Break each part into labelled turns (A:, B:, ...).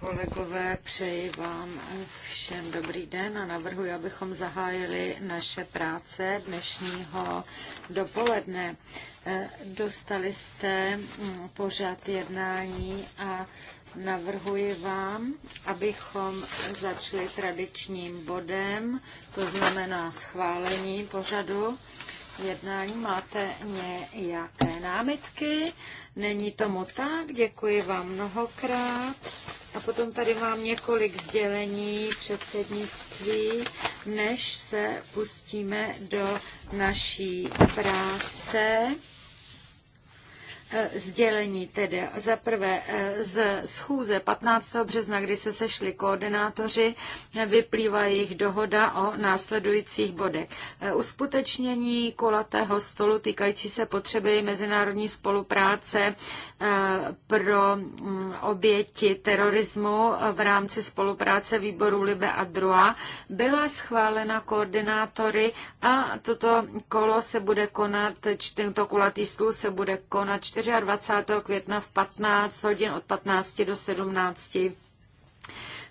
A: kolegové, přeji vám všem dobrý den a navrhuji, abychom zahájili naše práce dnešního dopoledne. Eh, dostali jste mm, pořád jednání a navrhuji vám, abychom začali tradičním bodem, to znamená schválení pořadu jednání. Máte nějaké námitky? Není tomu tak. Děkuji vám mnohokrát. A potom tady mám několik sdělení předsednictví, než se pustíme do naší práce. Eh, sdělení tedy. Za prvé eh, z schůze 15. března, kdy se sešli koordinátoři, vyplývá jejich dohoda o následujících bodech. Eh, uskutečnění kulatého stolu týkající se potřeby mezinárodní spolupráce pro mm, oběti terorismu v rámci spolupráce výboru Libe a Drua byla schválena koordinátory a toto kolo se bude konat, tento kulatý stůl se bude konat 24. května v 15 hodin od 15 do 17.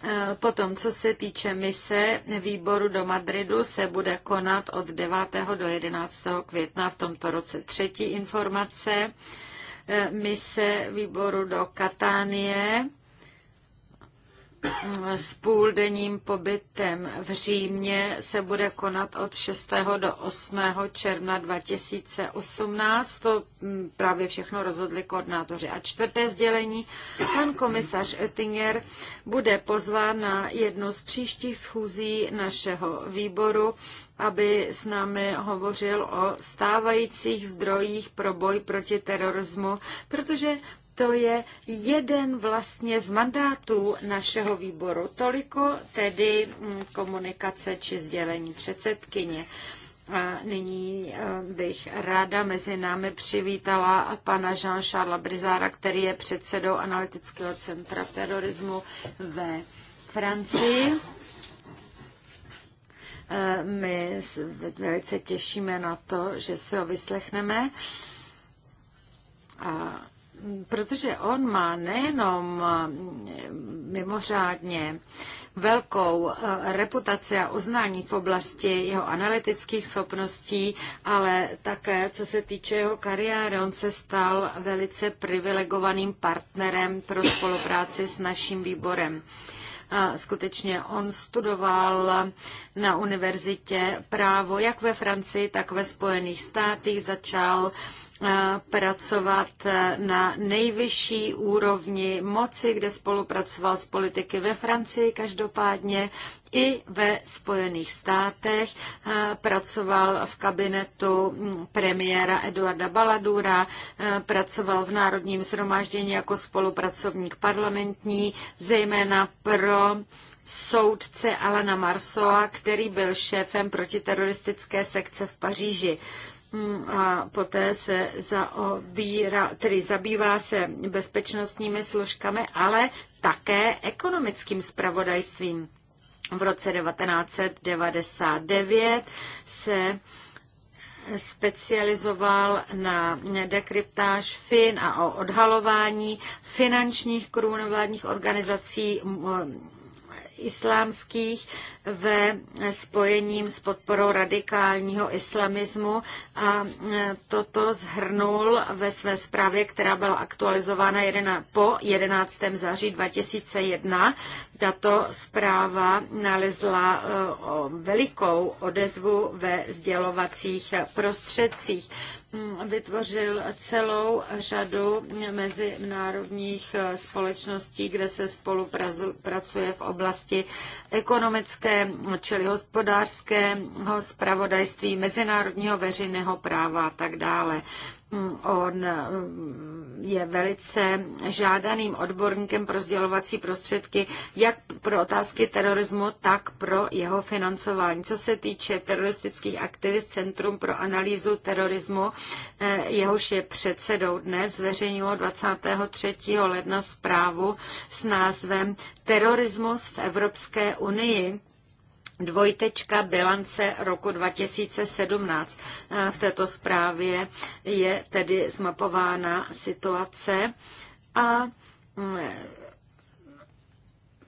A: Eh, potom, co se týče mise výboru do Madridu, se bude konat od 9. do 11. května v tomto roce. Třetí informace, eh, mise výboru do Katánie s půldenním pobytem v Římě se bude konat od 6. do 8. června 2018. To mm, právě všechno rozhodli koordinátoři. A čtvrté sdělení. Pan komisař Oettinger bude pozván na jednu z příštích schůzí našeho výboru, aby s námi hovořil o stávajících zdrojích pro boj proti terorismu, protože to je jeden vlastně z mandátů našeho výboru. Toliko tedy mm, komunikace či sdělení předsedkyně. A nyní eh, bych ráda mezi námi přivítala pana Jean-Charles Brizára, který je předsedou Analytického centra terorismu ve Francii. Eh, my velice těšíme na to, že si ho vyslechneme. A protože on má nejenom eh, mimořádně velkou eh, reputaci a uznání v oblasti jeho analytických schopností, ale také, co se týče jeho kariéry, on se stal velice privilegovaným partnerem pro spolupráci s naším výborem. A skutečně on studoval na univerzitě právo jak ve Francii, tak ve Spojených státech, začal uh, pracovat e, na nejvyšší úrovni moci, kde spolupracoval s politiky ve Francii každopádně i ve Spojených státech. E, pracoval v kabinetu premiéra Eduarda Baladura, e, pracoval v Národním shromáždění jako spolupracovník parlamentní, zejména pro soudce Alana Marsoa, který byl šéfem protiteroristické sekce v Paříži. Mm, a poté se zaobírá, tedy zabývá se bezpečnostními složkami, ale také ekonomickým spravodajstvím. V roce 1999 se specializoval na dekryptáž fin a o odhalování finančních korunovaných organizací islámských ve spojením s podporou radikálního islamismu a e, toto zhrnul ve své zprávě, která byla aktualizována po 11. září 2001. Tato zpráva nalezla e, velikou odezvu ve sdělovacích prostředcích. Mm, vytvořil celou řadu mezinárodních eh, společností, kde se spolupracuje v oblasti ekonomické, čili hospodářského spravodajství, mezinárodního veřejného práva a tak dále. On eh, je velice žádaným odborníkem pro sdělovací prostředky, jak pro otázky terorismu, tak pro jeho financování. Co se týče teroristických aktivist Centrum pro analýzu terorismu, eh, jehož je předsedou dnes, zveřejnilo 23. ledna zprávu s názvem Terorismus v Evropské unii Dvojtečka bilance roku 2017. V této zprávě je tedy zmapována situace a mm,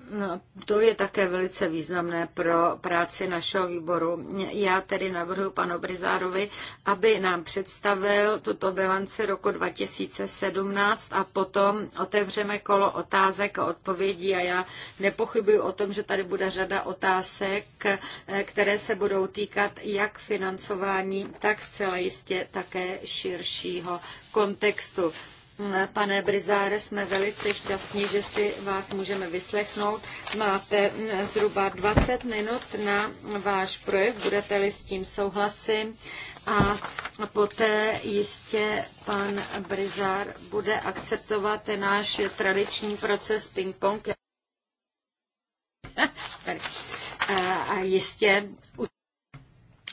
A: No, to je také velice významné pro práci našeho výboru. Já tedy navrhuji panu Brizárovi, aby nám představil tuto bilanci roku 2017 a potom otevřeme kolo otázek a odpovědí a já nepochybuji o tom, že tady bude řada otázek, eh, které se budou týkat jak financování, tak zcela jistě také širšího kontextu. Eh, pane Brizáre, jsme velice šťastní, že si vás můžeme vyslechnout. Máte mm, zhruba 20 minut na váš projev, budete-li s tím souhlasit. A poté jistě pan Brizár bude akceptovat ten náš tradiční proces ping-pong. Eh, a jistě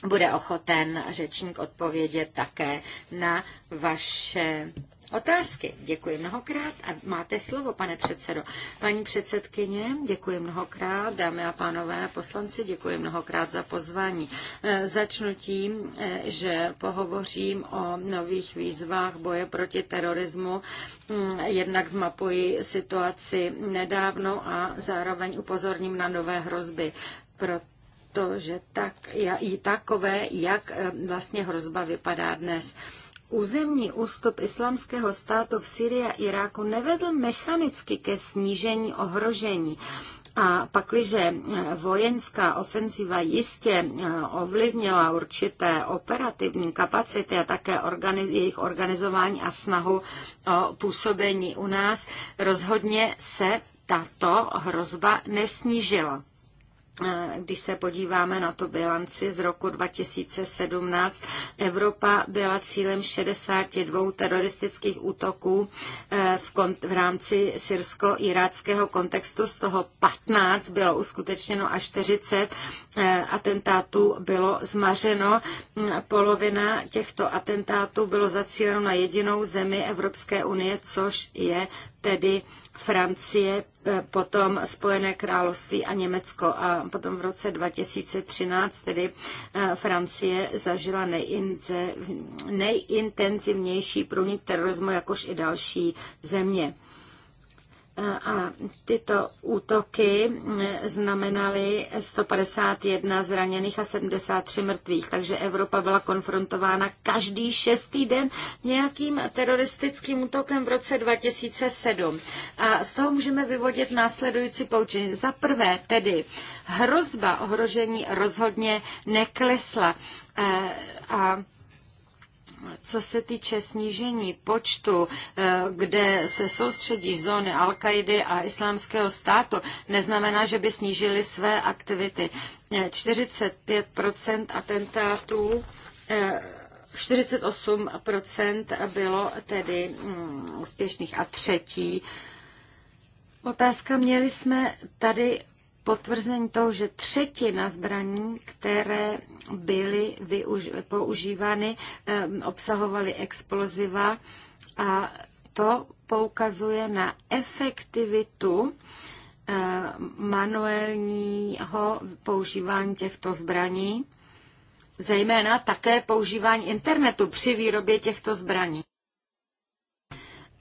A: bude ochoten řečník odpovědět také na vaše otázky. Děkuji mnohokrát a máte slovo, pane předsedo. Paní předsedkyně, děkuji mnohokrát, dámy a pánové poslanci, děkuji mnohokrát za pozvání. E, začnu tím, e, že pohovořím o nových výzvách boje proti terorismu, mm, jednak zmapuji situaci nedávno a zároveň upozorním na nové hrozby. Pro to, že tak, i takové, jak e, vlastně hrozba vypadá dnes územní ústup islamského státu v Syrii a Iráku nevedl mechanicky ke snížení ohrožení. A pakliže eh, vojenská ofenziva jistě eh, ovlivnila určité operativní kapacity a také organiz, jejich organizování a snahu o působení u nás, rozhodně se tato hrozba nesnížila když se podíváme na tu bilanci z roku 2017, Evropa byla cílem 62 teroristických útoků eh, v, kont- v rámci syrsko-iráckého kontextu, z toho 15 bylo uskutečněno a 40 eh, atentátů bylo zmařeno. Polovina těchto atentátů bylo zacíleno na jedinou zemi Evropské unie, což je tedy Francie, eh, potom Spojené království a Německo. A potom v roce 2013 tedy eh, Francie zažila nejintenzivnější průnik terorismu, jakož i další země a tyto útoky mm, znamenaly 151 zraněných a 73 mrtvých, takže Evropa byla konfrontována každý šestý den nějakým teroristickým útokem v roce 2007. A z toho můžeme vyvodit následující poučení. Za prvé tedy hrozba ohrožení rozhodně neklesla. E, a co se týče snížení počtu, eh, kde se soustředí zóny al a islámského státu, neznamená, že by snížili své aktivity. 45 eh, atentátů 48% eh, bylo tedy mm, úspěšných a třetí Otázka, měli jsme tady potvrzení toho, že třetina zbraní, které byly využ- používány, obsahovaly exploziva a to poukazuje na efektivitu eh, manuálního používání těchto zbraní, zejména také používání internetu při výrobě těchto zbraní.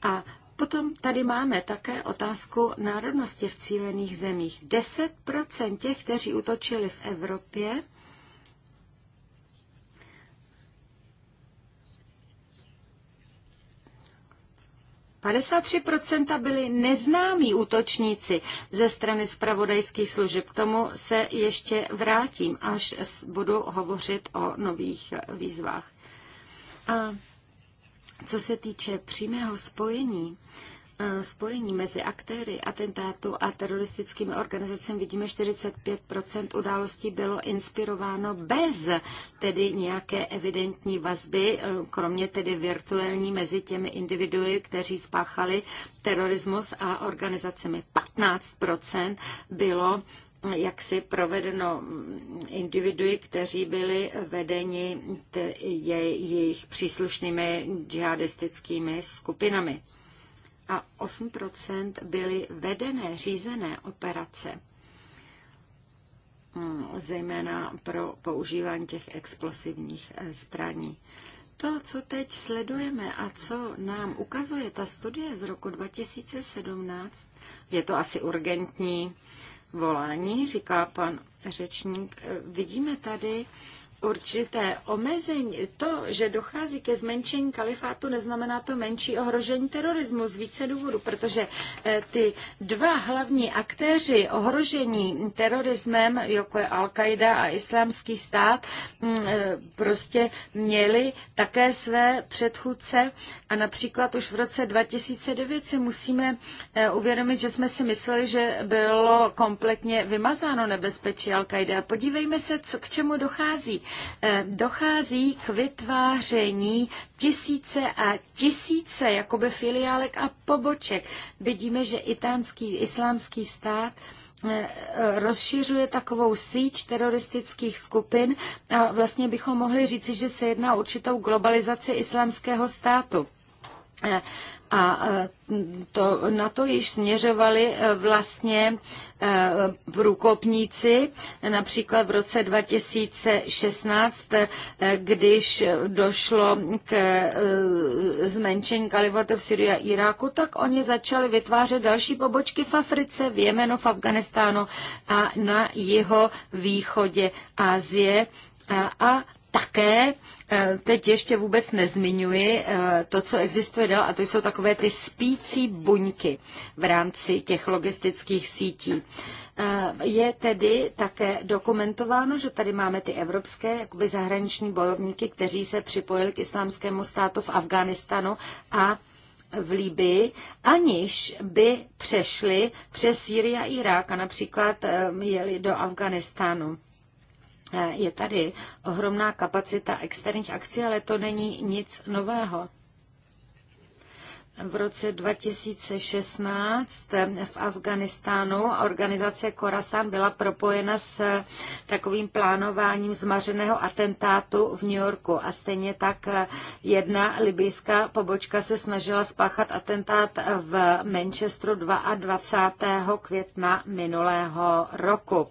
A: A Potom tady máme také otázku národnosti v cílených zemích. 10% těch, kteří utočili v Evropě, procenta byli neznámí útočníci ze strany zpravodajských služeb. K tomu se ještě vrátím, až budu hovořit o nových eh, výzvách. A co se týče přímého spojení, eh, spojení mezi aktéry atentátu a teroristickými organizacemi vidíme 45 událostí bylo inspirováno bez tedy nějaké evidentní vazby, eh, kromě tedy virtuální mezi těmi individui, kteří spáchali terorismus a organizacemi. 15 bylo jaksi provedeno individui, kteří byli vedeni jejich příslušnými džihadistickými skupinami. A 8% byly vedené, řízené operace, hm, zejména pro používání těch explosivních eh, zbraní. To, co teď sledujeme a co nám ukazuje ta studie z roku 2017, je to asi urgentní, volání, říká pan řečník. Vidíme tady určité omezení, to, že dochází ke zmenšení kalifátu, neznamená to menší ohrožení terorismu z více důvodů, protože eh, ty dva hlavní aktéři ohrožení terorismem, jako je Al-Qaida a islámský stát, mm, eh, prostě měli také své předchůdce a například už v roce 2009 si musíme eh, uvědomit, že jsme si mysleli, že bylo kompletně vymazáno nebezpečí Al-Qaida. Podívejme se, co, k čemu dochází. Eh, dochází k vytváření tisíce a tisíce jakoby filiálek a poboček. Vidíme, že itánský islámský stát eh, eh, rozšiřuje takovou síť teroristických skupin a vlastně bychom mohli říci, že se jedná o určitou globalizaci islámského státu. A e, to, na to již směřovali e, vlastně e, průkopníci, například v roce 2016, když došlo k zmenšení Kalivatu v Syrii a Iráku, tak oni začali vytvářet další pobočky v Africe, v Jemenu, v Afganistánu a na jeho východě Asie a také eh, teď ještě vůbec nezmiňuji eh, to, co existuje dál, a to jsou takové ty spící buňky v rámci těch logistických sítí. Eh, je tedy také dokumentováno, že tady máme ty evropské jakoby zahraniční bojovníky, kteří se připojili k islámskému státu v Afghánistánu a v Libii, aniž by přešli přes Sýrii a Irák a například jeli do Afganistánu. Je tady ohromná kapacita externích akcí, ale to není nic nového. V roce 2016 v Afganistánu organizace Korasan byla propojena s takovým plánováním zmařeného atentátu v New Yorku a stejně tak jedna libijská pobočka se snažila spáchat atentát v Manchesteru 22. května minulého roku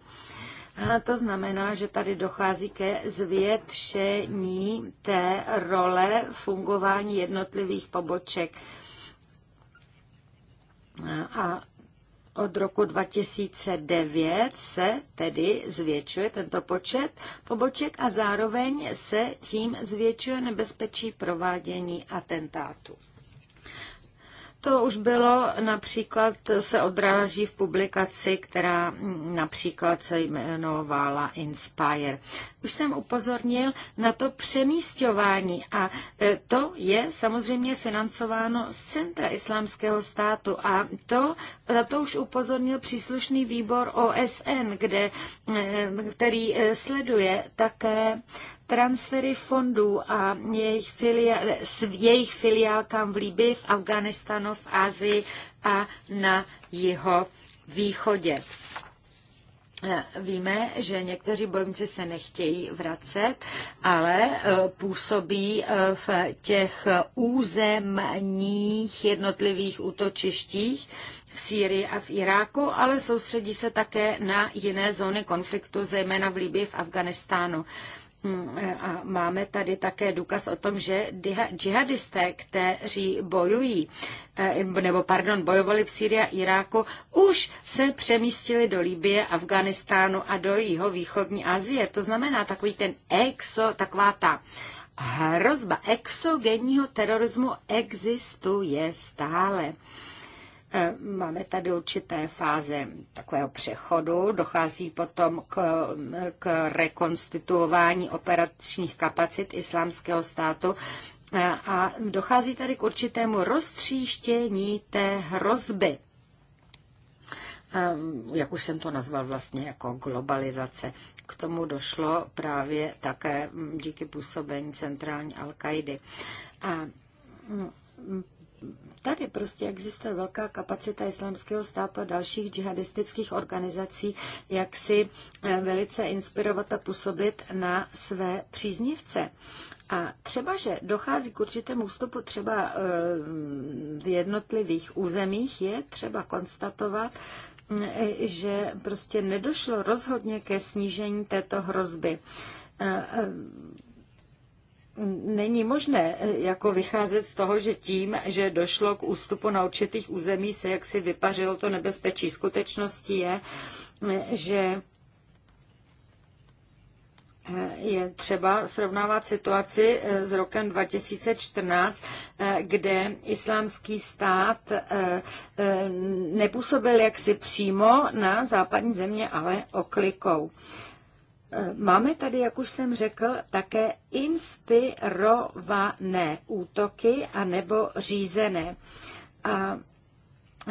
A: to znamená, že tady dochází ke zvětšení té role fungování jednotlivých poboček. A od roku 2009 se tedy zvětšuje tento počet poboček a zároveň se tím zvětšuje nebezpečí provádění atentátu. To už bylo například, se odráží v publikaci, která například se jmenovala Inspire. Už jsem upozornil na to přemístování a e, to je samozřejmě financováno z centra islámského státu a to, na to už upozornil příslušný výbor OSN, kde, e, který e, sleduje také transfery fondů a jejich, filiál, jejich filiálkám v Libii, v Afganistanu, v Ázii a na jeho východě. Eh, víme, že někteří bojovníci se nechtějí vracet, ale eh, působí eh, v těch územních jednotlivých útočištích v Sýrii a v Iráku, ale soustředí se také na jiné zóny konfliktu, zejména v Libii, v Afganistánu a máme tady také důkaz o tom, že džihadisté, kteří bojují, eh, nebo pardon, bojovali v Sýrii a Iráku, už se přemístili do Libie, Afganistánu a do jeho východní Asie. To znamená takový ten exo, taková ta hrozba exogenního terorismu existuje stále. E, máme tady určité fáze takového přechodu, dochází potom k, k rekonstituování operačních kapacit islámského státu e, a dochází tady k určitému roztříštění té hrozby. E, jak už jsem to nazval vlastně jako globalizace. K tomu došlo právě také díky působení centrální Al-Kaidy. Tady prostě existuje velká kapacita islámského státu a dalších džihadistických organizací, jak si eh, velice inspirovat a působit na své příznivce. A třeba, že dochází k určitému ústupu třeba eh, v jednotlivých územích, je třeba konstatovat, eh, že prostě nedošlo rozhodně ke snížení této hrozby není možné eh, jako vycházet z toho, že tím, že došlo k ústupu na určitých území, se jaksi vypařilo to nebezpečí. Skutečností je, eh, že eh, je třeba srovnávat situaci s rokem 2014, kde islámský stát nepůsobil jaksi přímo na západní země, ale oklikou. Máme tady, jak už jsem řekl, také inspirované útoky a nebo řízené. A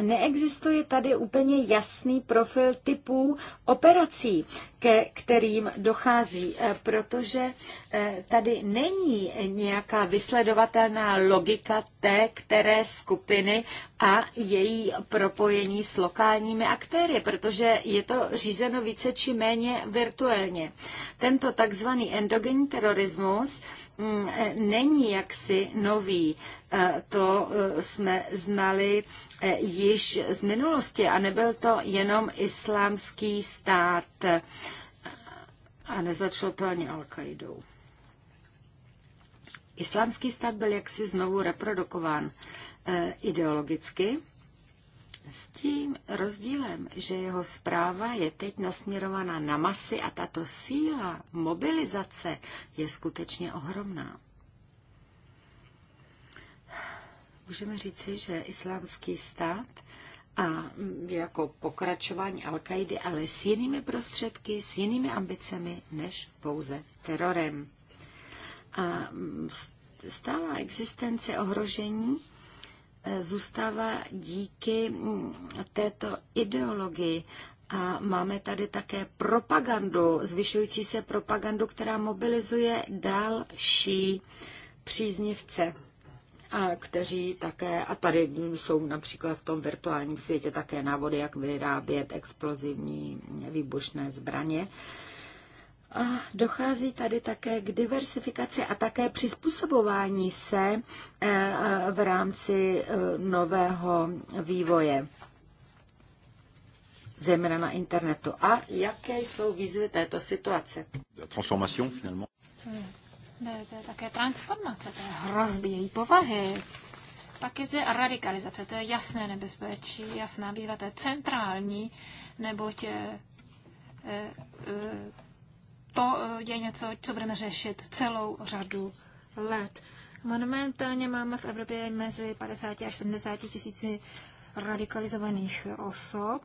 A: neexistuje tady úplně jasný profil typů operací ke kterým dochází, eh, protože eh, tady není nějaká vysledovatelná logika té, které skupiny a její propojení s lokálními aktéry, protože je to řízeno více či méně virtuálně. Tento takzvaný endogenní terorismus mm, eh, není jaksi nový. To jsme znali již z minulosti a nebyl to jenom islámský stát a nezačalo to ani Al-Qaidou. Islámský stát byl jaksi znovu reprodukován e, ideologicky s tím rozdílem, že jeho zpráva je teď nasměrovaná na masy a tato síla mobilizace je skutečně ohromná. Můžeme říci, že islámský stát a jako pokračování al kaidy ale s jinými prostředky, s jinými ambicemi než pouze terorem. A stála existence ohrožení eh, zůstává díky mm, této ideologii a máme tady také propagandu, zvyšující se propagandu, která mobilizuje další příznivce a kteří také, a tady jsou například v tom virtuálním světě také návody, jak vyrábět explozivní výbušné zbraně. A dochází tady také k diversifikaci a také přizpůsobování se eh, v rámci eh, nového vývoje zejména na internetu. A jaké jsou výzvy této situace? Transformation, finalement.
B: Hmm to je také transformace, to je hrozby její
A: povahy.
B: Pak je zde radikalizace, to je jasné nebezpečí, jasná výzva, to je centrální, neboť eh, eh, to eh, je něco, co budeme řešit celou řadu let. Momentálně máme v Evropě mezi 50 až 70 tisíci radikalizovaných osob.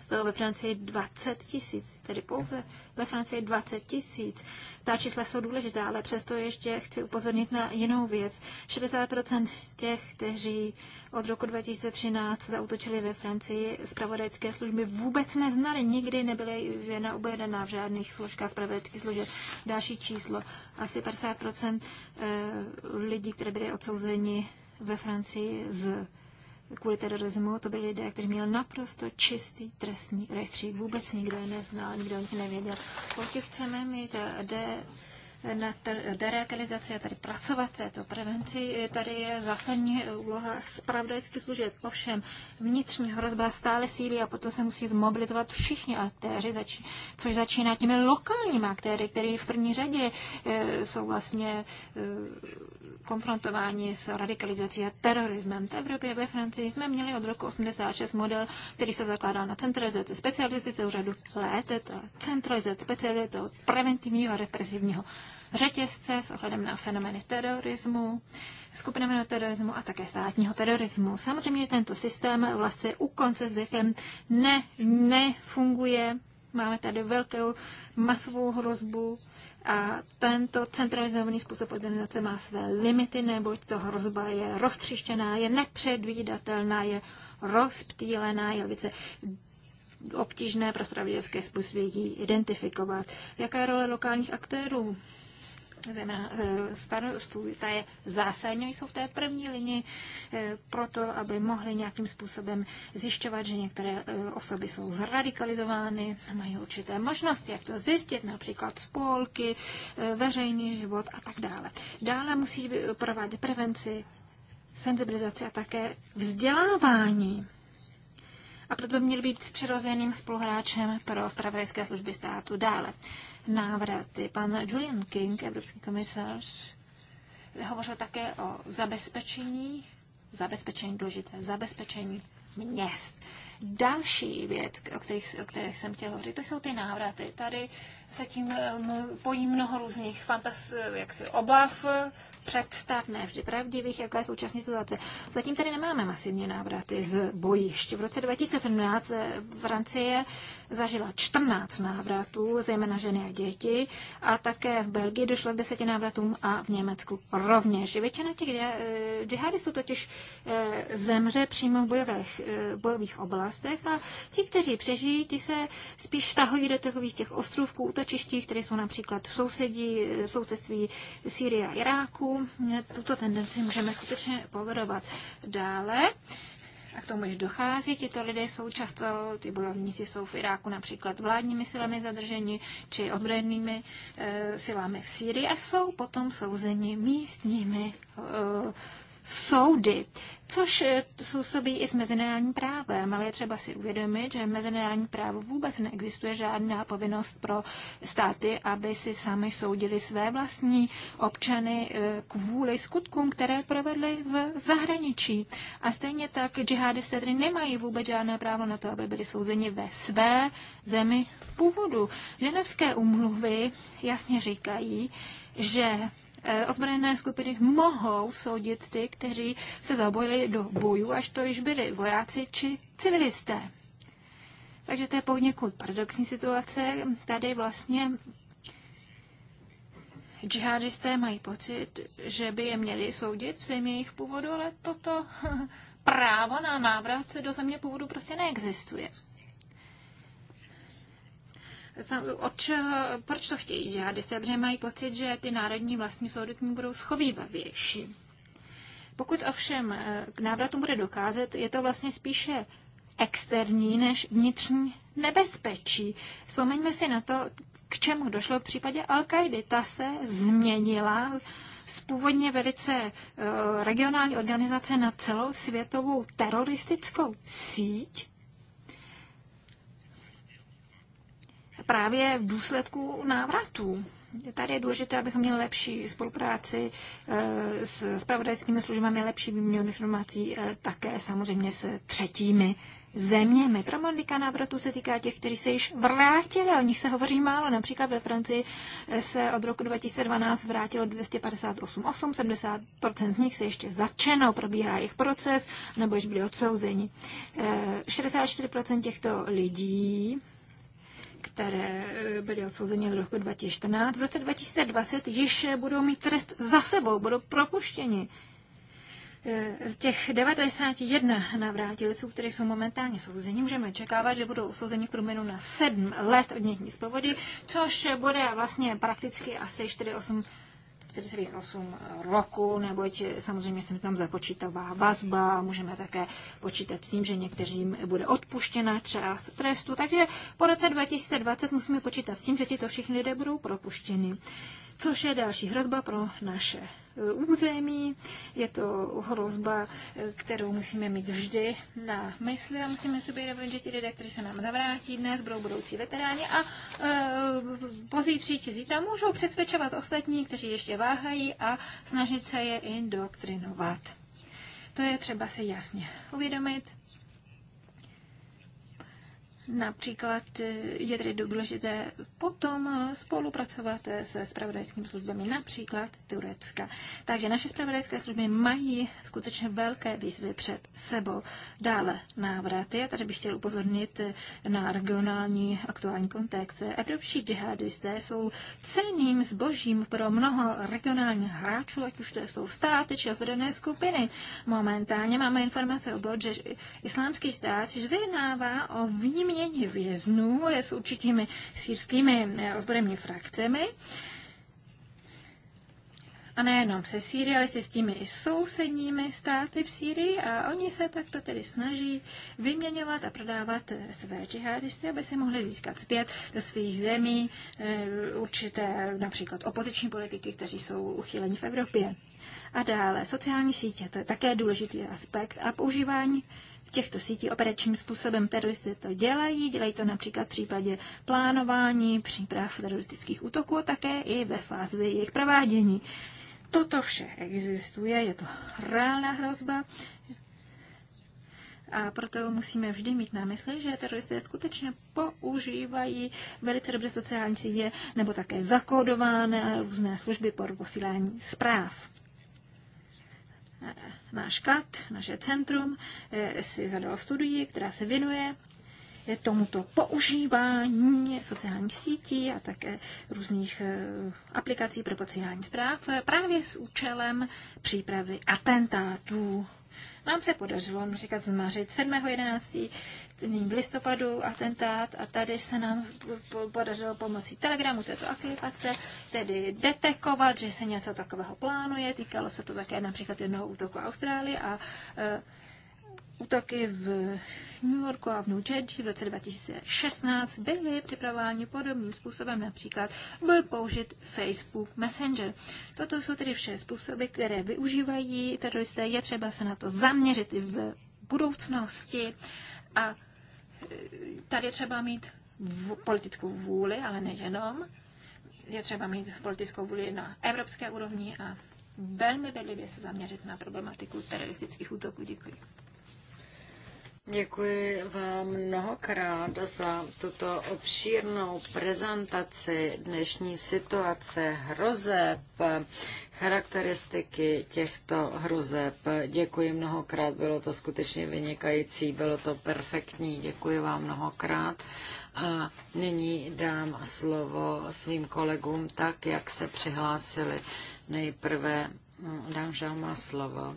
B: Z toho ve Francii 20 tisíc, tedy pouze ve Francii 20 tisíc. Ta čísla jsou důležitá, ale přesto ještě chci upozornit na jinou věc. 60% těch, kteří od roku 2013 zautočili ve Francii, zpravodajské služby vůbec neznali, nikdy nebyly žena objedená v žádných složkách zpravodajských služeb. Další číslo, asi 50% eh, lidí, které byly odsouzeni ve Francii z kvůli terorismu, to byli lidé, kteří měli naprosto čistý trestní rejstřík. Vůbec nikdo je neznal, nikdo o nich nevěděl. Pokud chceme mít eh, na derealizaci a tady pracovat v této prevenci. Tady je zásadní úloha spravodajských služeb. Ovšem, vnitřní hrozba stále sílí a potom se musí zmobilizovat všichni aktéři, což začíná těmi lokálními aktéry, který v první řadě e, jsou vlastně e, konfrontováni s radikalizací a terorismem. V Evropě ve Francii jsme měli od roku 86 model, který se zakládá na centralizaci specializace řadu let, centralizace specializace preventivního a represivního řetězce s ohledem na fenomény terorismu, skupinového terorismu a také státního terorismu. Samozřejmě, že tento systém vlastně u konce s dechem ne, nefunguje. Máme tady velkou masovou hrozbu a tento centralizovaný způsob organizace má své limity, neboť to hrozba je roztřištěná, je nepředvídatelná, je rozptýlená, je více obtížné pro spravodajské způsoby identifikovat. Jaká je role lokálních aktérů? zejména eh, starostů, ta je zásadní, jsou v té první linii eh, proto, aby mohli nějakým způsobem zjišťovat, že některé eh, osoby jsou zradikalizovány, mají určité možnosti, jak to zjistit, například spolky, veřejný život a tak dále. Dále musí provádět prevenci, senzibilizaci a také vzdělávání a proto by měl být přirozeným spoluhráčem pro spravodajské služby státu dále návraty. Pan Julian King, evropský komisař, hovořil také o zabezpečení, zabezpečení důležité, zabezpečení měst. Další věc, o kterých, o kterých jsem chtěl hovořit, to jsou ty návraty. Tady se tím eh, pojí mnoho různých fantas, eh, jaksi obav, eh, představ, ne vždy pravdivých, jaká je současná situace. Zatím tady nemáme masivně návraty z bojišť. V roce 2017 Francie zažila 14 návratů, zejména ženy a děti, a také v Belgii došlo k deseti návratům a v Německu rovněž. Většina těch džihadistů totiž zemře přímo v bojových, bojových oblastech a ti, kteří přežijí, ti se spíš tahují do takových těch ostrovků útočištích, které jsou například v sousedí, v sousedství Sýrie a Iráku. Tuto tendenci můžeme skutečně pozorovat dále. A k tomu již dochází. Tito lidé jsou často, ty bojovníci jsou v Iráku například vládními silami zadrženi či ozbrojenými e, silami v Sýrii a jsou potom souzeni místními e, soudy, což sousobí eh, i s mezinárodním právem, ale je třeba si uvědomit, že mezinárodní právo vůbec neexistuje žádná povinnost pro státy, aby si sami soudili své vlastní občany eh, kvůli skutkům, které provedly v zahraničí. A stejně tak džihadisté tedy nemají vůbec žádné právo na to, aby byli souzeni ve své zemi původu. Ženevské umluvy jasně říkají, že Eh, ozbrojené skupiny mohou soudit ty, kteří se zabojili do bojů, až to již byli vojáci či civilisté. Takže to je poněkud paradoxní situace. Tady vlastně džihadisté mají pocit, že by je měli soudit v zemi jejich původu, ale toto právo na návrat do země původu prostě neexistuje od čeho, proč to chtějí džihadisté? Protože mají pocit, že ty národní vlastní soudy k ním budou schovývavější. Pokud ovšem eh, k návratu bude dokázat, je to vlastně spíše externí než vnitřní nebezpečí. Vzpomeňme si na to, k čemu došlo v případě al qaidi Ta se změnila z původně velice eh, regionální organizace na celou světovou teroristickou síť, právě v důsledku návratů. Tady je důležité, abychom měli lepší spolupráci eh, s spravodajskými službami, lepší výměnu informací eh, také samozřejmě s třetími zeměmi. Problematika návratu se týká těch, kteří se již vrátili, o nich se hovoří málo. Například ve Francii eh, se od roku 2012 vrátilo 258 osob, 70% z nich se ještě začenou, probíhá jejich proces, nebo již byli odsouzeni. 64% těchto lidí které eh, byly odsouzeny do roku 2014, v roce 2020 již eh, budou mít trest za sebou, budou propuštěni. Z eh, těch 91 navrátilců, které jsou momentálně souzení, můžeme čekávat, že budou souzeni k průměru na 7 let odnětní svobody, což bude vlastně prakticky asi 4,8 48 eh, roku, neboť samozřejmě se mi tam započítává vazba, můžeme také počítat s tím, že někteřím bude odpuštěna část trestu, takže po roce 2020 musíme počítat s tím, že tyto všichni lidé budou propuštěni, což je další hrozba pro naše území. Je to hrozba, kterou musíme mít vždy na mysli a musíme si být že ti lidé, kteří se nám navrátí dnes, budou budoucí veteráni a e, pozítří či zítra můžou přesvědčovat ostatní, kteří ještě váhají a snažit se je indoktrinovat. To je třeba si jasně uvědomit Například eh, je tedy důležité potom eh, spolupracovat eh, se spravodajskými službami, například Turecka. Takže naše spravodajské služby mají skutečně velké výzvy před sebou. Dále návraty. Já tady bych chtěl upozornit na regionální aktuální kontext. Evropští džihadisté jsou cenným zbožím pro mnoho regionálních hráčů, ať už to jsou státy či ozbrojené skupiny. Momentálně máme informace o bod, že islámský stát již vyjednává o výměně vyměnění věznů s určitými sírskými eh, ozbrojenými frakcemi. A nejenom se Sýrií, ale se s těmi i sousedními státy v Sýrii a oni se takto tedy snaží vyměňovat a prodávat eh, své džihadisty, aby se mohli získat zpět do svých zemí eh, určité například opoziční politiky, kteří jsou uchyleni v Evropě. A dále sociální sítě, to je také důležitý aspekt a používání těchto sítí operačním způsobem. Teroristy to dělají, dělají to například v případě plánování, příprav teroristických útoků a také i ve fázi jejich provádění. Toto vše existuje, je to reálná hrozba, a proto musíme vždy mít na mysli, že teroristé skutečně používají velice dobře sociální sítě nebo také zakódované různé služby pro posílání zpráv náš KAT, naše centrum, eh, si zadalo studii, která se věnuje eh, tomuto používání sociálních sítí a také různých eh, aplikací pro posílání zpráv právě s účelem přípravy atentátů. Nám se podařilo například zmařit nyní v listopadu atentát a tady se nám podařilo pomocí telegramu této aplikace tedy detekovat, že se něco takového plánuje. Týkalo se to také například jednoho útoku Austrálie a eh, útoky v New Yorku a v New Jersey v roce 2016 byly připravovány podobným způsobem, například byl použit Facebook Messenger. Toto jsou tedy vše způsoby, které využívají teroristé. Je třeba se na to zaměřit i v budoucnosti a tady třeba mít politickou vůli, ale nejenom. Je třeba mít politickou vůli na evropské úrovni a velmi bedlivě se zaměřit na problematiku teroristických útoků.
A: Děkuji. Děkuji vám mnohokrát za tuto obšírnou prezentaci dnešní situace hrozeb, charakteristiky těchto hrozeb. Děkuji mnohokrát, bylo to skutečně vynikající, bylo to perfektní, děkuji vám mnohokrát. A nyní dám slovo svým kolegům tak, jak se přihlásili. Nejprve mm, dám žáma slovo.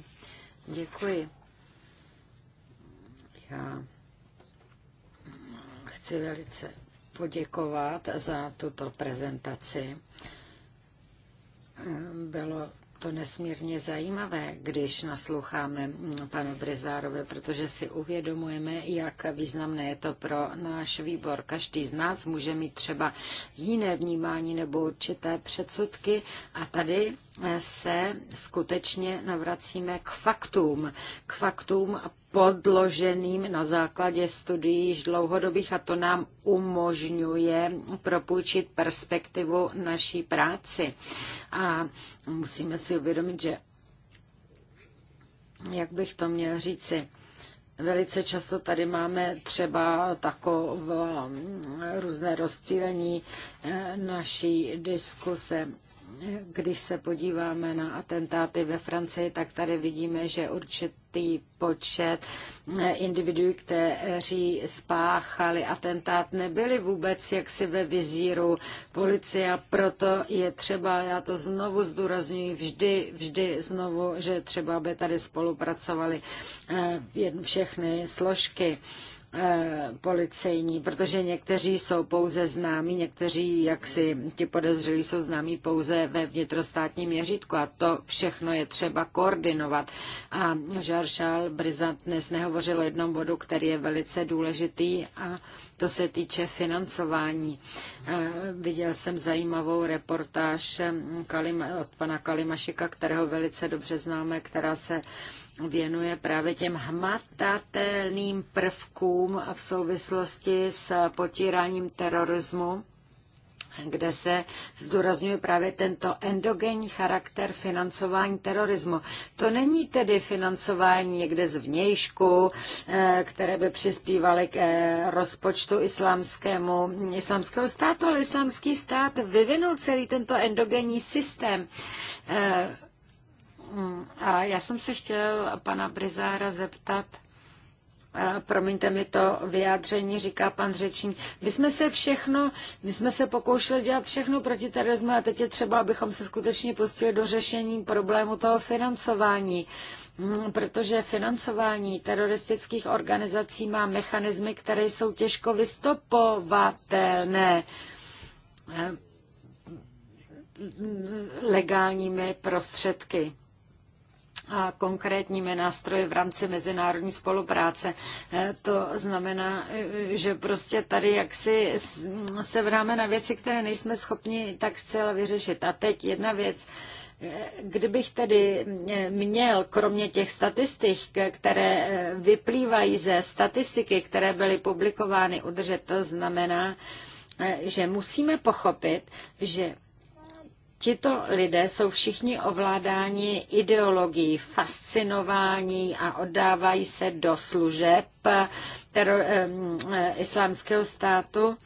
A: Děkuji. Já chci velice poděkovat za tuto prezentaci. Bylo to nesmírně zajímavé, když nasloucháme panu Brezárovi, protože si uvědomujeme, jak významné je to pro náš výbor. Každý z nás může mít třeba jiné vnímání nebo určité předsudky a tady se skutečně navracíme k faktům, k faktům podloženým na základě studií již dlouhodobých a to nám umožňuje propůjčit perspektivu naší práci. A musíme si uvědomit, že jak bych to měl říci, Velice často tady máme třeba takové různé rozptýlení eh, naší diskuse když se podíváme na atentáty ve Francii, tak tady vidíme, že určitý počet eh, individuů, kteří spáchali atentát, nebyli vůbec jaksi ve vizíru policie a proto je třeba, já to znovu zdůraznuju, vždy, vždy znovu, že třeba by tady spolupracovali eh, všechny složky Eh, policejní, protože někteří jsou pouze známí, někteří, jak si ti podezřelí, jsou známí pouze ve vnitrostátním měřítku a to všechno je třeba koordinovat. A Žaršal Brizant dnes nehovořil o jednom bodu, který je velice důležitý a to se týče financování. Eh, viděl jsem zajímavou reportáž eh, od pana Kalimašika, kterého velice dobře známe, která se věnuje právě těm hmatatelným prvkům v souvislosti s potíráním terorismu kde se zdůrazňuje právě tento endogenní charakter financování terorismu. To není tedy financování někde z vnějšku, eh, které by přispívaly k eh, rozpočtu islámskému, islamského státu, ale islámský stát vyvinul celý tento endogenní systém eh, Mm, a já jsem se chtěl pana Brizára zeptat, eh, promiňte mi to vyjádření, říká pan řečník. My jsme se všechno, my jsme se pokoušeli dělat všechno proti terorismu a teď je třeba, abychom se skutečně pustili do řešení problému toho financování. Mm, protože financování teroristických organizací má mechanismy, které jsou těžko vystopovatelné eh, legálními prostředky a konkrétními nástroji v rámci mezinárodní spolupráce. Eh, to znamená, eh, že prostě tady jaksi se vráme na věci, které nejsme schopni tak zcela vyřešit. A teď jedna věc. Eh, kdybych tedy měl, kromě těch statistik, které vyplývají ze statistiky, které byly publikovány, udržet, to znamená, že musíme pochopit, že Tito lidé jsou všichni ovládáni ideologií, fascinování a oddávají se do služeb teror, islámského státu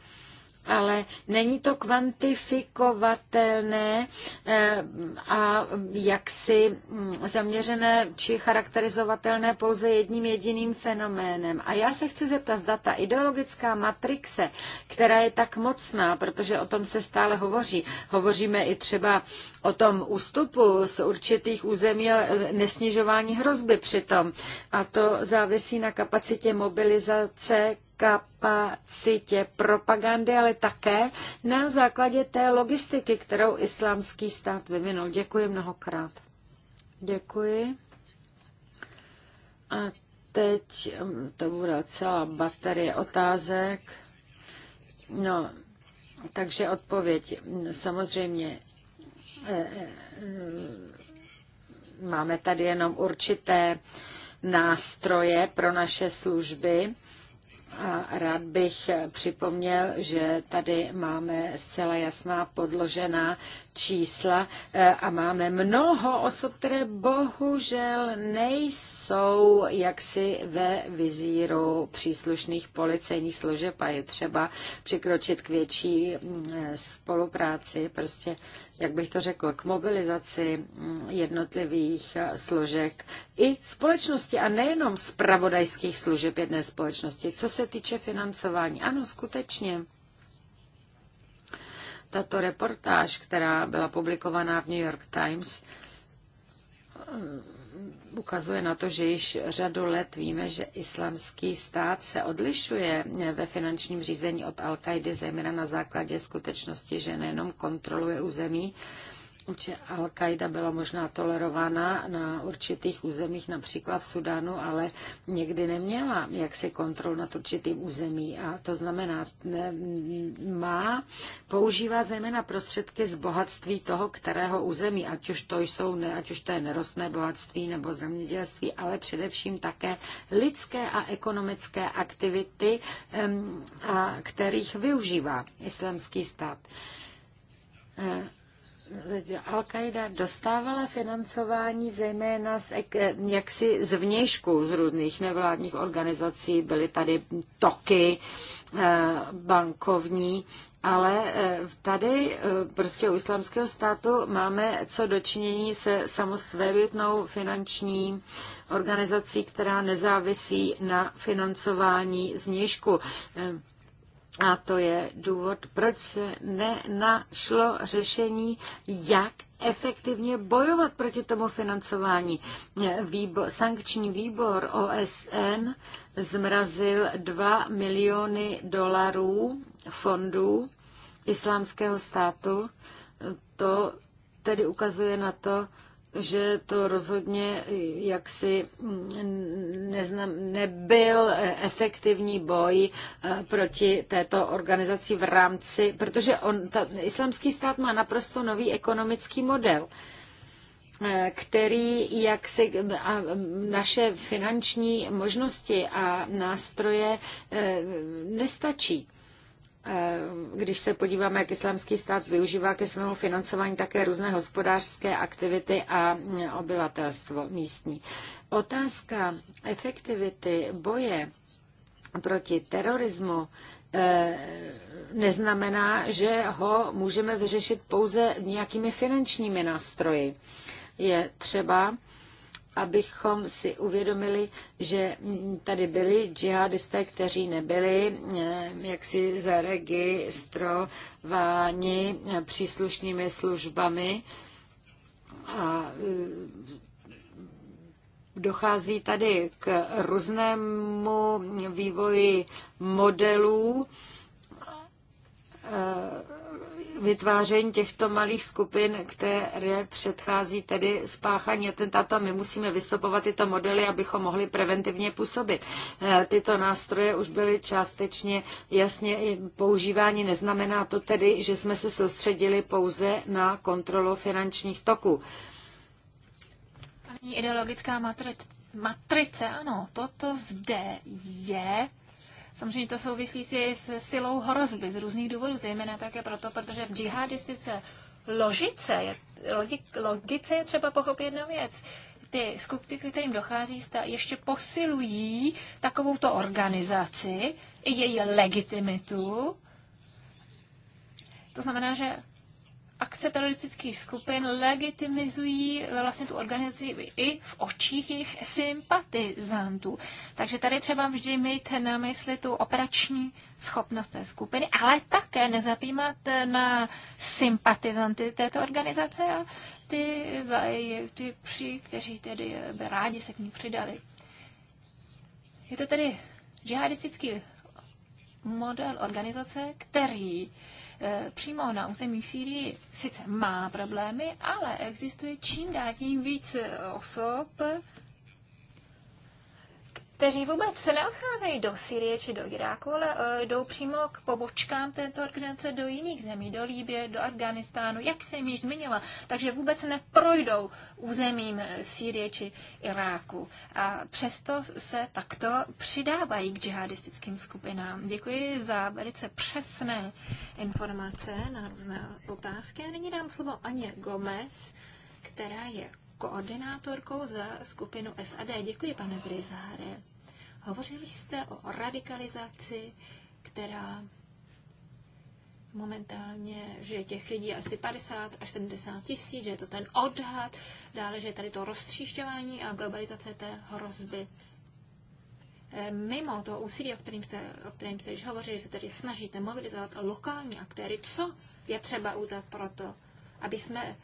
A: ale není to kvantifikovatelné eh, a jaksi hm, zaměřené či charakterizovatelné pouze jedním jediným fenoménem. A já se chci zeptat, zda ta ideologická matrixe, která je tak mocná, protože o tom se stále hovoří, hovoříme i třeba o tom ústupu z určitých území eh, nesnižování hrozby přitom. A to závisí na kapacitě mobilizace kapacitě propagandy, ale také na základě té logistiky, kterou islámský stát vyvinul. Děkuji mnohokrát. Děkuji. A teď um, to bude celá baterie otázek. No, takže odpověď. Samozřejmě eh, eh, máme tady jenom určité nástroje pro naše služby a rád bych připomněl, že tady máme zcela jasná podložená čísla eh, a máme mnoho osob, které bohužel nejsou jaksi ve vizíru příslušných policejních služeb a je třeba přikročit k větší mm, eh, spolupráci, prostě, jak bych to řekl, k mobilizaci mm, jednotlivých eh, složek i společnosti a nejenom zpravodajských služeb jedné společnosti. Co se týče financování, ano, skutečně tato reportáž, která byla publikovaná v New York Times, ukazuje na to, že již řadu let víme, že islamský stát se odlišuje ve finančním řízení od Al-Kaidy, zejména na základě skutečnosti, že nejenom kontroluje území, že Al-Qaida byla možná tolerována na určitých územích, například v Sudánu, ale někdy neměla jaksi kontrol nad určitým území. A to znamená, ne, má, používá zejména prostředky z bohatství toho, kterého území, ať už to jsou, ne, ať už to je nerostné bohatství nebo zemědělství, ale především také lidské a ekonomické aktivity, a kterých využívá islamský stát. Al-Qaida dostávala financování zejména z, jaksi z vnějšku z různých nevládních organizací, byly tady toky eh, bankovní, ale eh, tady eh, prostě u islamského státu máme co dočinění se samosvébytnou finanční organizací, která nezávisí na financování vnějšku. A to je důvod, proč se nenašlo řešení, jak efektivně bojovat proti tomu financování. Výbor, sankční výbor OSN zmrazil 2 miliony dolarů fondů islámského státu. To tedy ukazuje na to, že to rozhodně jaksi neznam, nebyl efektivní boj eh, proti této organizaci v rámci, protože on, ta, islamský stát má naprosto nový ekonomický model eh, který, jak se a naše finanční možnosti a nástroje eh, nestačí. Eh, když se podíváme, jak islámský stát využívá ke svému financování také různé hospodářské aktivity a obyvatelstvo místní. Otázka efektivity boje proti terorismu eh, neznamená, že ho můžeme vyřešit pouze nějakými finančními nástroji. Je třeba abychom si uvědomili, že tady byli džihadisté, kteří nebyli eh, jaksi zaregistrováni příslušnými službami a eh, dochází tady k různému vývoji modelů eh, vytváření těchto malých skupin, které předchází tedy spáchání atentátu my musíme vystupovat tyto modely, abychom mohli preventivně působit. Eh, tyto nástroje už byly částečně jasně používání. Neznamená to tedy, že jsme se soustředili pouze na kontrolu finančních toků.
B: Ani ideologická matrice, matrice, ano, toto zde je Samozřejmě to souvisí si s silou hrozby z různých důvodů, zejména také proto, protože v džihadistice ložice, logice je třeba pochopit jednu věc. Ty skupiny, kterým dochází, ještě posilují takovouto organizaci i její legitimitu. To znamená, že akce teroristických skupin legitimizují vlastně tu organizaci i v očích jejich sympatizantů. Takže tady třeba vždy mít na mysli tu operační schopnost té skupiny, ale také nezapímat na sympatizanty této organizace a ty, ty při, kteří tedy by rádi se k ní přidali. Je to tedy džihadistický model organizace, který Eh, přímo na území v Sýrii sice má problémy, ale existuje čím dál tím víc eh, osob, kteří vůbec se neodcházejí do Syrie či do Iráku, ale e, jdou přímo k pobočkám této organizace do jiných zemí, do Líbě, do Afganistánu, jak jsem již zmiňovala. Takže vůbec neprojdou územím e, Syrie či Iráku. A přesto se takto přidávají k džihadistickým skupinám. Děkuji za velice přesné informace na různé otázky. A nyní dám slovo Aně Gomez, která je koordinátorkou za skupinu SAD. Děkuji, pane Brizáre. Hovořili jste o radikalizaci, která momentálně, že těch lidí asi 50 až 70 tisíc, že je to ten odhad, dále, že je tady to roztříšťování a globalizace té hrozby. Eh, mimo to úsilí, o kterém jste, o kterém jste již hovořili, se tady snažíte mobilizovat lokální aktéry, co je třeba udělat pro to, aby jsme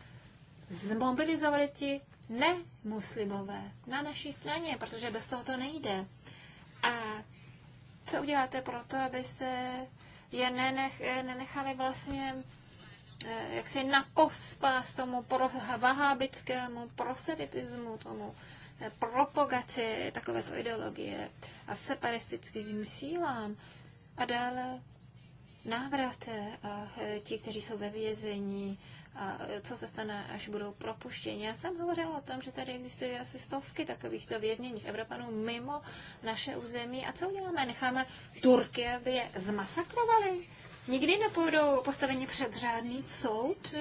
B: zmobilizovali ti nemuslimové na naší straně, protože bez toho to nejde. A co uděláte pro to, abyste je nenech, nenechali vlastně eh, jak si na pospas tomu pro, vahábickému proselitismu, tomu eh, propagaci takovéto ideologie a separistickým sílám a dále návraté a eh, ti, kteří jsou ve vězení, a co se stane, až budou propuštěni. Já jsem hovořila o tom, že tady existují asi stovky takovýchto vězněných Evropanů mimo naše území. A co uděláme? Necháme Turky, aby je zmasakrovali? Nikdy nepůjdou postaveni před řádný soud?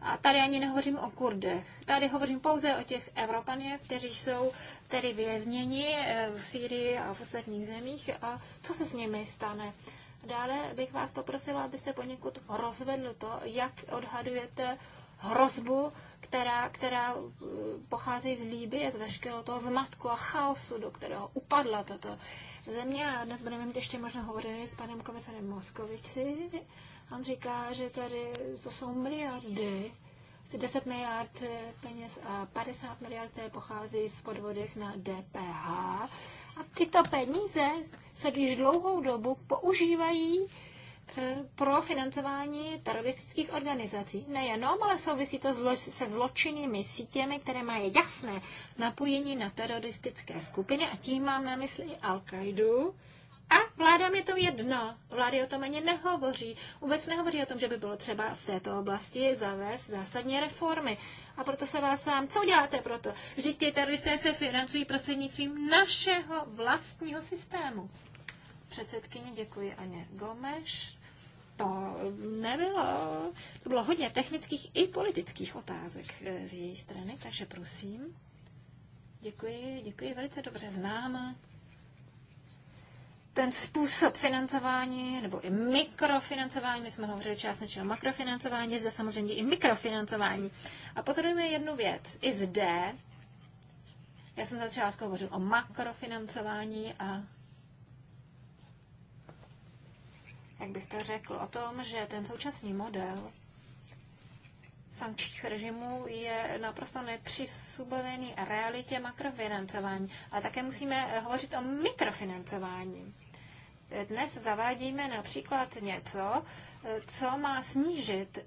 B: A tady ani nehovořím o Kurdech. Tady hovořím pouze o těch Evropanech, kteří jsou tedy vězněni eh, v Sýrii a v ostatních zemích. A co se s nimi stane? Dále bych vás poprosila, abyste poněkud rozvedl to, jak odhadujete hrozbu, která, která uh, pochází z Líbie, z veškerého toho zmatku a chaosu, do kterého upadla toto země. A dnes budeme mít ještě možná hovořit s panem komisarem Moskovici. On říká, že tady to jsou miliardy, 10 miliard peněz a 50 miliard, které pochází z podvodech na DPH. A tyto peníze se již dlouhou dobu používají e, pro financování teroristických organizací. Nejenom, ale souvisí to se zločinnými sítěmi, které mají jasné napojení na teroristické skupiny a tím mám na mysli i Al-Qaidu, a vládám je to jedno. Vlády o tom ani nehovoří. Vůbec nehovoří o tom, že by bylo třeba v této oblasti zavést zásadní reformy. A proto se vás sám, co uděláte proto? Vždyť ti teroristé se financují prostřednictvím našeho vlastního systému. Předsedkyně děkuji Aně Gomeš. To nebylo, to bylo hodně technických i politických otázek eh, z její strany, takže prosím. Děkuji, děkuji, velice dobře znám ten způsob financování, nebo i mikrofinancování, my jsme hovořili částečně o makrofinancování, zde samozřejmě i mikrofinancování. A pozorujeme jednu věc. I zde, já jsem začátku hovořil o makrofinancování a jak bych to řekl, o tom, že ten současný model sankčních režimů je naprosto nepřizpůsobený realitě makrofinancování. A také musíme hovořit o mikrofinancování. Dnes zavádíme například něco, co má snížit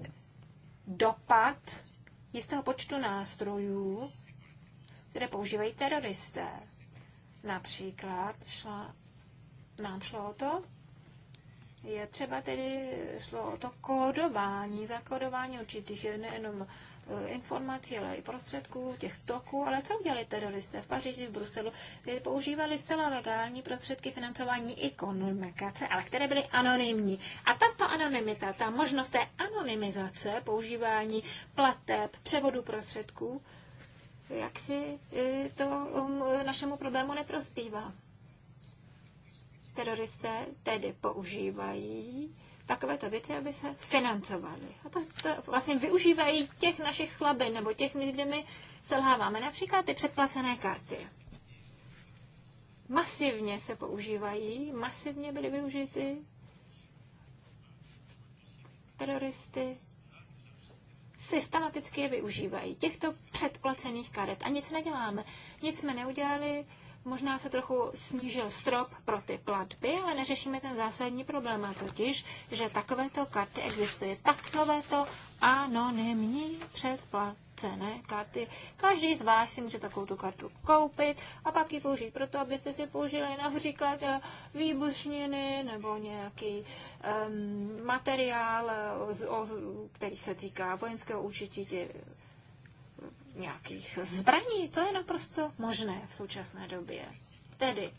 B: dopad jistého počtu nástrojů, které používají teroristé. Například šla, nám šlo o to, je třeba tedy šlo o to kódování, zakódování určitých nejenom e, informací, ale i prostředků, těch toků. Ale co udělali teroristé v Paříži, v Bruselu? Používali zcela legální prostředky financování i komunikace, ale které byly anonymní. A tato anonymita, ta možnost té anonymizace, používání plateb, převodu prostředků, jak si e, to um, e, našemu problému neprospívá teroristé tedy používají takovéto věci, aby se financovaly. A to, to vlastně využívají těch našich slabin, nebo těch, kde my selháváme. Například ty předplacené karty. Masivně se používají, masivně byly využity teroristy. Systematicky je využívají, těchto předplacených karet. A nic neděláme. Nic jsme neudělali, Možná se trochu snížil strop pro ty platby, ale neřešíme ten zásadní problém, a totiž, že takovéto karty existuje takovéto anonymní předplacené karty. Každý z vás si může takovou tu kartu koupit a pak ji použít proto, abyste si použili například eh, výbušniny nebo nějaký um, materiál, eh, o, o, který se týká vojenského účetí nějakých zbraní. To je naprosto možné v současné době. Tedy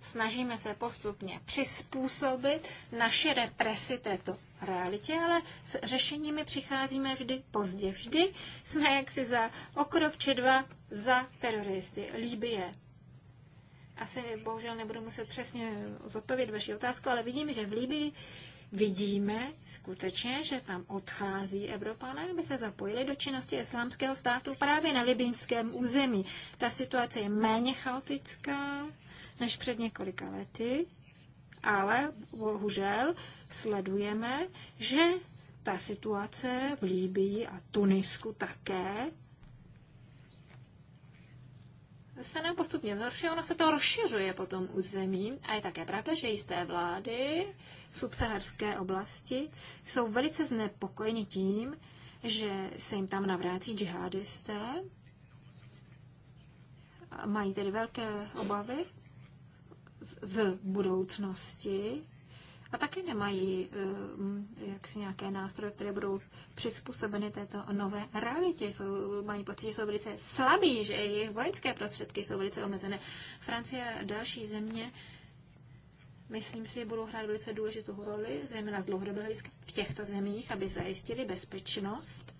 B: snažíme se postupně přizpůsobit naše represi této realitě, ale s řešeními přicházíme vždy pozdě. Vždy jsme jaksi za okrok či dva za teroristy. Líbie. Asi bohužel nebudu muset přesně zodpovědět vaši otázku, ale vidím, že v Líbii vidíme skutečně, že tam odchází Evropané, aby se zapojili do činnosti islámského státu právě na libyňském území. Ta situace je méně chaotická než před několika lety, ale bohužel sledujeme, že ta situace v Líbii a Tunisku také se nám postupně zhoršuje, ono se to rozšiřuje po tom území a je také pravda, že jisté vlády subsaharské oblasti jsou velice znepokojeni tím, že se jim tam navrácí džihadisté. Mají tedy velké obavy z budoucnosti a také nemají um, jaksi nějaké nástroje, které budou přizpůsobeny této nové realitě. Jsou, mají pocit, že jsou velice slabí, že jejich vojenské prostředky jsou velice omezené. Francie a další země myslím si, budou hrát velice důležitou roli, zejména z dlouhodobého v těchto zemích, aby zajistili bezpečnost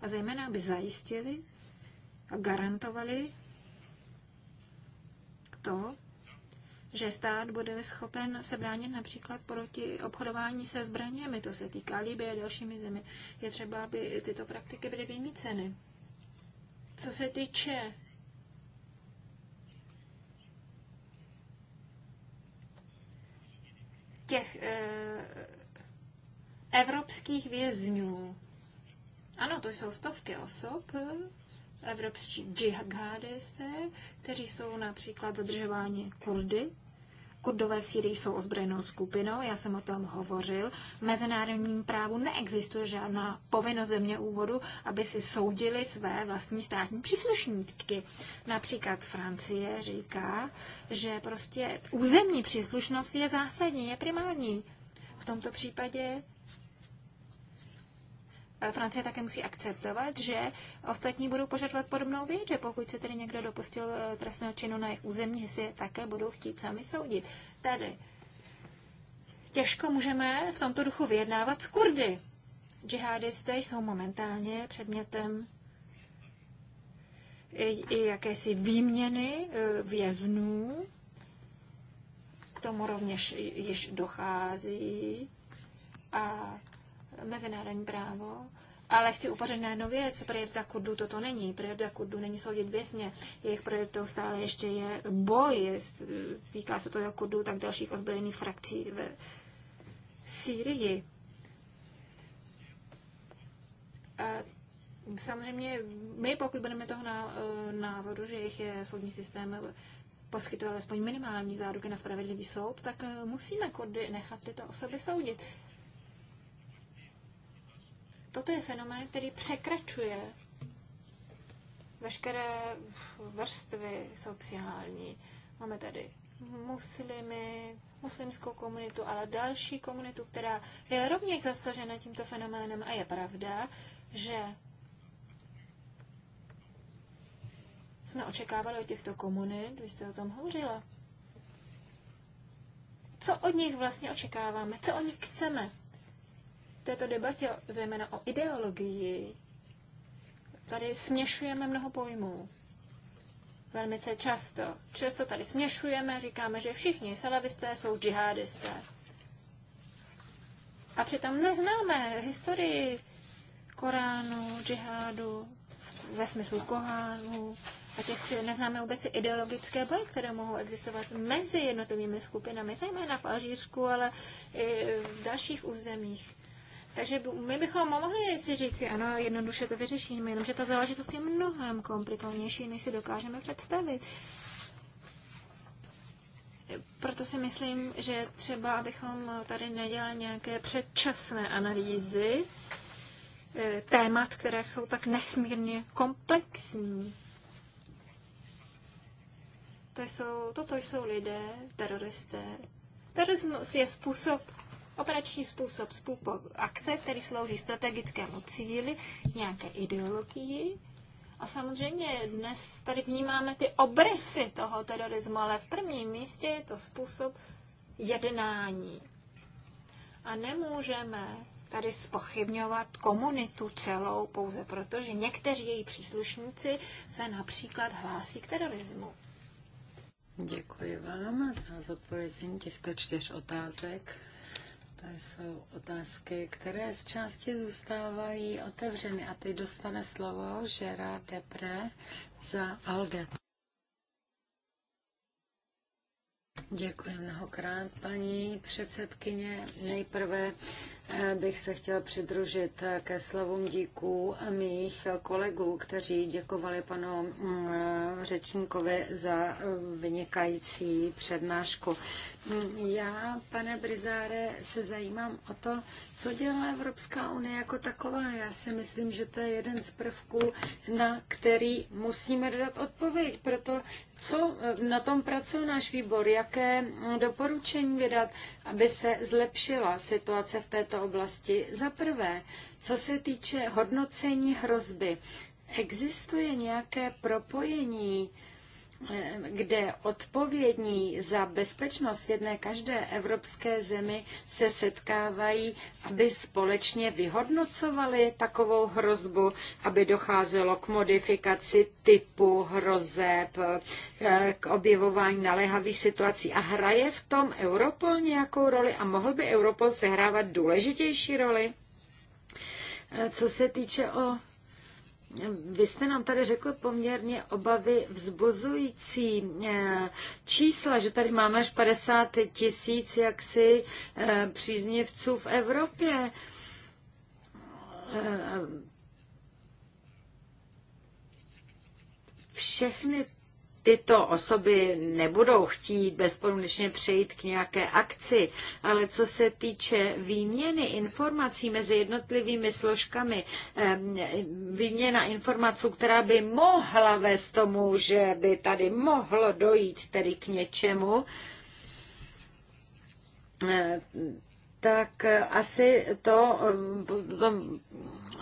B: a zejména, aby zajistili a garantovali to, že stát bude schopen se bránit například proti obchodování se zbraněmi, to se týká Libie a dalšími zemi. Je třeba, aby tyto praktiky byly vymíceny. Co se týče těch eh, evropských vězňů. Ano, to jsou stovky osob, eh, evropští džihadisté, kteří jsou například zadržováni kurdy Kurdové v Syrii jsou ozbrojenou skupinou, já jsem o tom hovořil. V mezinárodním právu neexistuje žádná povinnost země úvodu, aby si soudili své vlastní státní příslušníky. Například Francie říká, že prostě územní příslušnost je zásadní, je primární. V tomto případě Eh, Francie také musí akceptovat, že ostatní budou požadovat podobnou věc, že pokud se tedy někdo dopustil eh, trestného činu na jejich území, že si je také budou chtít sami soudit. Tady těžko můžeme v tomto duchu vyjednávat s Kurdy. Džihadisté jsou momentálně předmětem i jakési výměny eh, věznů. K tomu rovněž již dochází. A mezinárodní právo, ale chci upořit na jednu věc. Priorita Kurdů toto není. Priorita Kurdů není soudit věsně, Jejich prioritou stále ještě je boj. Týká se to jak Kurdů, tak dalších ozbrojených frakcí v Sýrii. Samozřejmě my, pokud budeme toho e, názoru, že jejich soudní systém poskytuje alespoň minimální záruky na spravedlivý soud, tak e, musíme Kurdy nechat tyto osoby soudit. Toto je fenomén, který překračuje veškeré vrstvy sociální. Máme tady muslimy, muslimskou komunitu, ale další komunitu, která je rovněž zasažena tímto fenoménem. A je pravda, že jsme očekávali od těchto komunit, vy jste o tom hovořila. Co od nich vlastně očekáváme? Co od nich chceme? této debatě, zejména o ideologii, tady směšujeme mnoho pojmů. Velmi se často. Často tady směšujeme, říkáme, že všichni salavisté jsou džihadisté. A přitom neznáme historii Koránu, džihádu, ve smyslu Kohánu, a těch neznáme vůbec ideologické boje, které mohou existovat mezi jednotlivými skupinami, zejména v Alžírsku, ale i v dalších územích. Takže my bychom mohli si říct, ano, jednoduše to vyřešíme, jenomže ta záležitost je mnohem komplikovanější, než si dokážeme představit. Proto si myslím, že třeba, abychom tady nedělali nějaké předčasné analýzy eh, témat, které jsou tak nesmírně komplexní. To jsou, toto jsou lidé, teroristé. Terorismus je způsob Operační způsob, způsob akce, který slouží strategickému cíli, nějaké ideologii. A samozřejmě dnes tady vnímáme ty obrysy toho terorismu, ale v prvním místě je to způsob jednání. A nemůžeme tady spochybňovat komunitu celou pouze proto, že někteří její příslušníci se například hlásí k terorismu.
A: Děkuji vám za zodpovězení těchto čtyř otázek. To jsou otázky, které z části zůstávají otevřeny. A teď dostane slovo Žera Depre za Aldet. Děkuji mnohokrát, paní předsedkyně. Nejprve bych se chtěla přidružit ke slovům díků mých kolegů, kteří děkovali panu mm, řečníkovi za vynikající přednášku. Já, pane Brizáre, se zajímám o to, co dělá Evropská unie jako taková. Já si myslím, že to je jeden z prvků, na který musíme dodat odpověď. Proto co na tom pracuje náš výbor, jaké doporučení vydat, aby se zlepšila situace v této této oblasti. Za prvé, co se týče hodnocení hrozby, existuje nějaké propojení kde odpovědní za bezpečnost v jedné každé evropské zemi se setkávají, aby společně vyhodnocovali takovou hrozbu, aby docházelo k modifikaci typu hrozeb, k objevování naléhavých situací. A hraje v tom Europol nějakou roli a mohl by Europol sehrávat důležitější roli? Co se týče o vy jste nám tady řekl poměrně obavy vzbuzující eh, čísla, že tady máme až 50 tisíc jaksi eh, příznivců v Evropě. Eh, všechny tyto osoby nebudou chtít bezpodmínečně přejít k nějaké akci, ale co se týče výměny informací mezi jednotlivými složkami, výměna informací, která by mohla vést tomu, že by tady mohlo dojít tedy k něčemu, tak asi to, to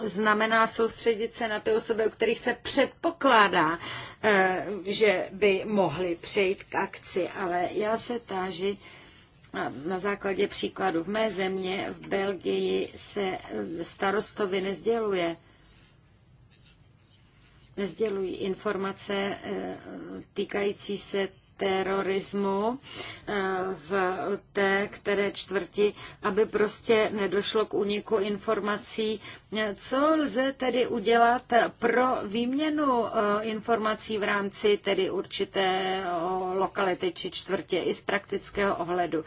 A: znamená soustředit se na ty osoby, o kterých se předpokládá, eh, že by mohly přejít k akci. Ale já se táži na základě příkladu. V mé země, v Belgii, se eh, starostovi nezděluje nezdělují informace eh, týkající se terorismu eh, v té které čtvrti, aby prostě nedošlo k úniku informací. Co lze tedy udělat pro výměnu eh, informací v rámci tedy určité lokality či čtvrtě i z praktického ohledu?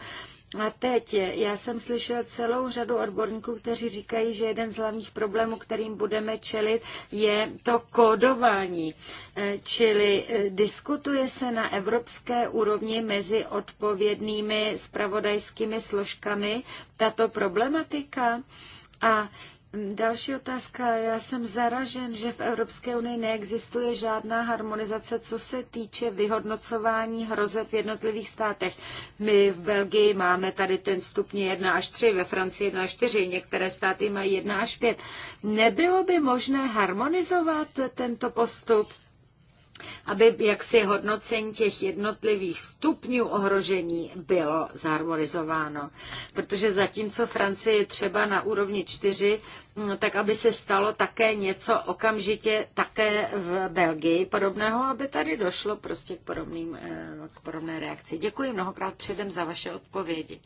A: A teď já jsem slyšel celou řadu odborníků, kteří říkají, že jeden z hlavních problémů, kterým budeme čelit, je to kódování. E, čili e, diskutuje se na evropské úrovni mezi odpovědnými spravodajskými složkami tato problematika. A Další otázka. Já jsem zaražen, že v Evropské unii neexistuje žádná harmonizace, co se týče vyhodnocování hrozeb v jednotlivých státech. My v Belgii máme tady ten stupně 1 až 3, ve Francii 1 až 4, některé státy mají 1 až 5. Nebylo by možné harmonizovat tento postup? aby jaksi hodnocení těch jednotlivých stupňů ohrožení bylo zharmonizováno. Protože zatímco Francie je třeba na úrovni 4, mm, tak aby se stalo také něco okamžitě také v Belgii podobného, aby tady došlo prostě k, podobným, eh, k podobné reakci. Děkuji mnohokrát předem za vaše odpovědi.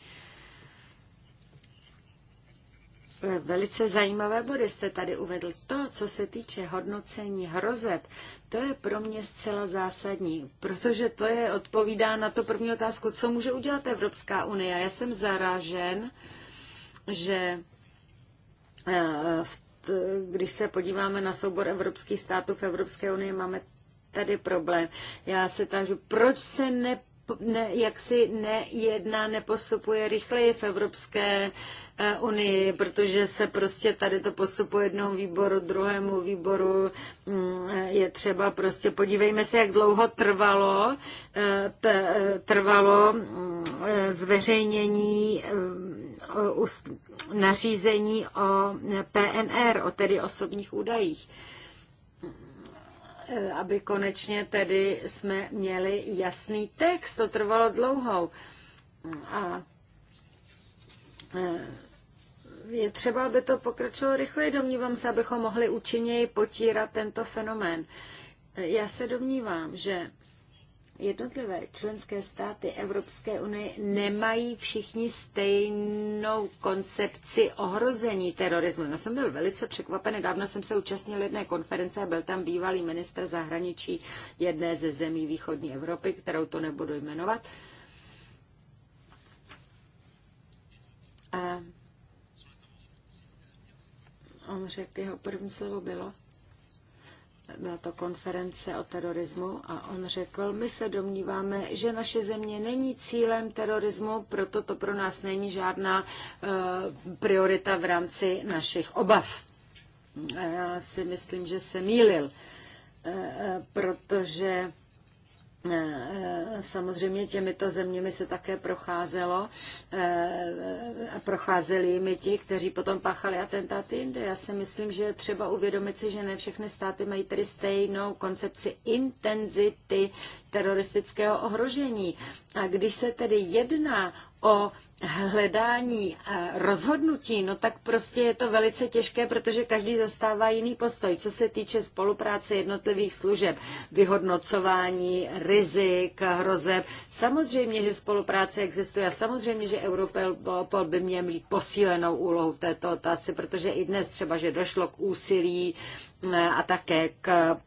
A: Velice zajímavé body jste tady uvedl. To, co se týče hodnocení hrozeb, to je pro mě zcela zásadní, protože to je odpovídá na to první otázku, co může udělat Evropská unie. Já jsem zarážen, že eh, když se podíváme na soubor evropských států v Evropské unii, máme tady problém. Já se tážu, proč se ne ne, jak si nejedná, nepostupuje rychleji v Evropské eh, unii, protože se prostě tady to postupuje jednou výboru, druhému výboru. Mm, eh, je třeba prostě, podívejme se, jak dlouho trvalo, eh, trvalo mm, zveřejnění nařízení o PNR, o tedy osobních údajích. Eh, aby konečně tedy jsme měli jasný text. To trvalo dlouhou. A eh, je třeba, aby to pokračovalo rychleji, domnívám se, abychom mohli účinněji potírat tento fenomén. Eh, já se domnívám, že jednotlivé členské státy Evropské unie nemají všichni stejnou koncepci ohrození terorismu. Já jsem byl velice překvapen, nedávno jsem se účastnil jedné konference a byl tam bývalý minister zahraničí jedné ze zemí východní Evropy, kterou to nebudu jmenovat. A on řekl, jeho první slovo bylo, byla to konference o terorismu a on řekl, my se domníváme, že naše země není cílem terorismu, proto to pro nás není žádná uh, priorita v rámci našich obav. Já si myslím, že se mýlil, uh, protože Eh, eh, samozřejmě těmito zeměmi se také procházelo eh, a procházeli jimi ti, kteří potom páchali atentáty jinde. Já si myslím, že třeba uvědomit si, že ne všechny státy mají tedy stejnou koncepci intenzity teroristického ohrožení. A když se tedy jedná o hledání eh, rozhodnutí, no tak prostě je to velice těžké, protože každý zastává jiný postoj, co se týče spolupráce jednotlivých služeb, vyhodnocování, rizik, hrozeb. Samozřejmě, že spolupráce existuje a samozřejmě, že Europol by měl mít posílenou úlohu v této otázce, protože i dnes třeba, že došlo k úsilí eh, a také k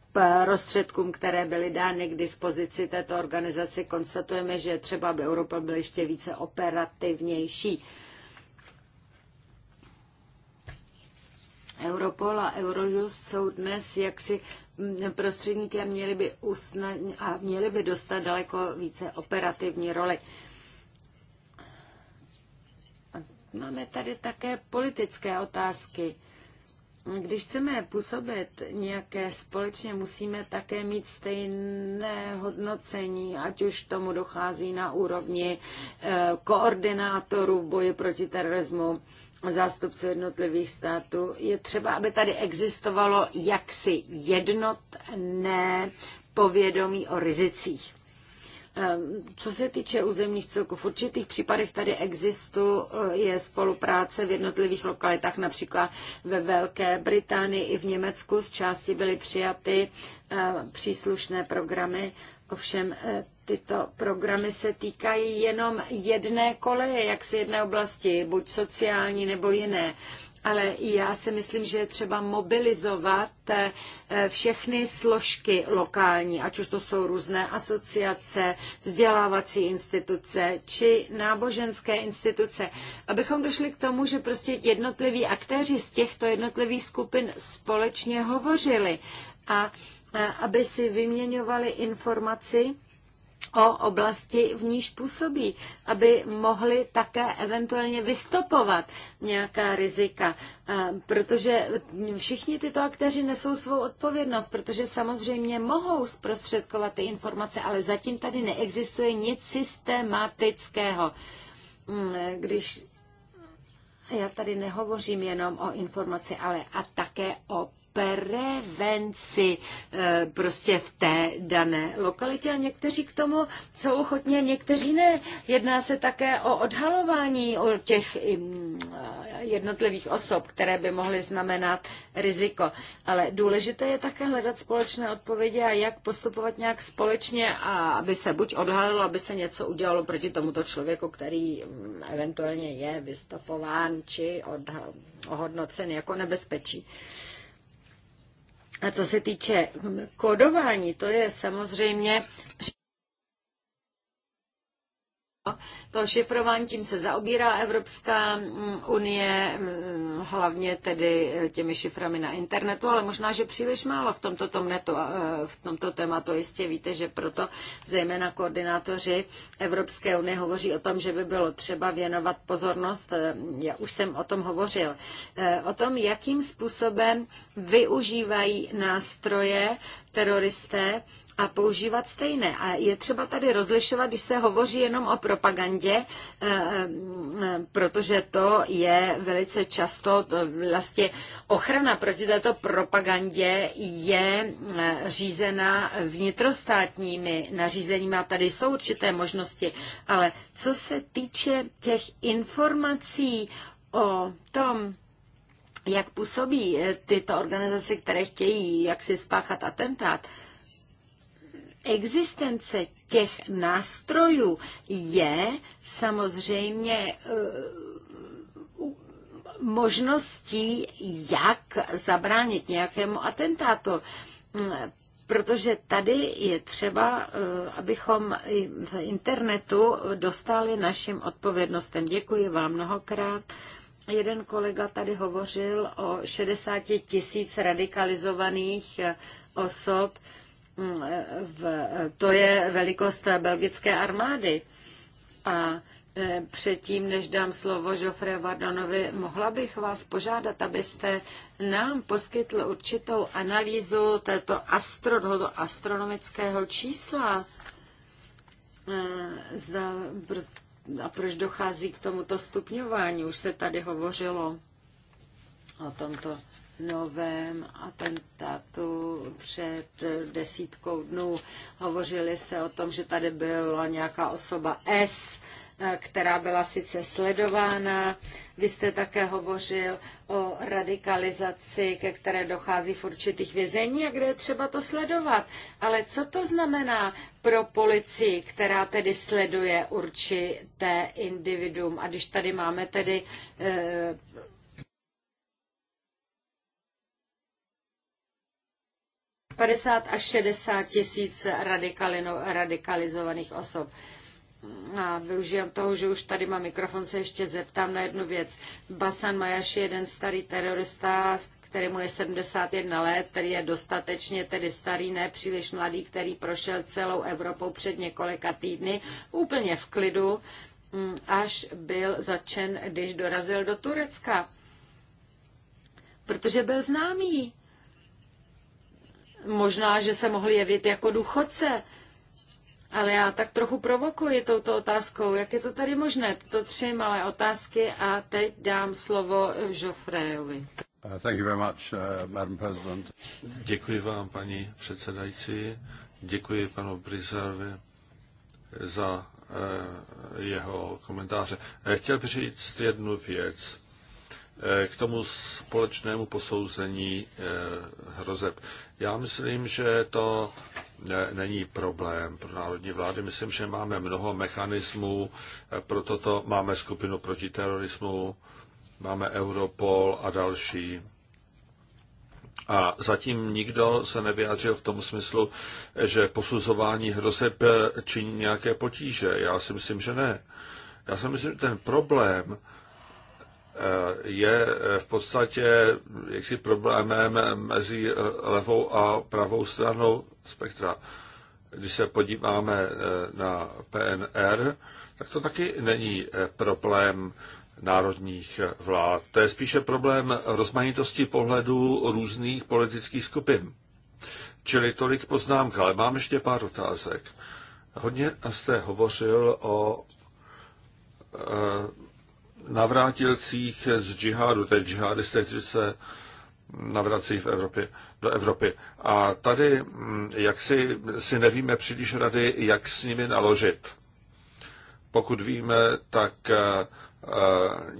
A: prostředkům, které byly dány k dispozici této organizaci, konstatujeme, že třeba by Europol byl ještě více operativnější. Europol a Eurojust jsou dnes jaksi mm, prostředníky a měli by, usnadň, a měli by dostat daleko více operativní roli. Máme tady také politické otázky když chceme působit nějaké společně, musíme také mít stejné hodnocení, ať už tomu dochází na úrovni eh, koordinátorů boje proti terorismu, zástupců jednotlivých států. Je třeba, aby tady existovalo jaksi jednotné povědomí o rizicích. Ehm, co se týče územních celků, v určitých případech tady existuje eh, spolupráce v jednotlivých lokalitách, například ve Velké Británii i v Německu z části byly přijaty ehm, příslušné programy, ovšem eh, tyto programy se týkají jenom jedné koleje, jak si jedné oblasti, buď sociální nebo jiné ale i já si myslím, že je třeba mobilizovat eh, všechny složky lokální, ať už to jsou různé asociace, vzdělávací instituce či náboženské instituce, abychom došli k tomu, že prostě jednotliví aktéři z těchto jednotlivých skupin společně hovořili a eh, aby si vyměňovali informaci o oblasti, v níž působí, aby mohli také eventuálně vystopovat nějaká rizika, protože všichni tyto aktéři nesou svou odpovědnost, protože samozřejmě mohou zprostředkovat ty informace, ale zatím tady neexistuje nic systematického. Mm, když já tady nehovořím jenom o informaci, ale a také o prevenci eh, prostě v té dané lokalitě a někteří k tomu jsou ochotně, někteří ne. Jedná se také o odhalování o těch mm, eh, jednotlivých osob, které by mohly znamenat riziko. Ale důležité je také hledat společné odpovědi a jak postupovat nějak společně, a aby se buď odhalilo, aby se něco udělalo proti tomuto člověku, který mm, eventuálně je vystopován či odhal, ohodnocen jako nebezpečí. A co se týče kodování, to je samozřejmě to šifrování tím se zaobírá Evropská mm, unie, mm, hlavně tedy eh, těmi šiframi na internetu, ale možná, že příliš málo v tomto, tomnetu, eh, v tomto tématu. Jistě víte, že proto zejména koordinátoři Evropské unie hovoří o tom, že by bylo třeba věnovat pozornost, eh, já už jsem o tom hovořil, o tom, jakým způsobem využívají nástroje teroristé a používat stejné. A je třeba tady rozlišovat, když se hovoří jenom o propagandě, eh, eh, protože to je velice často vlastně ochrana proti této propagandě je eh, řízena vnitrostátními nařízeními a tady jsou určité možnosti, ale co se týče těch informací o tom, jak působí tyto organizace, které chtějí jak spáchat atentát, existence těch nástrojů je samozřejmě eh, možností, jak zabránit nějakému atentátu. Mm, protože tady je třeba, eh, abychom v internetu dostali našim odpovědnostem. Děkuji vám mnohokrát. Jeden kolega tady hovořil o 60 tisíc radikalizovaných eh, osob. Mm, eh, v, eh, to je velikost eh, belgické armády. A Předtím, než dám slovo Joffre Vardanovi, mohla bych vás požádat, abyste nám poskytl určitou analýzu této astro, tohoto astronomického čísla. Zda, a proč dochází k tomuto stupňování? Už se tady hovořilo o tomto novém atentátu před desítkou dnů. Hovořili se o tom, že tady byla nějaká osoba S, eh, která byla sice sledována. Vy jste také hovořil o radikalizaci, ke které dochází v určitých vězení a kde je třeba to sledovat. Ale co to znamená pro policii, která tedy sleduje určité individuum? A když tady máme tedy eh, 50 až 60 tisíc radikalizovaných osob. A využijem toho, že už tady mám mikrofon, se ještě zeptám na jednu věc. Basan Majaš je jeden starý terorista, kterému je 71 let, který je dostatečně tedy starý, ne příliš mladý, který prošel celou Evropou před několika týdny, úplně v klidu, mm, až byl začen, když dorazil do Turecka. Protože byl známý Možná, že se mohli jevit jako důchodce, ale já tak trochu provokuji touto otázkou. Jak je to tady možné? To tři malé otázky a teď dám slovo Joffreyovi.
C: Uh, thank you very much, uh, Madam President. Děkuji vám, paní předsedající. Děkuji panu Brizervi za uh, jeho komentáře. Uh, chtěl bych říct jednu věc. Eh, k tomu společnému posouzení eh, hrozeb. Já myslím, že to eh, není problém pro národní vlády. Myslím, že máme mnoho mechanismů pro toto. Máme skupinu proti terorismu, máme Europol a další. A zatím nikdo se nevyjádřil v tom smyslu, že posuzování hrozeb činí nějaké potíže. Já si myslím, že ne. Já si myslím, že ten problém je eh, v podstatě jaksi problémem mezi eh, levou a pravou stranou spektra. Když se podíváme eh, na PNR, tak to taky není problém národních vlád. To je spíše problém rozmanitosti pohledů různých politických skupin. Čili tolik poznámka, ale mám ještě pár otázek. Hodně jste hovořil o navrátilcích z džihádu, tedy džihadisté, kteří se navrací v Evropě, do Evropy. A tady mm, jak si, si nevíme příliš rady, jak s nimi naložit. Pokud víme, tak eh,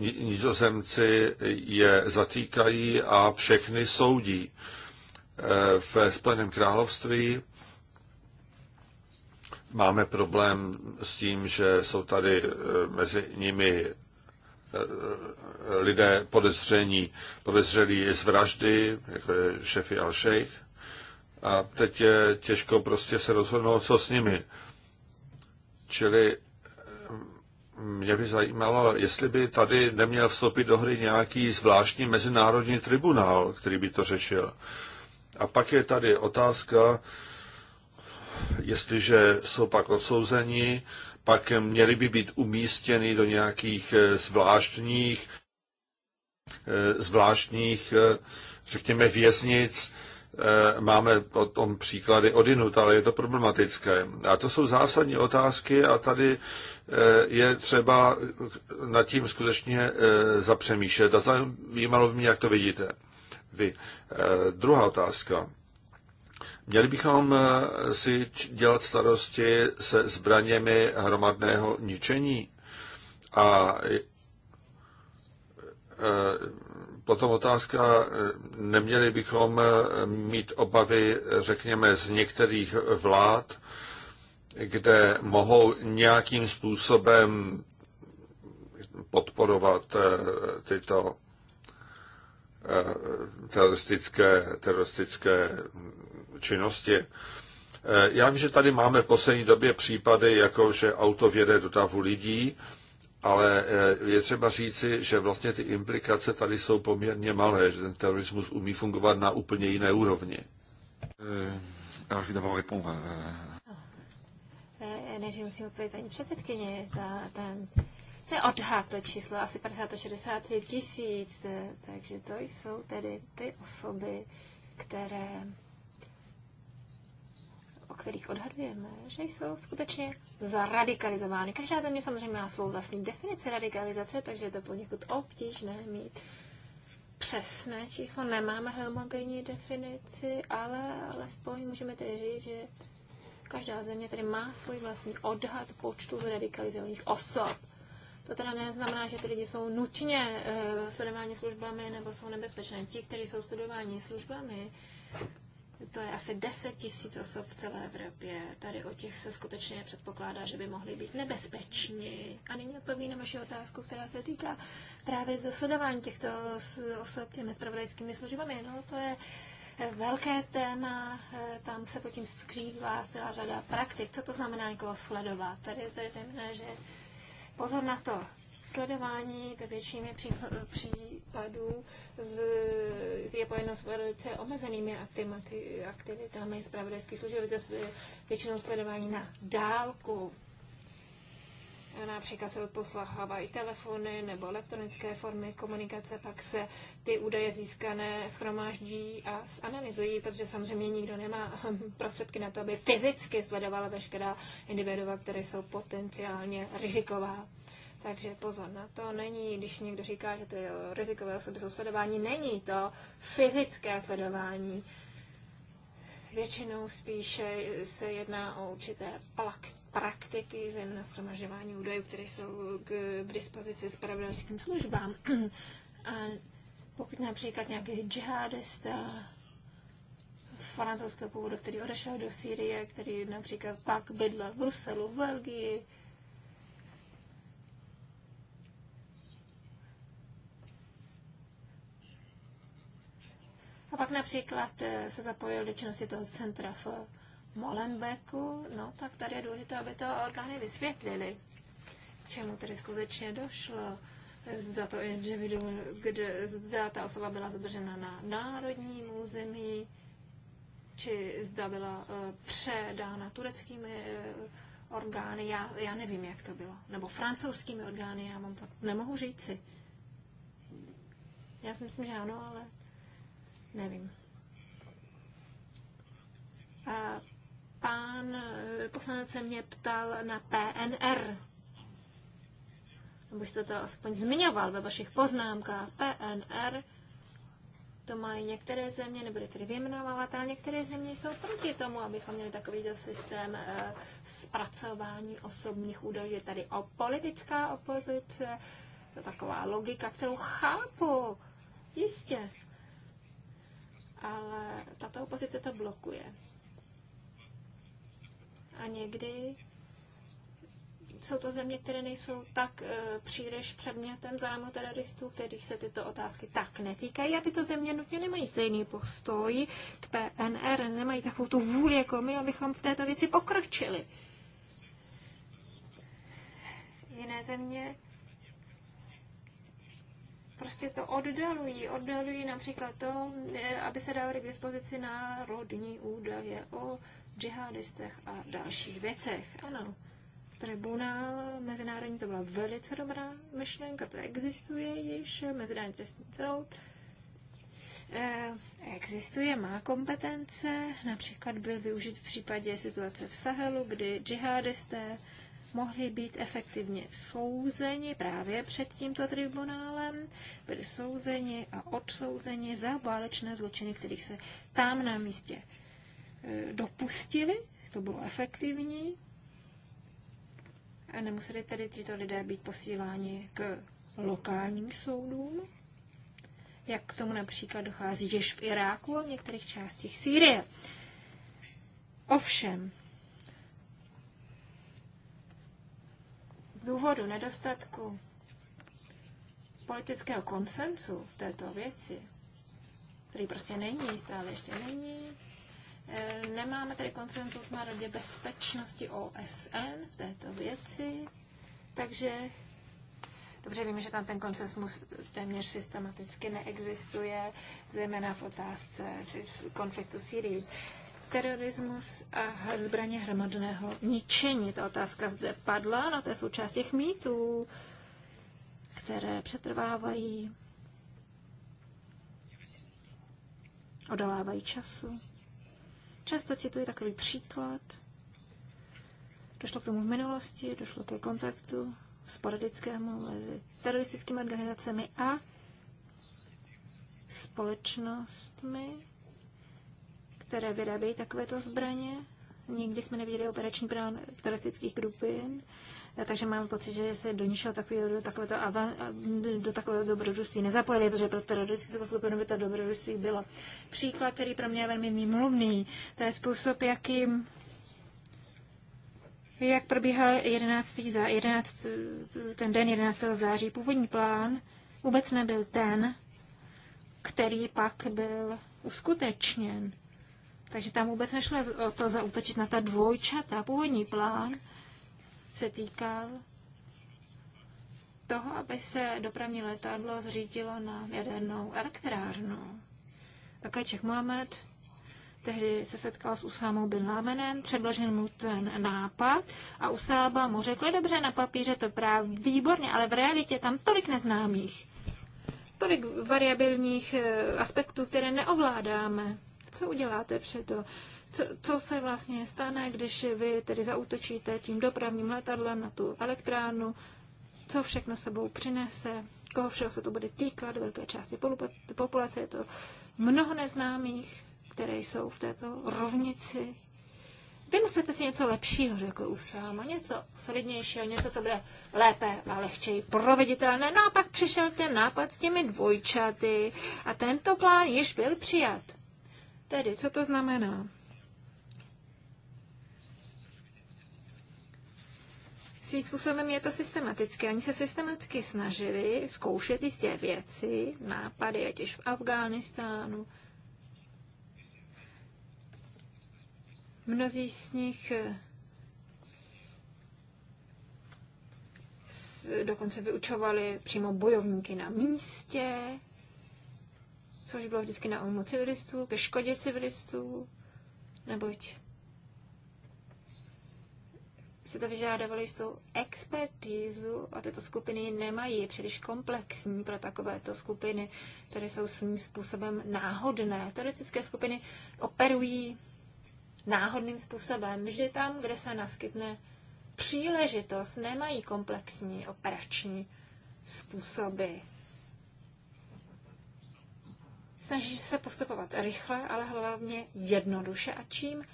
C: eh, nizozemci je zatýkají a všechny soudí. Eh, v Spojeném království máme problém s tím, že jsou tady mezi nimi Eh, lidé podezření, podezřelí z vraždy, jako je šefy al sheikh a teď je těžko prostě se rozhodnout, co s nimi. Čili eh, mě by zajímalo, jestli by tady neměl vstoupit do hry nějaký zvláštní mezinárodní tribunál, který by to řešil. A pak je tady otázka, jestliže jsou pak odsouzeni, pak měly by být umístěny do nějakých eh, zvláštních, eh, zvláštních eh, řekněme, věznic. Máme o tom příklady odinut, ale je to problematické. A to jsou zásadní otázky a tady je třeba nad tím skutečně zapřemýšlet. A zajímalo by mě, jak to vidíte. Vy. Druhá otázka. Měli bychom eh, si dělat starosti se zbraněmi hromadného ničení a eh, potom otázka, eh, neměli bychom mít obavy, řekněme, z některých vlád, kde mohou nějakým způsobem podporovat tyto teroristické, teroristické činnosti. Eh, já vím, že tady máme v poslední době případy, jako že auto vjede do davu lidí, ale eh, je třeba říci, že vlastně ty implikace tady jsou poměrně malé, že ten terorismus umí fungovat na úplně jiné úrovni. Eh,
B: Než musím odpovědět paní předsedkyně, ta, to je odhad, to číslo asi 50 až 60 tisíc, takže to jsou tedy ty osoby, které o kterých odhadujeme, že jsou skutečně zaradikalizovány. Každá země samozřejmě má svou vlastní definici radikalizace, takže je to poněkud obtížné mít přesné číslo. Nemáme homogenní definici, ale alespoň můžeme tedy říct, že každá země tedy má svůj vlastní odhad počtu radikalizovaných osob. To teda neznamená, že ty lidi jsou nutně e, sledováni službami nebo jsou nebezpečné. Ti, kteří jsou sledováni službami, to je asi 10 tisíc osob v celé Evropě. Tady o těch se skutečně předpokládá, že by mohly být nebezpeční. A nyní odpovím na vaši otázku, která se týká právě dosledování těchto osob těmi spravodajskými službami. No, to je velké téma, eh, tam se pod tím skrývá celá řada praktik. Co to znamená někoho jako sledovat? Tady, tady znamená, že pozor na to, Sledování ve většině případů z, je pojeno s velice omezenými aktivitami zpravodajských služeb, to je většinou sledování na dálku. Například se odposlachávají telefony nebo elektronické formy komunikace, pak se ty údaje získané schromáždí a zanalizují, protože samozřejmě nikdo nemá hm, prostředky na to, aby fyzicky sledoval veškerá individua, které jsou potenciálně riziková. Takže pozor na to, není, když někdo říká, že to je rizikové osoby jsou sledování, není to fyzické sledování. Většinou spíše se jedná o určité praktiky, zejména shromažďování údajů, které jsou k dispozici s spravodajským službám. A pokud například nějaký džihadista francouzského původu, který odešel do Sýrie, který například pak bydlel v Bruselu, v Belgii, A pak například eh, se zapojil do činnosti toho centra v Molenbeku, no tak tady je důležité, aby to orgány vysvětlili, k čemu tedy skutečně došlo. Za to individuum, kde zda ta osoba byla zadržena na národním území, či zda byla eh, předána tureckými eh, orgány, já, já nevím, jak to bylo. Nebo francouzskými orgány, já vám to nemohu říci. Já si myslím, že ano, ale Nevím. A pán eh, poslanec se mě ptal na PNR. Nebo jste to aspoň zmiňoval ve vašich poznámkách. PNR, to mají některé země, nebude tedy vyjmenovávat, ale některé země jsou proti tomu, abychom měli takovýto systém eh, zpracování osobních údajů. Je tady o politická opozice, to je taková logika, kterou chápu. Jistě, ale tato opozice to blokuje. A někdy jsou to země, které nejsou tak e, příliš předmětem zájmu teroristů, kterých se tyto otázky tak netýkají. A tyto země nutně nemají stejný postoj k PNR, nemají takovou tu vůli jako my, abychom v této věci pokročili. Jiné země prostě to oddalují. Oddalují například to, eh, aby se dali k dispozici národní údaje o džihadistech a dalších věcech. Ano, tribunál mezinárodní to byla velice dobrá myšlenka, to existuje již, mezinárodní trestní soud eh, existuje, má kompetence, například byl využit v případě situace v Sahelu, kdy džihadisté mohli být efektivně souzeni právě před tímto tribunálem, byli souzeni a odsouzeni za válečné zločiny, kterých se tam na místě e, dopustili, to bylo efektivní, a nemuseli tedy tyto lidé být posíláni k lokálním soudům, jak k tomu například dochází již v Iráku a v některých částích Sýrie. Ovšem, důvodu nedostatku politického konsenzu v této věci, který prostě není, stále ještě není, eh, nemáme tady konsenzus na Radě bezpečnosti OSN v této věci, takže Dobře víme, že tam ten koncensus téměř systematicky neexistuje, zejména v otázce konfliktu v Syrii terorismus a zbraně hromadného ničení. Ta otázka zde padla, no to je součást těch mýtů, které přetrvávají, odolávají času. Často cituji takový příklad. Došlo k tomu v minulosti, došlo ke kontaktu sporadickému mezi teroristickými organizacemi a společnostmi, které vyrábějí takovéto zbraně. Nikdy jsme neviděli operační plán teroristických grupin, takže mám pocit, že se do ničeho takového, do takového, do takového dobrodružství nezapojili, protože pro teroristickou skupinu by to dobrodružství bylo. Příklad, který pro mě je velmi výmluvný, to je způsob, jakým jak probíhal 11. Zá, 11, ten den 11. září. Původní plán vůbec nebyl ten, který pak byl uskutečněn. Takže tam vůbec nešlo o to zautočit na ta dvojčata. Původní plán se týkal toho, aby se dopravní letadlo zřídilo na jadernou elektrárnu. A Kaček Mohamed tehdy se setkal s Usámou Bin Lámenem, předložil mu ten nápad a Usába mu řekl, dobře, na papíře to právě výborně, ale v realitě tam tolik neznámých, tolik variabilních eh, aspektů, které neovládáme co uděláte to, Co, co se vlastně stane, když vy tedy zautočíte tím dopravním letadlem na tu elektrárnu? Co všechno sebou přinese? Koho všeho se to bude týkat? Velké části populace je to mnoho neznámých, které jsou v této rovnici. Vy musíte si něco lepšího, řekl Usáma, něco solidnějšího, něco, co bude lépe a lehčeji proveditelné. No a pak přišel ten nápad s těmi dvojčaty a tento plán již byl přijat. Tedy, co to znamená? Svým způsobem je to systematické. Oni se systematicky snažili zkoušet jisté věci, nápady, ať už v Afghánistánu. Mnozí z nich eh, dokonce vyučovali přímo bojovníky na místě, což bylo vždycky na úmu civilistů, ke škodě civilistů, neboť se to vyžádovalo jistou expertízu a tyto skupiny nemají, je příliš komplexní pro takovéto skupiny, které jsou svým způsobem náhodné. Teoretické skupiny operují náhodným způsobem. Vždy tam, kde se naskytne příležitost, nemají komplexní operační způsoby. Snaží se postupovat rychle, ale hlavně jednoduše a čím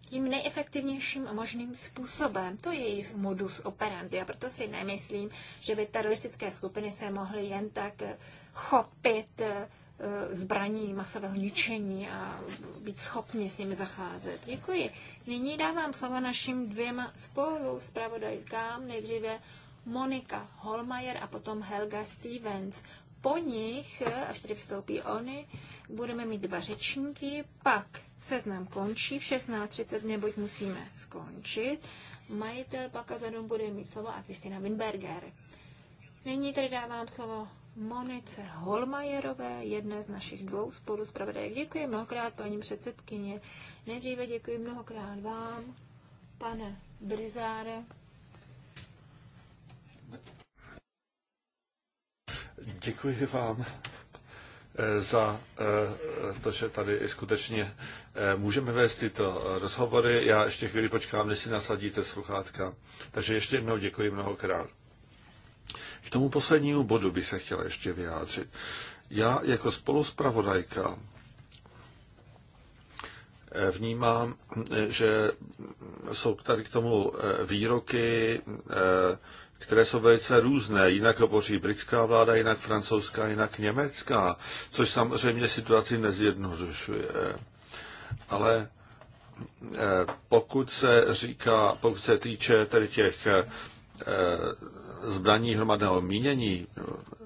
B: tím nejefektivnějším možným způsobem. To je jejich modus operandi a proto si nemyslím, že by teroristické skupiny se mohly jen tak eh, chopit eh, eh, zbraní masového ničení a být schopni s nimi zacházet. Děkuji. Nyní dávám slovo našim dvěma spolu zpravodajkám, nejdříve Monika Holmajer a potom Helga Stevens po nich, až tady vstoupí oni, budeme mít dva řečníky, pak seznam končí v 16.30, neboť musíme skončit. Majitel pak a zadom bude mít slovo a Kristina Winberger. Nyní tady dávám slovo Monice Holmajerové, jedné z našich dvou spoluspravodajek. Děkuji mnohokrát, paní předsedkyně. Nejdříve děkuji mnohokrát vám, pane Brizáre,
C: Děkuji vám eh, za eh, to, že tady skutečně eh, můžeme vést tyto rozhovory. Já ještě chvíli počkám, než si nasadíte sluchátka. Takže ještě jednou děkuji mnohokrát. K tomu poslednímu bodu bych se chtěla ještě vyjádřit. Já jako spoluspravodajka vnímám, že jsou tady k tomu výroky, které jsou velice různé. Jinak hovoří britská vláda, jinak francouzská, jinak německá, což samozřejmě situaci nezjednodušuje. Ale e, pokud se říká, pokud se týče tedy těch e, zbraní hromadného mínění,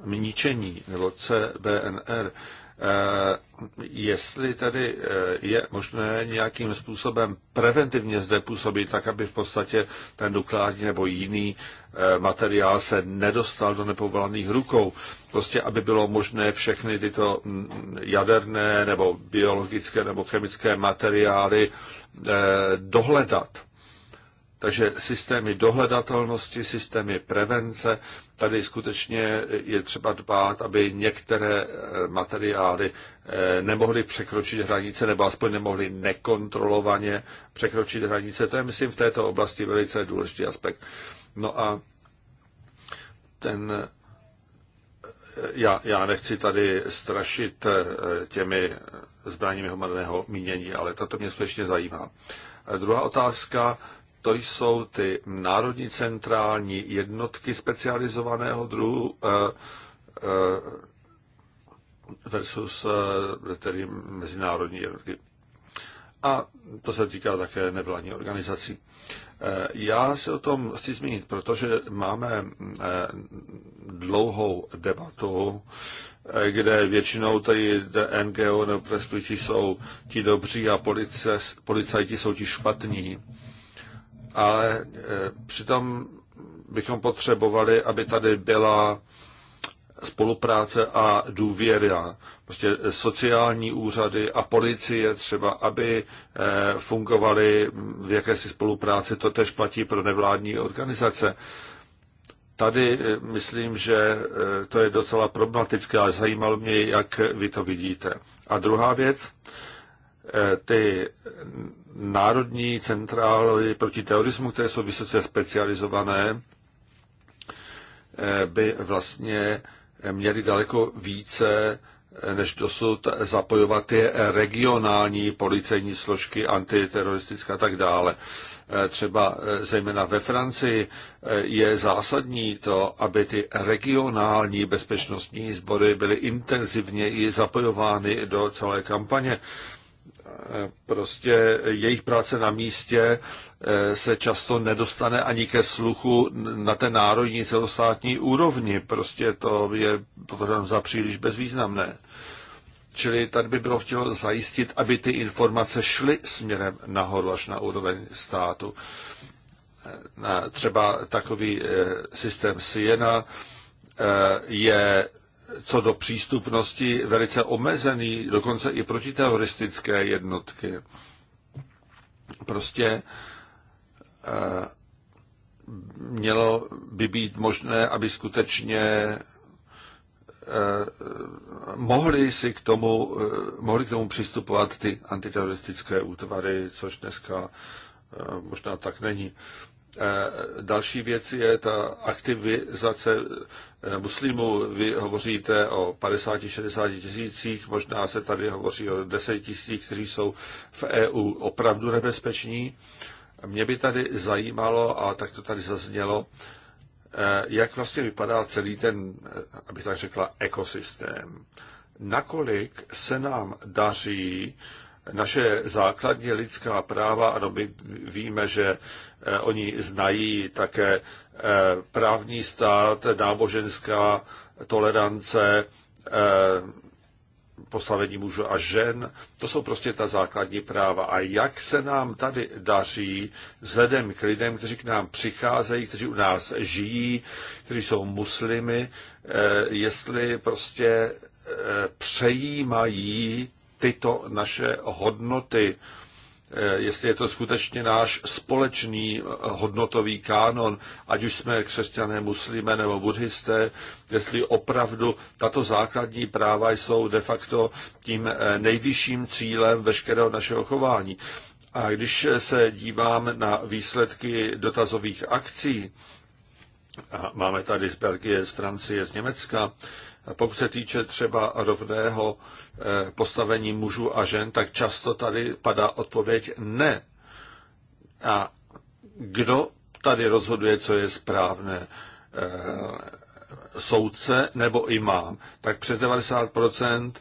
C: míničení nebo CBNR, Eh, jestli tedy eh, je možné nějakým způsobem preventivně zde působit, tak aby v podstatě ten nukleární nebo jiný eh, materiál se nedostal do nepovolaných rukou. Prostě, aby bylo možné všechny tyto mm, jaderné nebo biologické nebo chemické materiály dohledat. Takže systémy dohledatelnosti, systémy prevence, tady skutečně je třeba dbát, aby některé eh, materiály eh, nemohly překročit hranice, nebo aspoň nemohly nekontrolovaně překročit hranice. To je, myslím, v této oblasti velice důležitý aspekt. No a ten eh, já, já nechci tady strašit těmi zbraněmi hromadného mínění, ale tato mě skutečně zajímá. Druhá otázka to jsou ty národní centrální jednotky specializovaného druhu eh, eh, versus eh, tedy mezinárodní jednotky. A to se týká také nevládní organizací. Já se o tom chci zmínit, protože máme dlouhou debatu, kde většinou tady NGO nebo jsou ti dobří a policajti jsou ti špatní ale e, přitom bychom potřebovali, aby tady byla spolupráce a důvěra. Prostě sociální úřady a policie třeba, aby e, fungovaly v jakési spolupráci, to tež platí pro nevládní organizace. Tady e, myslím, že to je docela problematické a zajímalo mě, jak vy to vidíte. A druhá věc, ty národní centrály proti terorismu, které jsou vysoce specializované, eh, by vlastně měly daleko více eh, než dosud zapojovat je regionální policejní složky, antiteroristické a tak dále. Eh, třeba zejména ve Francii je zásadní to, aby ty regionální bezpečnostní sbory byly intenzivně i zapojovány do celé kampaně prostě jejich práce na místě eh, se často nedostane ani ke sluchu na té národní celostátní úrovni. Prostě to je považováno za příliš bezvýznamné. Čili tady by bylo chtělo zajistit, aby ty informace šly směrem nahoru až na úroveň státu. Eh, třeba takový eh, systém Siena je co do přístupnosti velice omezený, dokonce i protiteroristické jednotky. Prostě eh, mělo by být možné, aby skutečně eh, mohli si k tomu, eh, mohli k tomu přistupovat ty antiteroristické útvary, což dneska možná tak není. Eh, další věc je ta aktivizace eh, muslimů. Vy hovoříte o 50-60 tisících, možná se tady hovoří o 10 tisících, kteří jsou v EU opravdu nebezpeční. Mě by tady zajímalo, a tak to tady zaznělo, eh, jak vlastně vypadá celý ten, abych tak řekla, ekosystém. Nakolik se nám daří naše základní lidská práva, ano, my víme, že eh, oni znají také eh, právní stát, náboženská tolerance, eh, postavení mužů a žen. To jsou prostě ta základní práva. A jak se nám tady daří vzhledem k lidem, kteří k nám přicházejí, kteří u nás žijí, kteří jsou muslimy, jestli prostě přejímají tyto naše hodnoty, eh, jestli je to skutečně náš společný eh, hodnotový kánon, ať už jsme křesťané, muslimé nebo buddhisté, jestli opravdu tato základní práva jsou de facto tím eh, nejvyšším cílem veškerého našeho chování. A když se dívám na výsledky dotazových akcí, a máme tady z Belgie, z Francie, z Německa, pokud se týče třeba rovného eh, postavení mužů a žen, tak často tady padá odpověď ne. A kdo tady rozhoduje, co je správné? Eh, soudce nebo imám? Tak přes 90%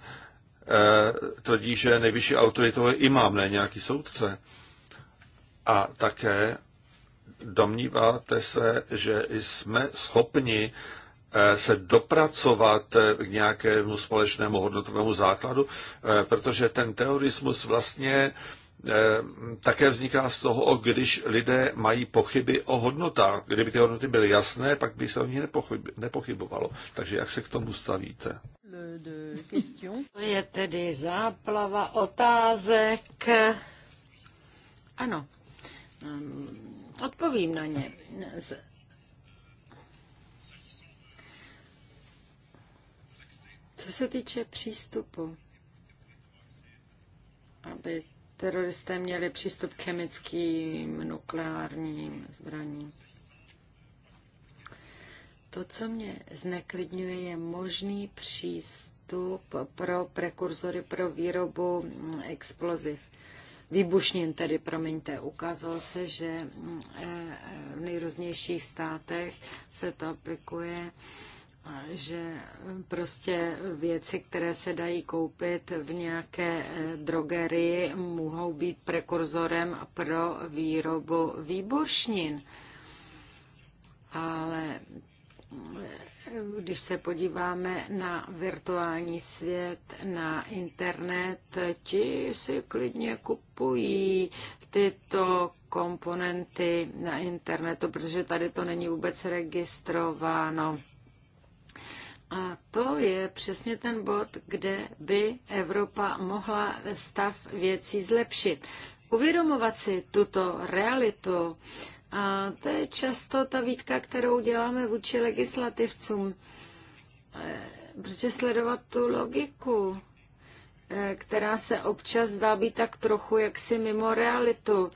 C: eh, tvrdí, že nejvyšší autoritou je imám, ne nějaký soudce. A také domníváte se, že jsme schopni Eh, se dopracovat eh, k nějakému společnému hodnotovému základu, eh, protože ten terorismus vlastně také vzniká z toho, když lidé mají pochyby o hodnotách. Kdyby ty hodnoty byly jasné, pak by se o nich nepochybovalo. Takže jak se k tomu stavíte?
A: To je tedy záplava otázek. Ano, ehm, odpovím na ně. Co se týče přístupu, aby teroristé měli přístup k chemickým, nukleárním zbraním. To, co mě zneklidňuje, je možný přístup pro prekurzory pro výrobu exploziv. Výbušnin tedy, promiňte, ukázalo se, že eh, eh, v nejrůznějších státech se to aplikuje že eh, prostě věci, které se dají koupit v nějaké eh, drogerii, mohou být prekurzorem pro výrobu výbušnin. Ale eh, když se podíváme na virtuální svět, na internet, ti si klidně kupují tyto komponenty na internetu, protože tady to není vůbec registrováno. A to je přesně ten bod, kde by Evropa mohla stav věcí zlepšit. Uvědomovat si tuto realitu, a to je často ta výtka, kterou děláme vůči legislativcům. Prostě sledovat tu logiku, eh, která se občas dá být tak trochu jaksi mimo realitu.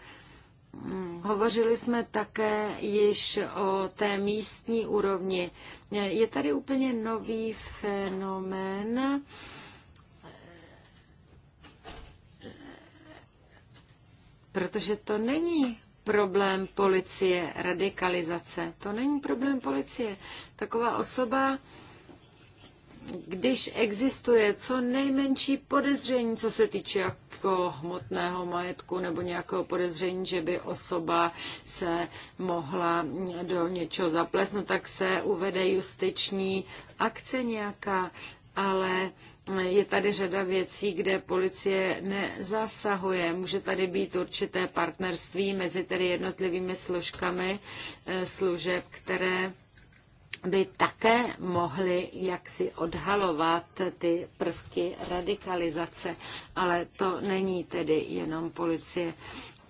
A: Hovořili jsme také již o té místní úrovni. Je tady úplně nový fenomén. Protože to není problém policie, radikalizace. To není problém policie. Taková osoba, když existuje co nejmenší podezření, co se týče nějakého hmotného majetku nebo nějakého podezření, že by osoba se mohla do něčeho zaplesnout, tak se uvede justiční akce nějaká, ale je tady řada věcí, kde policie nezasahuje. Může tady být určité partnerství mezi tedy jednotlivými složkami eh, služeb, které by také mohli jaksi odhalovat ty prvky radikalizace, ale to není tedy jenom policie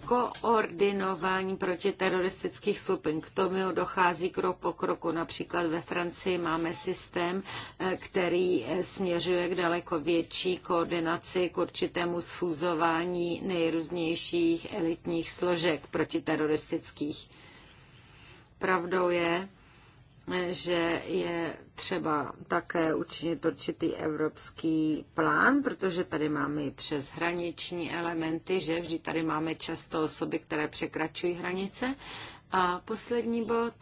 A: koordinování protiteroristických skupin. K tomu dochází krok po kroku. Například ve Francii máme systém, eh, který eh, směřuje k daleko větší koordinaci, k určitému sfúzování nejrůznějších elitních složek protiteroristických. Pravdou je, že je třeba také učinit určitý evropský plán, protože tady máme i přeshraniční elementy, že vždy tady máme často osoby, které překračují hranice. A poslední bod.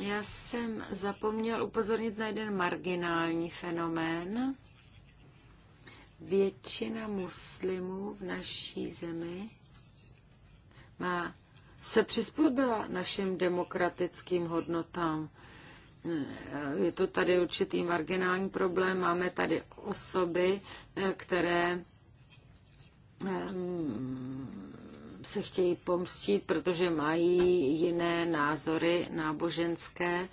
A: Já jsem zapomněl upozornit na jeden marginální fenomén. Většina muslimů v naší zemi má se přizpůsobila našim demokratickým hodnotám. Je to tady určitý marginální problém. Máme tady osoby, které ehm, se chtějí pomstit, protože mají jiné názory náboženské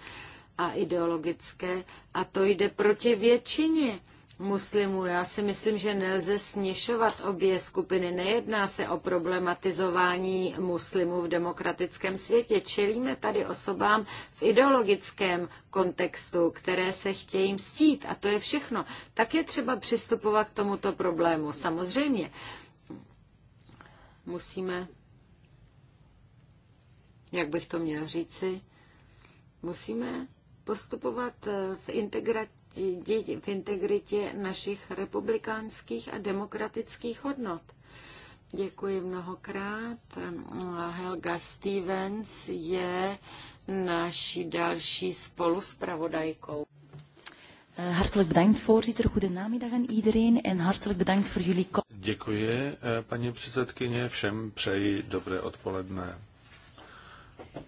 A: a ideologické a to jde proti většině muslimů. Já si myslím, že nelze směšovat obě skupiny. Nejedná se o problematizování muslimů v demokratickém světě. Čelíme tady osobám v ideologickém kontextu, které se chtějí mstít a to je všechno. Tak je třeba přistupovat k tomuto problému. Samozřejmě musíme, jak bych to měl říci, musíme postupovat eh, v integrat, v integritě našich republikánských a demokratických hodnot. Děkuji mnohokrát. Helga Stevens je naší další spoluspravodajkou. Eh, hartelijk bedankt, voorzitter. Goedenamiddag aan iedereen en hartelijk bedankt voor jullie...
C: Děkuji, eh, paní předsedkyně. Všem přeji dobré odpoledne. Eh,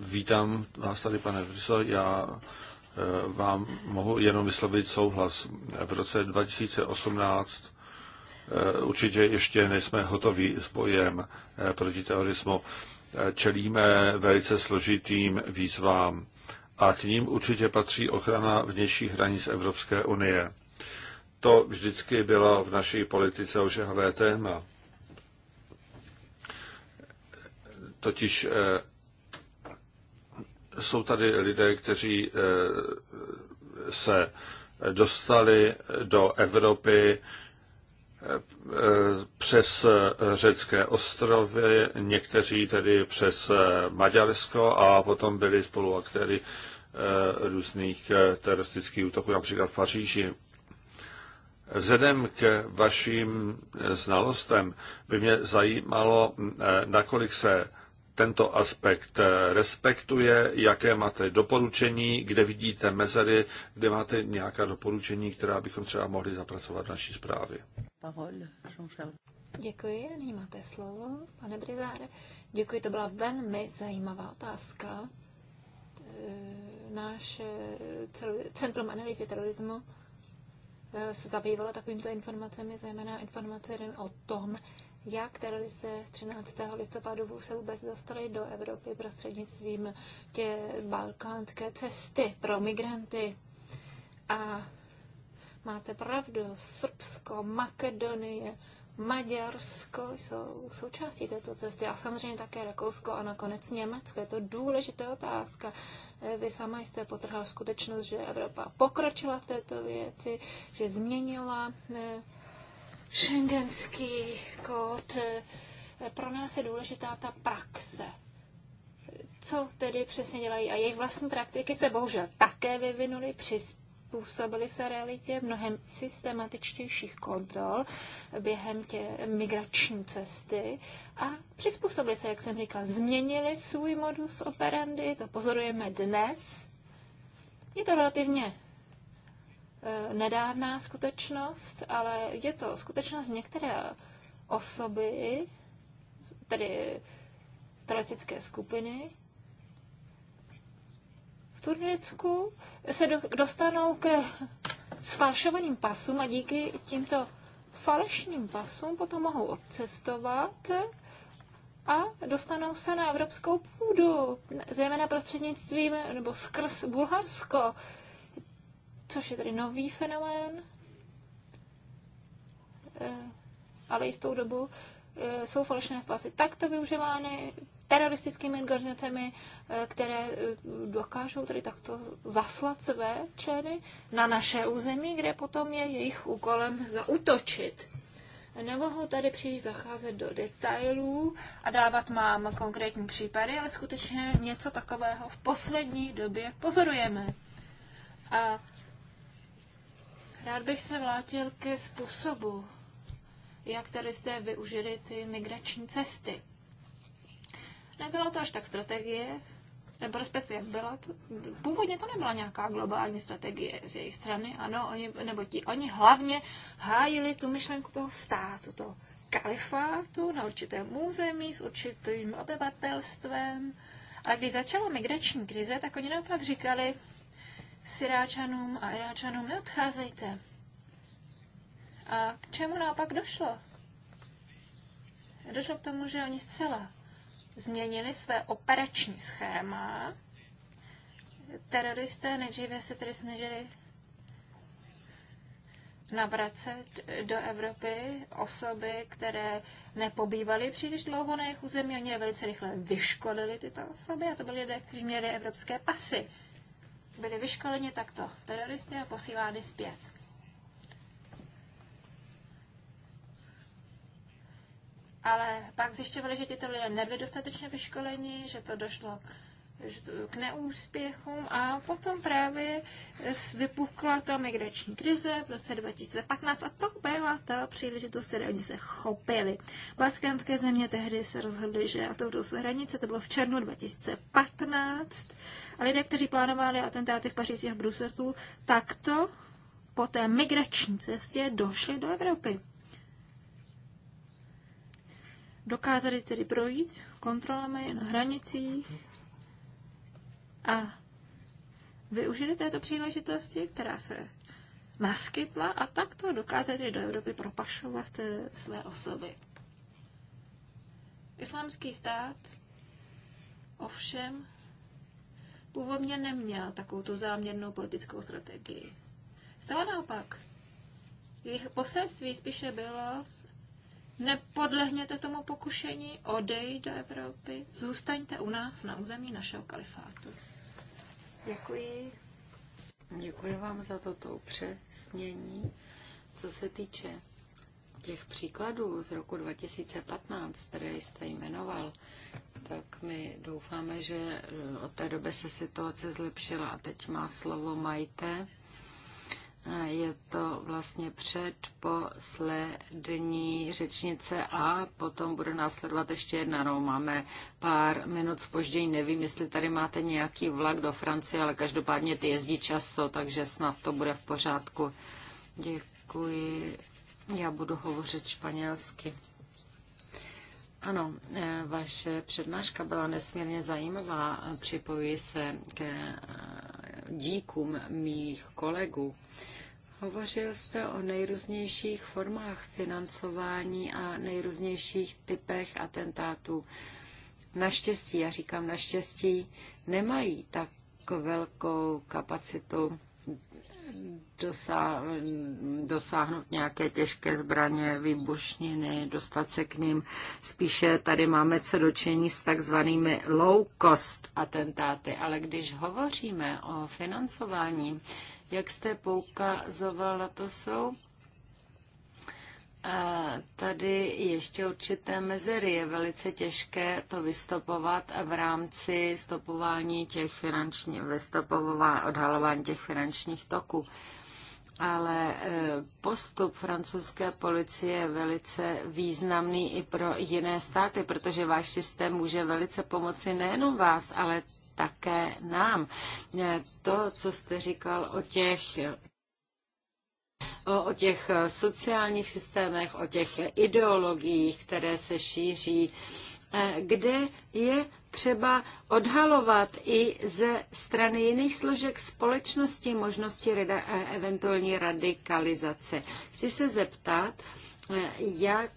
C: vítám vás tady, pane Vriso. Já Eh, vám mohu jenom vyslovit souhlas. V roce 2018 eh, určitě ještě nejsme hotoví s bojem eh, proti terorismu. Čelíme velice složitým výzvám a k ním určitě patří ochrana vnějších hranic Evropské unie. To vždycky bylo v naší politice ožehavé téma. Totiž jsou tady lidé, kteří eh, se dostali do Evropy eh, přes řecké ostrovy, někteří tedy přes Maďarsko a potom byli spoluaktéry eh, různých teroristických útoků, například v Paříži. Vzhledem k vašim znalostem by mě zajímalo, nakolik se tento aspekt eh, respektuje, jaké máte doporučení, kde vidíte mezery, kde máte nějaká doporučení, která bychom třeba mohli zapracovat v naší zprávě.
B: Děkuji, nyní máte slovo, pane Brizáre. Děkuji, to byla velmi zajímavá otázka. Eh, náš eh, Centrum analýzy terorismu se zabývalo takovýmto informacemi, zejména informace o tom, jak teroristé z 13. listopadu se vůbec dostali do Evropy prostřednictvím tě balkánské cesty pro migranty. A máte pravdu, Srbsko, Makedonie, Maďarsko jsou součástí této cesty a samozřejmě také Rakousko a nakonec Německo. Je to důležitá otázka. Vy sama jste potrhal skutečnost, že Evropa pokročila v této věci, že změnila eh, šengenský kód. Eh, pro nás je důležitá ta praxe. Co tedy přesně dělají? A jejich vlastní praktiky se bohužel také vyvinuly, přizpůsobily se realitě mnohem systematičtějších kontrol během tě migrační cesty a přizpůsobily se, jak jsem říkal, změnili svůj modus operandi, to pozorujeme dnes. Je to relativně E, nedávná skutečnost, ale je to skutečnost některé osoby, tedy teroristické skupiny, v Turecku se dostanou ke sfalšovaným pasům a díky tímto falešným pasům potom mohou odcestovat a dostanou se na evropskou půdu, zejména prostřednictvím nebo skrz Bulharsko což je tedy nový fenomén, eh, ale jistou dobu eh, jsou falešné platy takto využívány teroristickými organizacemi, eh, které dokážou tedy takto zaslat své členy na naše území, kde potom je jejich úkolem zautočit. Nemohu tady příliš zacházet do detailů a dávat mám konkrétní případy, ale skutečně něco takového v poslední době pozorujeme. A Rád bych se vrátil ke způsobu, jak tady jste využili ty migrační cesty. Nebylo to až tak strategie, nebo respektive byla to, původně to nebyla nějaká globální strategie z jejich strany, ano, oni, nebo ti, oni hlavně hájili tu myšlenku toho státu, toho kalifátu na určitém území s určitým obyvatelstvem. A když začala migrační krize, tak oni naopak říkali, Syráčanům a Iráčanům neodcházejte. A k čemu naopak došlo? Došlo k tomu, že oni zcela změnili své operační schéma. Teroristé nejdříve se tedy snažili navracet do Evropy osoby, které nepobývaly příliš dlouho na jejich území. Oni je velice rychle vyškolili tyto osoby a to byly lidé, kteří měli evropské pasy byli vyškoleni takto teroristy a posílány zpět. Ale pak zjišťovali, že tyto lidé nebyli dostatečně vyškoleni, že to došlo k neúspěchům a potom právě vypukla ta migrační krize v roce 2015 a to byla ta příležitost, které oni se chopili. Balkánské země tehdy se rozhodly, že a to jdou své hranice, to bylo v červnu 2015 a lidé, kteří plánovali atentáty v Paříži a v Bruselu, takto po té migrační cestě došli do Evropy. Dokázali tedy projít kontrolami na hranicích a využili této příležitosti, která se naskytla a takto dokázali do Evropy propašovat eh, své osoby. Islámský stát ovšem původně neměla takovou tu záměrnou politickou strategii. Zcela naopak. Jejich poselství spíše bylo, nepodlehněte tomu pokušení, odejít do Evropy, zůstaňte u nás na území našeho kalifátu. Děkuji.
A: Děkuji vám za toto upřesnění. Co se týče těch příkladů z roku 2015, které jste jmenoval, tak my doufáme, že eh, od té doby se situace zlepšila. A teď má slovo majte. Eh, je to vlastně před poslední řečnice a potom bude následovat ještě jedna. No, máme pár minut spoždění, nevím, jestli tady máte nějaký vlak do Francie, ale každopádně ty jezdí často, takže snad to bude v pořádku. Děkuji já budu hovořit španělsky. Ano, eh, vaše přednáška byla nesmírně zajímavá. Připojuji se ke eh, díkům mých kolegů. Hovořil jste o nejrůznějších formách financování a nejrůznějších typech atentátů. Naštěstí, já říkám naštěstí, nemají tak velkou kapacitu dosáhnout nějaké těžké zbraně, výbušniny, dostat se k ním. Spíše tady máme co dočení s takzvanými low-cost atentáty. Ale když hovoříme o financování, jak jste poukazovala, to jsou tady ještě určité mezery. Je velice těžké to vystopovat a v rámci stopování těch finančních, vystopování, odhalování těch finančních toků. Ale e, postup francouzské policie je velice významný i pro jiné státy, protože váš systém může velice pomoci nejenom vás, ale také nám. E, to, co jste říkal o těch o těch eh, sociálních systémech, o těch ideologiích, které se šíří, eh, kde je třeba odhalovat i ze strany jiných složek společnosti možnosti eh, eventuální radikalizace. Chci se zeptat, jak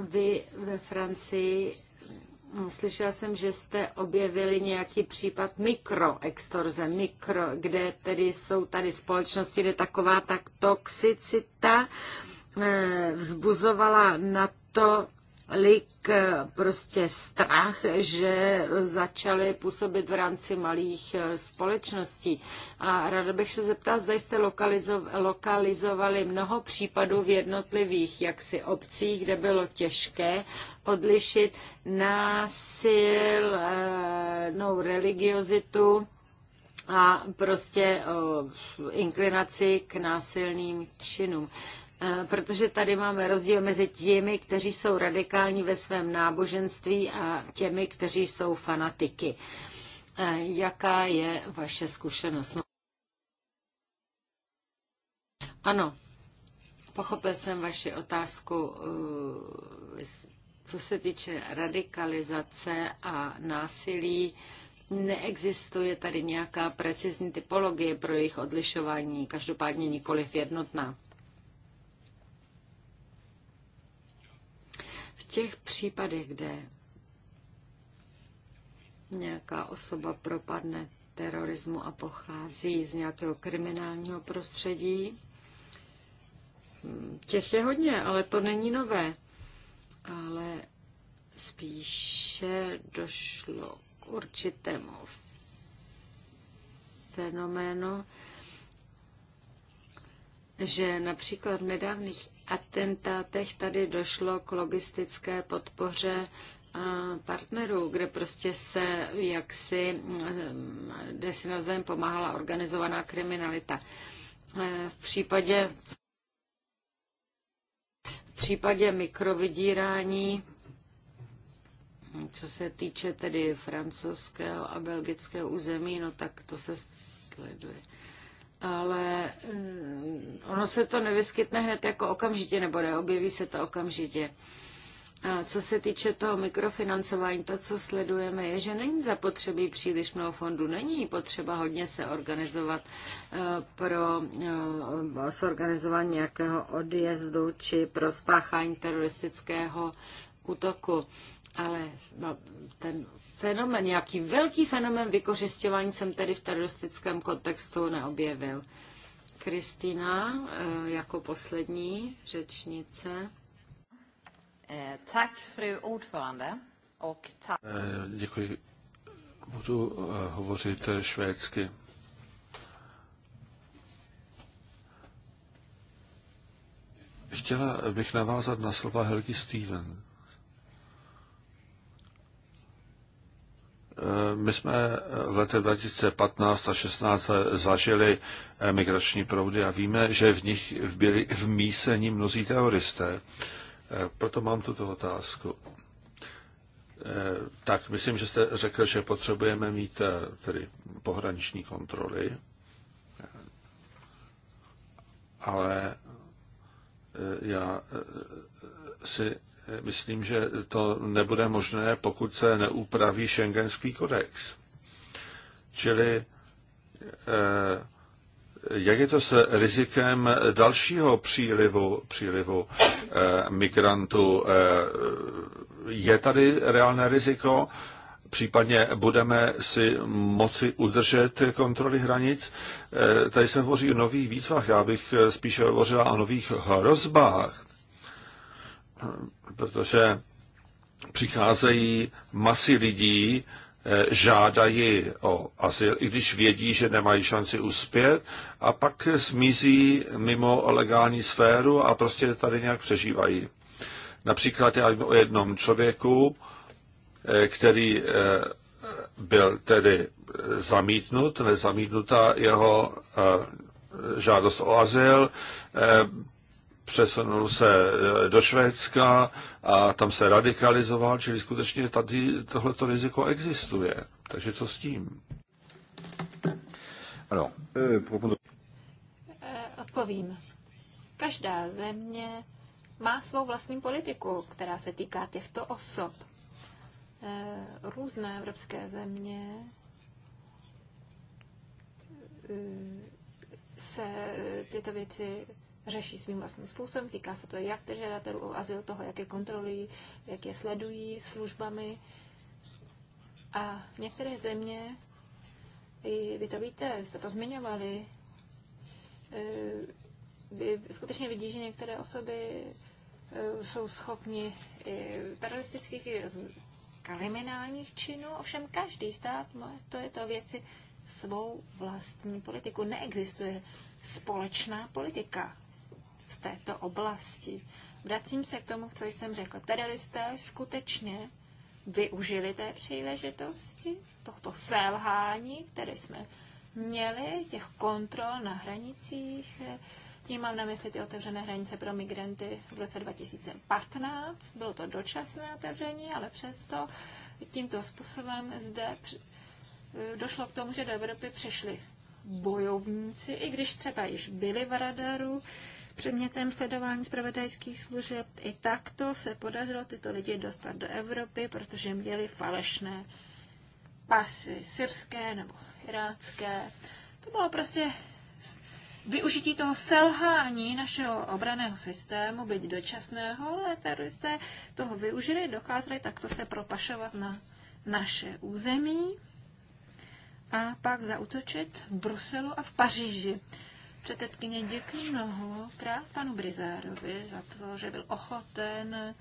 A: vy ve Francii Slyšela jsem, že jste objevili nějaký případ mikroextorze, mikro, kde tedy jsou tady společnosti, kde taková tak toxicita eh, vzbuzovala na to lik eh, prostě strach, že začaly působit v rámci malých eh, společností. A ráda bych se zeptala, zda jste lokalizo- lokalizovali mnoho případů v jednotlivých jaksi obcích, kde bylo těžké odlišit násilnou religiozitu a prostě inklinaci k násilným činům e, protože tady máme rozdíl mezi těmi, kteří jsou radikální ve svém náboženství a těmi, kteří jsou fanatiky. E, jaká je vaše zkušenost? No. Ano, pochopil jsem vaši otázku e, co se týče radikalizace a násilí, neexistuje tady nějaká precizní typologie pro jejich odlišování, každopádně nikoliv jednotná. V těch případech, kde nějaká osoba propadne terorismu a pochází z nějakého kriminálního prostředí, hm, těch je hodně, ale to není nové ale spíše došlo k určitému fenoménu, že například v nedávných atentátech tady došlo k logistické podpoře partnerů, kde prostě se jaksi, mm, kde si pomáhala organizovaná kriminalita. E, v případě případě mikrovydírání, co se týče tedy francouzského a belgického území, no tak to se sleduje. Ale mm, ono se to nevyskytne hned jako okamžitě, nebo neobjeví se to okamžitě co se týče toho mikrofinancování, to, co sledujeme, je, že není zapotřebí příliš mnoho fondů. Není potřeba hodně se organizovat eh, pro eh, zorganizování nějakého odjezdu či pro spáchání teroristického útoku. Ale no, ten fenomen, jaký velký fenomen vykořišťování jsem tedy v teroristickém kontextu neobjevil. Kristýna eh, jako poslední řečnice. Eh, tack, fru ordförande. Och
C: eh, Děkuji. Budu eh, hovořit švédsky. Chtěla bych navázat na slova Helgi Steven. My jsme v letech 2015 a 16 zažili migrační proudy a víme, že v nich byli mísení mnozí teroristé. Eh, proto mám tuto otázku. Eh, tak, myslím, že jste řekl, že potřebujeme mít eh, tedy pohraniční kontroly, ale já si myslím, že to nebude možné, pokud se neupraví šengenský kodex. Čili eh, jak je to s rizikem dalšího přílivu, přílivu eh, migrantů? Eh, je tady reálné riziko? Případně budeme si moci udržet kontroly hranic? Eh, tady se hovoří o nových výzvách, já bych eh, spíše hovořila o nových hrozbách, protože přicházejí masy lidí, eh, Eh, žádají o azyl, i když vědí, že nemají šanci uspět, a pak smizí mimo legální sféru a prostě tady nějak přežívají. Například já vím o jednom člověku, eh, který eh, byl tedy zamítnut, nezamítnutá jeho žádost o azyl, přesunul se eh, do Švédska a tam se radikalizoval, čili skutečně tady tohleto riziko existuje. Takže co s tím? Ano. Eh,
B: odpovím. Každá země má svou vlastní politiku, která se týká těchto osob. Eh, různé evropské země se tyto věci řeší svým vlastním způsobem. Týká se to jak žadatelů o azyl, toho, jak je kontrolují, jak je sledují službami. A některé země, vy to víte, vy jste to zmiňovali, eh, vy skutečně vidí, že některé osoby eh, jsou schopni teroristických kriminálních činů, ovšem každý stát má to je to věci svou vlastní politiku. Neexistuje společná politika v této oblasti. Vracím se k tomu, co jsem řekl. Teroristé skutečně využili té příležitosti, tohto selhání, které jsme měli, těch kontrol na hranicích. Tím mám na mysli ty otevřené hranice pro migranty v roce 2015. Bylo to dočasné otevření, ale přesto tímto způsobem zde došlo k tomu, že do Evropy přišli bojovníci, i když třeba již byli v radaru, předmětem sledování zpravodajských služeb. I takto se podařilo tyto lidi dostat do Evropy, protože měli falešné pasy syrské nebo irácké. To bylo prostě využití toho selhání našeho obraného systému, byť dočasného, ale teroristé toho využili, dokázali takto se propašovat na naše území a pak zautočit v Bruselu a v Paříži. Předsedkyně, děkuji mnohokrát panu Brizárovi za to, že byl ochoten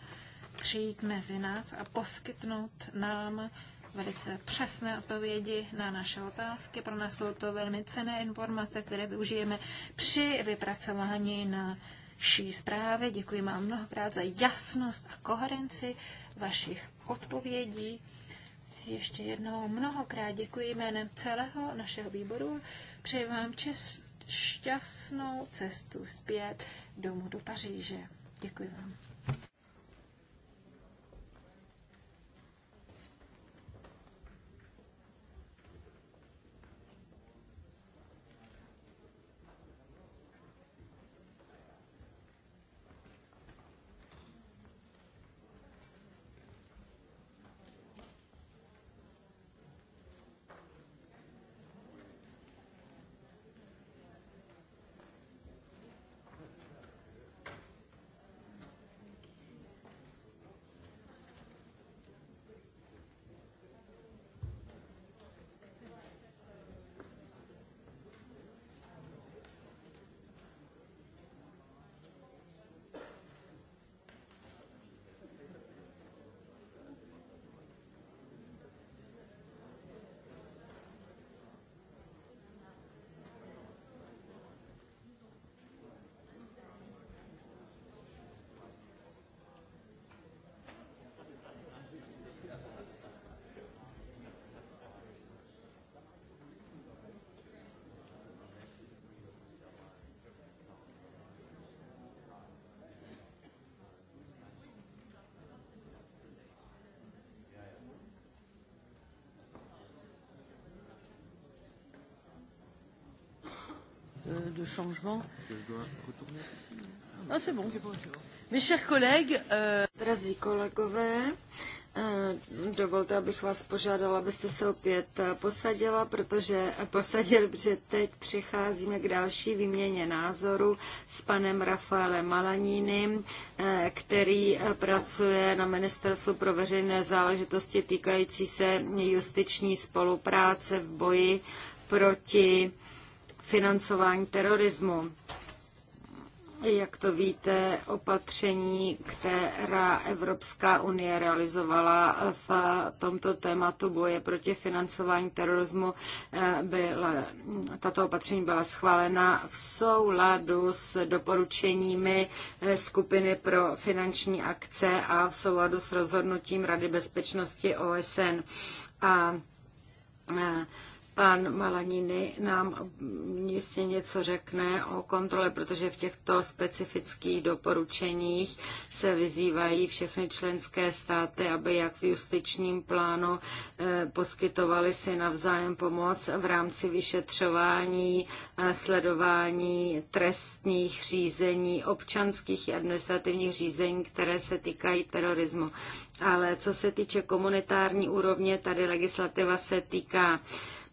B: přijít mezi nás a poskytnout nám velice přesné odpovědi na naše otázky. Pro nás jsou to velmi cené informace, které využijeme při vypracování naší zprávy. Děkuji vám mnohokrát za jasnost a koherenci vašich odpovědí. Ještě jednou mnohokrát děkuji jménem celého našeho výboru. Přeji vám čest šťastnou cestu zpět domů do Paříže. Děkuji vám.
C: de changement.
A: Ah, c'est bon. Mes chers collègues, euh, Drazí kolegové, eh, Dovolte, abych vás požádala, abyste se opět eh, posadila, protože, eh, posadil že teď přicházíme k další výměně názoru s panem Rafaelem Malaninem, který pracuje na Ministerstvu pro veřejné záležitosti týkající se justiční spolupráce v boji proti financování terorismu. Jak to víte, opatření, která Evropská unie realizovala v tomto tématu boje proti financování terorismu, eh, byla, tato opatření byla schválena v souladu s doporučeními eh, skupiny pro finanční akce a v souladu s rozhodnutím Rady bezpečnosti OSN. A, a eh, Pan Malaniny nám jistě něco řekne o kontrole, protože v těchto specifických doporučeních se vyzývají všechny členské státy, aby jak v justičním plánu eh, poskytovali si navzájem pomoc v rámci vyšetřování, eh, sledování trestních řízení, občanských i administrativních řízení, které se týkají terorismu. Ale co se týče komunitární úrovně, tady legislativa se týká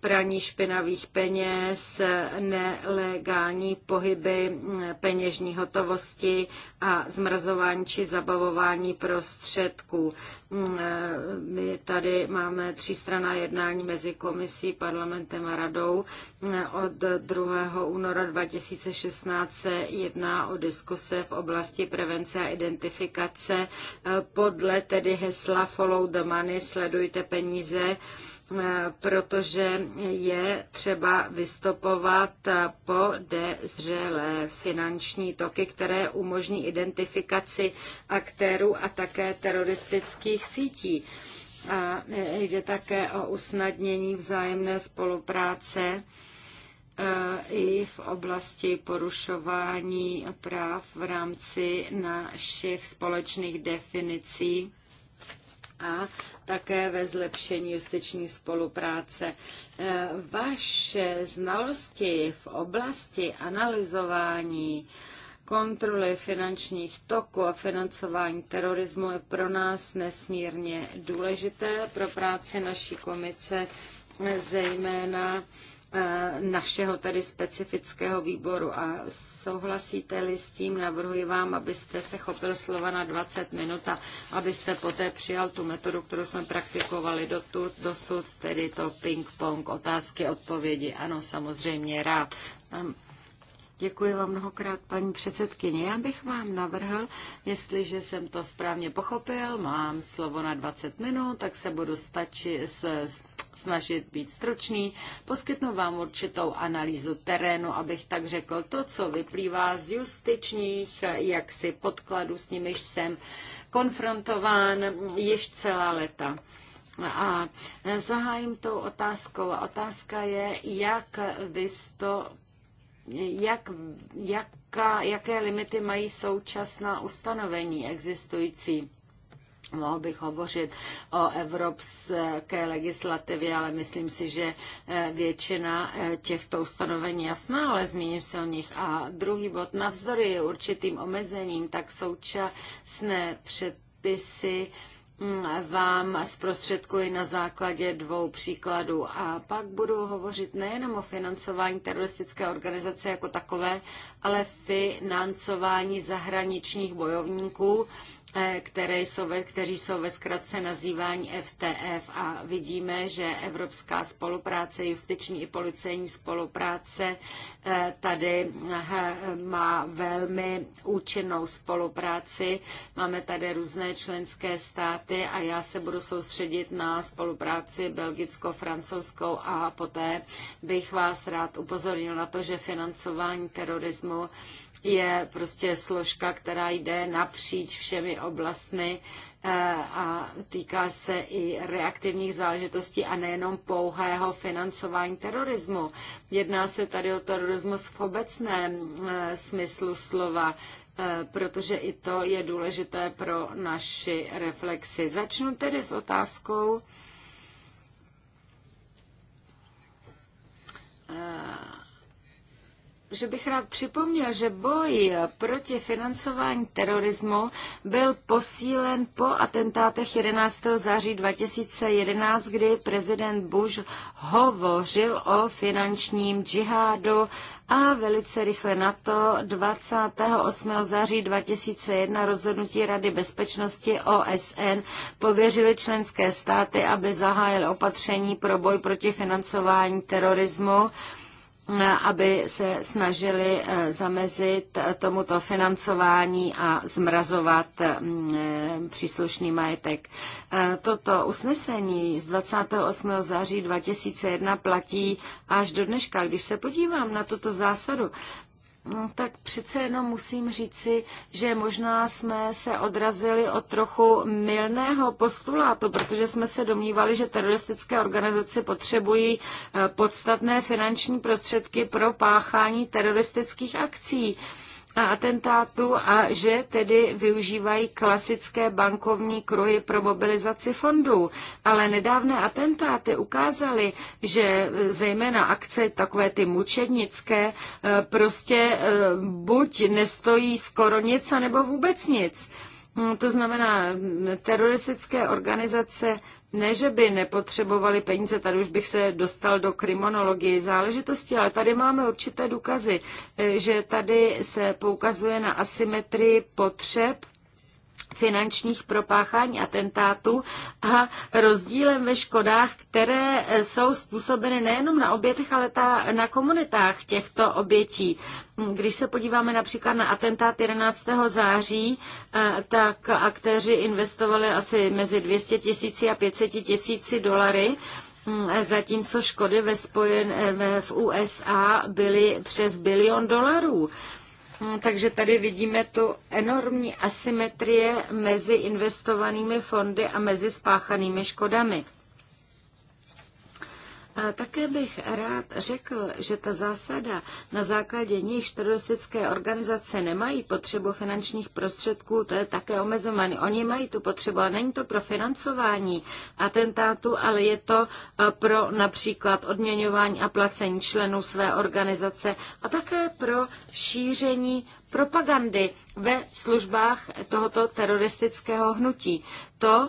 A: praní špinavých peněz, nelegální pohyby mm, peněžní hotovosti a zmrazování či zabavování prostředků. Mm, eh, my tady máme třístraná jednání mezi komisí, parlamentem a radou. Mm, od 2. února 2016 se jedná o diskuse v oblasti prevence a identifikace eh, podle tedy hesla Follow the Money, sledujte peníze, Eh, protože je třeba vystopovat po dezřelé finanční toky, které umožní identifikaci aktérů a také teroristických sítí. A eh, jde také o usnadnění vzájemné spolupráce eh, i v oblasti porušování práv v rámci našich společných definicí a také ve zlepšení justiční spolupráce. Eh, vaše znalosti v oblasti analyzování kontroly finančních toků a financování terorismu je pro nás nesmírně důležité pro práci naší komice, eh, zejména Eh, našeho tedy specifického výboru. A souhlasíte-li s tím, navrhuji vám, abyste se chopil slova na 20 minut a abyste poté přijal tu metodu, kterou jsme praktikovali do tu, dosud, tedy to ping-pong, otázky, odpovědi. Ano, samozřejmě rád. Děkuji vám mnohokrát, paní předsedkyně. Já bych vám navrhl, jestliže jsem to správně pochopil, mám slovo na 20 minut, tak se budu stačit, s, snažit být stručný, poskytnu vám určitou analýzu terénu, abych tak řekl to, co vyplývá z justičních jaksi podkladů, s nimiž jsem konfrontován již celá leta. A zahájím tou otázkou. Otázka je, jak vy to jak, jaká, jaké limity mají současná ustanovení existující. Mohl bych hovořit o evropské legislativě, ale myslím si, že eh, většina eh, těchto ustanovení jasná, ale zmíním se o nich. A druhý bod, navzdory určitým omezením, tak současné předpisy vám zprostředkuji na základě dvou příkladů. A pak budu hovořit nejenom o financování teroristické organizace jako takové, ale financování zahraničních bojovníků, E, které jsou ve, kteří jsou ve zkratce nazývání FTF a vidíme, že evropská spolupráce, justiční i policejní spolupráce e, tady eh, má velmi účinnou spolupráci. Máme tady různé členské státy a já se budu soustředit na spolupráci belgicko-francouzskou a poté bych vás rád upozornil na to, že financování terorismu je prostě složka, která jde napříč všemi oblastmi eh, a týká se i reaktivních záležitostí a nejenom pouhého financování terorismu. Jedná se tady o terorismus v obecném eh, smyslu slova eh, protože i to je důležité pro naši reflexy. Začnu tedy s otázkou, že bych rád připomněl, že boj proti financování terorismu byl posílen po atentátech 11. září 2011, kdy prezident Bush hovořil o finančním džihádu a velice rychle na to 28. září 2001 rozhodnutí Rady bezpečnosti OSN pověřili členské státy, aby zahájil opatření pro boj proti financování terorismu Eh, aby se snažili eh, zamezit eh, tomuto financování a zmrazovat příslušný majetek. Toto usnesení z 28. září 2001 platí až do dneška. Když se podívám na tuto zásadu, No, tak přece jenom musím říci, že možná jsme se odrazili od trochu milného postulátu, protože jsme se domnívali, že teroristické organizace potřebují eh, podstatné finanční prostředky pro páchání teroristických akcí. A atentátu a že tedy využívají klasické bankovní kroje pro mobilizaci fondů. Ale nedávné atentáty ukázaly, že zejména akce takové ty mučednické eh, prostě eh, buď nestojí skoro nic, nebo vůbec nic. Hmm, to znamená, teroristické organizace ne, že by nepotřebovali peníze, tady už bych se dostal do kriminologie záležitosti, ale tady máme určité důkazy, e, že tady se poukazuje na asymetrii potřeb finančních propáchání atentátů a rozdílem ve škodách, které jsou způsobeny nejenom na obětech, ale ta, na komunitách těchto obětí. Když se podíváme například na atentát 11. září, eh, tak aktéři investovali asi mezi 200 tisíci a 500 tisíci dolary hm, zatímco škody ve spojen eh, v USA byly přes bilion dolarů. No, takže tady vidíme tu enormní asymetrie mezi investovanými fondy a mezi spáchanými škodami. Také bych rád řekl, že ta zásada, na základě nich teroristické organizace nemají potřebu finančních prostředků, to je také omezované. Oni mají tu potřebu, a není to pro financování atentátu, ale je to e, pro například odměňování a placení členů své organizace a také pro šíření propagandy ve službách tohoto teroristického hnutí. To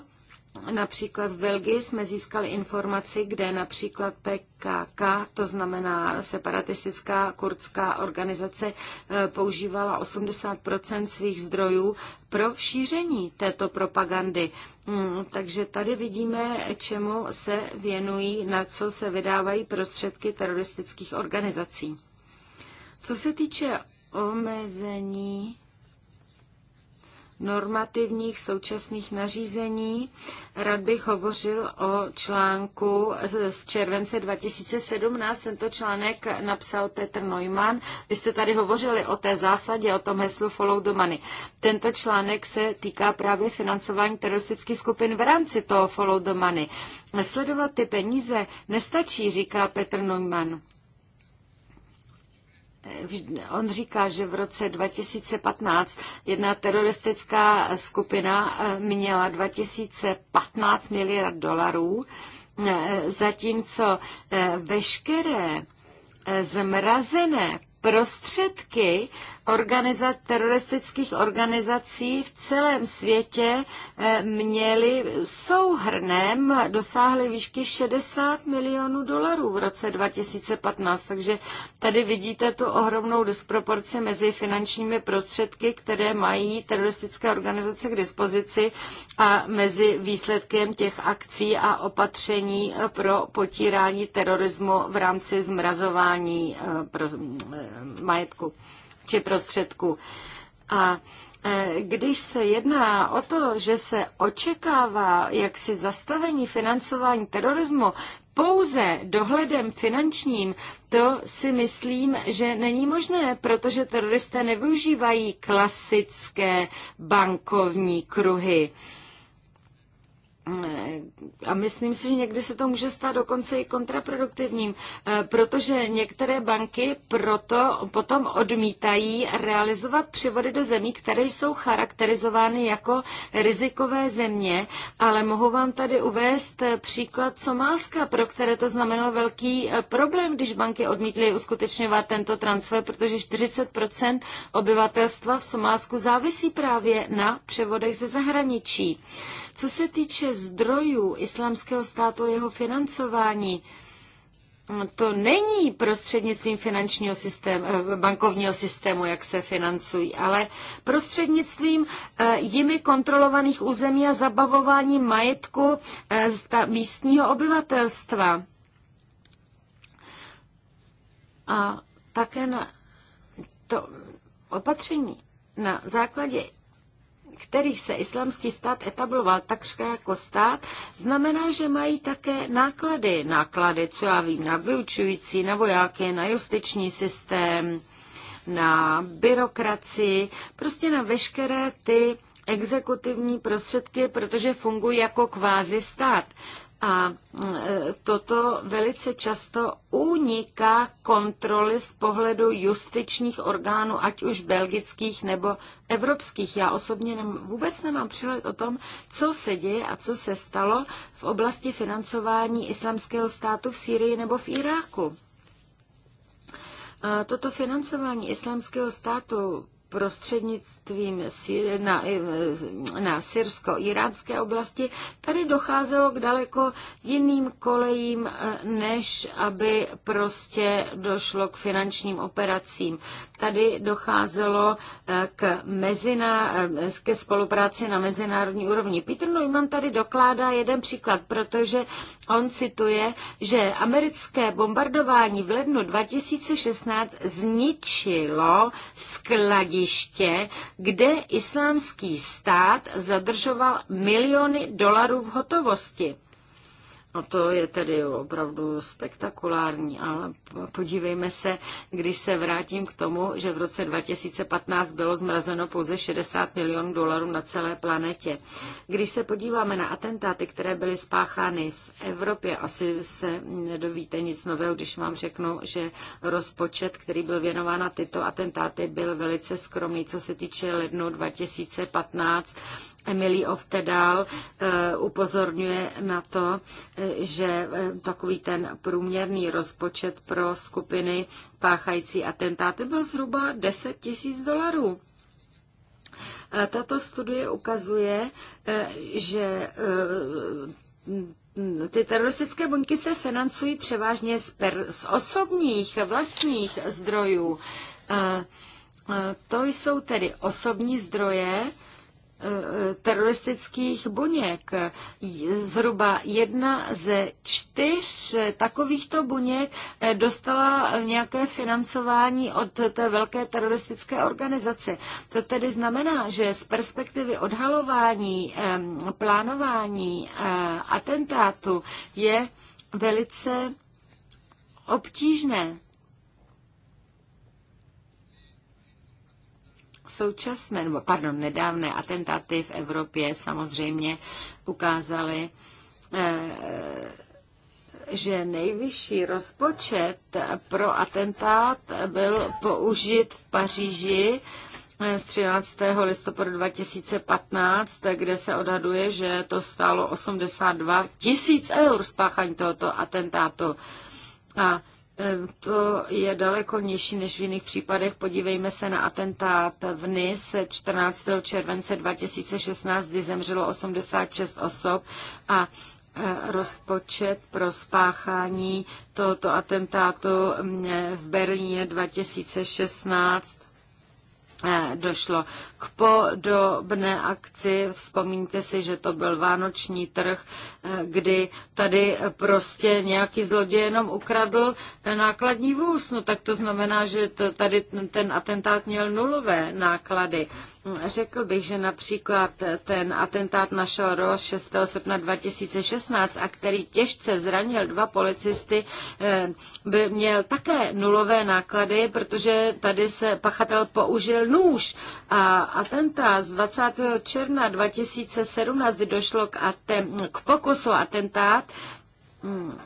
A: Například v Belgii jsme získali informaci, kde například PKK, to znamená separatistická kurdská organizace, eh, používala 80 svých zdrojů pro šíření této propagandy. Hmm, takže tady vidíme, čemu se věnují, na co se vydávají prostředky teroristických organizací. Co se týče omezení normativních současných nařízení. Rád bych hovořil o článku z července 2017. Tento článek napsal Petr Neumann. Vy jste tady hovořili o té zásadě, o tom heslu Follow the Money. Tento článek se týká právě financování teroristických skupin v rámci toho Follow the Money. Sledovat ty peníze nestačí, říká Petr Neumann. On říká, že v roce 2015 jedna teroristická skupina eh, měla 2015 miliard dolarů, eh, zatímco eh, veškeré zmrazené prostředky organiza- teroristických organizací v celém světě eh, měly souhrnem dosáhly výšky 60 milionů dolarů v roce 2015. Takže tady vidíte tu ohromnou disproporci mezi finančními prostředky, které mají teroristické organizace k dispozici a mezi výsledkem těch akcí a opatření pro potírání terorismu v rámci zmrazování eh, eh, majetku či prostředků. A e, když se jedná o to, že se očekává jaksi zastavení financování terorismu pouze dohledem finančním, to si myslím, že není možné, protože teroristé nevyužívají klasické bankovní kruhy a myslím si, že někdy se to může stát dokonce i kontraproduktivním, eh, protože některé banky proto potom odmítají realizovat převody do zemí, které jsou charakterizovány jako rizikové země, ale mohu vám tady uvést eh, příklad Somálska, pro které to znamenalo velký eh, problém, když banky odmítly uskutečňovat tento transfer, protože 40% obyvatelstva v Somálsku závisí právě na převodech ze zahraničí. Co se týče zdrojů islámského státu a jeho financování, to není prostřednictvím finančního systému, eh, bankovního systému, jak se financují, ale prostřednictvím eh, jimi kontrolovaných území a zabavování majetku eh, místního obyvatelstva. A také na to opatření na základě kterých se islamský stát etabloval takřka jako stát, znamená, že mají také náklady. Náklady, co já vím, na vyučující, na vojáky, na justiční systém, na byrokracii, prostě na veškeré ty exekutivní prostředky, protože fungují jako kvázi stát. A mm, e, toto velice často uniká kontroly z pohledu justičních orgánů, ať už belgických nebo evropských. Já osobně nem, vůbec nemám přehled o tom, co se děje a co se stalo v oblasti financování islamského státu v Sýrii nebo v Iráku. Toto financování islamského státu prostřednictvím na, na syrsko-iránské oblasti, tady docházelo k daleko jiným kolejím, eh, než aby prostě došlo k finančním operacím. Tady docházelo eh, k mezina, eh, ke spolupráci na mezinárodní úrovni. Peter Neumann tady dokládá jeden příklad, protože on cituje, že americké bombardování v lednu 2016 zničilo skladí hlediště, kde islámský stát zadržoval miliony dolarů v hotovosti. No to je tedy opravdu spektakulární, ale podívejme se, když se vrátím k tomu, že v roce 2015 bylo zmrazeno pouze 60 milionů dolarů na celé planetě. Když se podíváme na atentáty, které byly spáchány v Evropě, asi se nedovíte nic nového, když vám řeknu, že rozpočet, který byl věnován na tyto atentáty, byl velice skromný, co se týče lednu 2015 Emily Oftedal eh, upozorňuje na to, eh, že eh, takový ten průměrný rozpočet pro skupiny páchající atentáty byl zhruba 10 tisíc dolarů. Tato studie ukazuje, že ty teroristické buňky se financují převážně z, per, z osobních vlastních zdrojů. To jsou tedy osobní zdroje, Eh, teroristických buněk. Zhruba jedna ze čtyř takovýchto buněk eh, dostala nějaké financování od té velké teroristické organizace. Co tedy znamená, že z perspektivy odhalování, eh, plánování atentátu je velice obtížné Současné, nebo pardon, nedávné atentáty v Evropě samozřejmě ukázaly, eh, že nejvyšší rozpočet pro atentát byl použit v Paříži eh, z 13. listopadu 2015, kde se odhaduje, že to stálo 82 tisíc eur spáchání tohoto atentátu. A Eh, to je daleko nižší než v jiných případech. Podívejme se na atentát v NIS 14. července 2016, kdy zemřelo 86 osob a eh, rozpočet pro spáchání tohoto atentátu mm, eh, v Berlíně 2016 došlo k podobné akci. Vzpomínte si, že to byl vánoční trh, eh, kdy tady prostě nějaký zloděj jenom ukradl nákladní vůz. No tak to znamená, že to tady ten atentát měl nulové náklady. Řekl bych, že například ten atentát na Šoro 6. srpna 2016, a který těžce zranil dva policisty, eh, by měl také nulové náklady, protože tady se pachatel použil nůž. A atentát z 20. června 2017, kdy došlo k, atem, k pokusu atentát, hmm,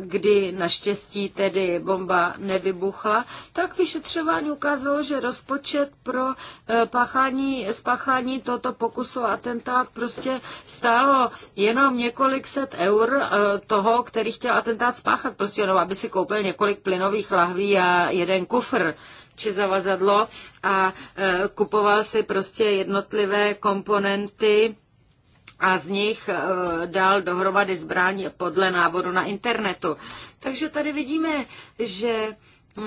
A: kdy naštěstí tedy bomba nevybuchla, tak vyšetřování ukázalo, že rozpočet pro eh, páchání, spáchání tohoto pokusu a atentát prostě stálo jenom několik set eur eh, toho, který chtěl atentát spáchat. Prostě jenom, aby si koupil několik plynových lahví a jeden kufr či zavazadlo a eh, kupoval si prostě jednotlivé komponenty a z nich eh, dal dohromady zbraň podle návodu na internetu. Takže tady vidíme, že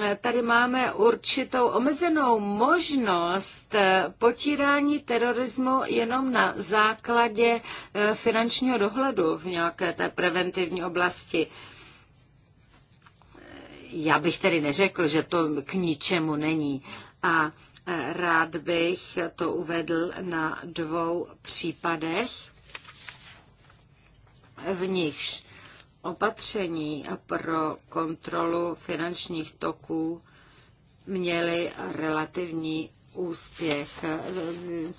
A: eh, tady máme určitou omezenou možnost eh, potírání terorismu jenom na základě finančního dohledu v nějaké té preventivní oblasti. Já bych tedy neřekl, že to k ničemu není. A rád bych to uvedl na dvou případech v nichž opatření pro kontrolu finančních toků měly relativní úspěch.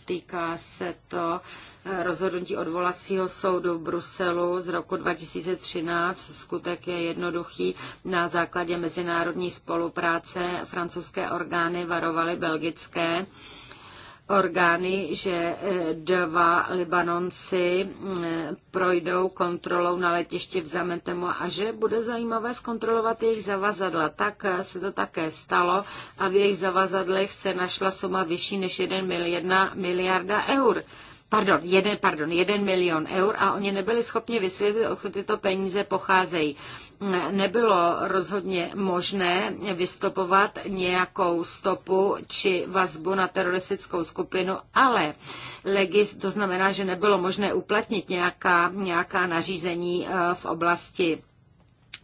A: Týká se to eh, rozhodnutí odvolacího soudu v Bruselu z roku 2013. Skutek je jednoduchý. Na základě mezinárodní spolupráce francouzské orgány varovaly belgické orgány, že eh, dva Libanonci mm, projdou kontrolou na letišti v Zametemu a že bude zajímavé zkontrolovat jejich zavazadla. Tak eh, se to také stalo a v jejich zavazadlech se našla suma vyšší než 1 miliarda eur pardon, jeden, pardon, jeden milion eur a oni nebyli schopni vysvětlit, odkud tyto peníze pocházejí nebylo rozhodně možné vystopovat nějakou stopu či vazbu na teroristickou skupinu, ale legis, to znamená, že nebylo možné uplatnit nějaká, nějaká nařízení eh, v oblasti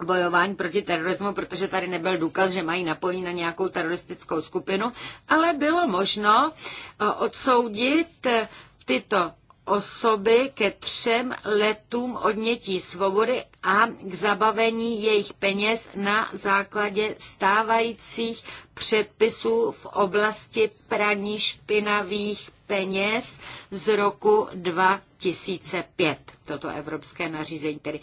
A: bojování proti terorismu, protože tady nebyl důkaz, že mají napojení na nějakou teroristickou skupinu, ale bylo možno eh, odsoudit eh, tyto osoby ke třem letům odnětí svobody a k zabavení jejich peněz na základě stávajících předpisů v oblasti praní špinavých peněz z roku 2005. Toto evropské nařízení tedy.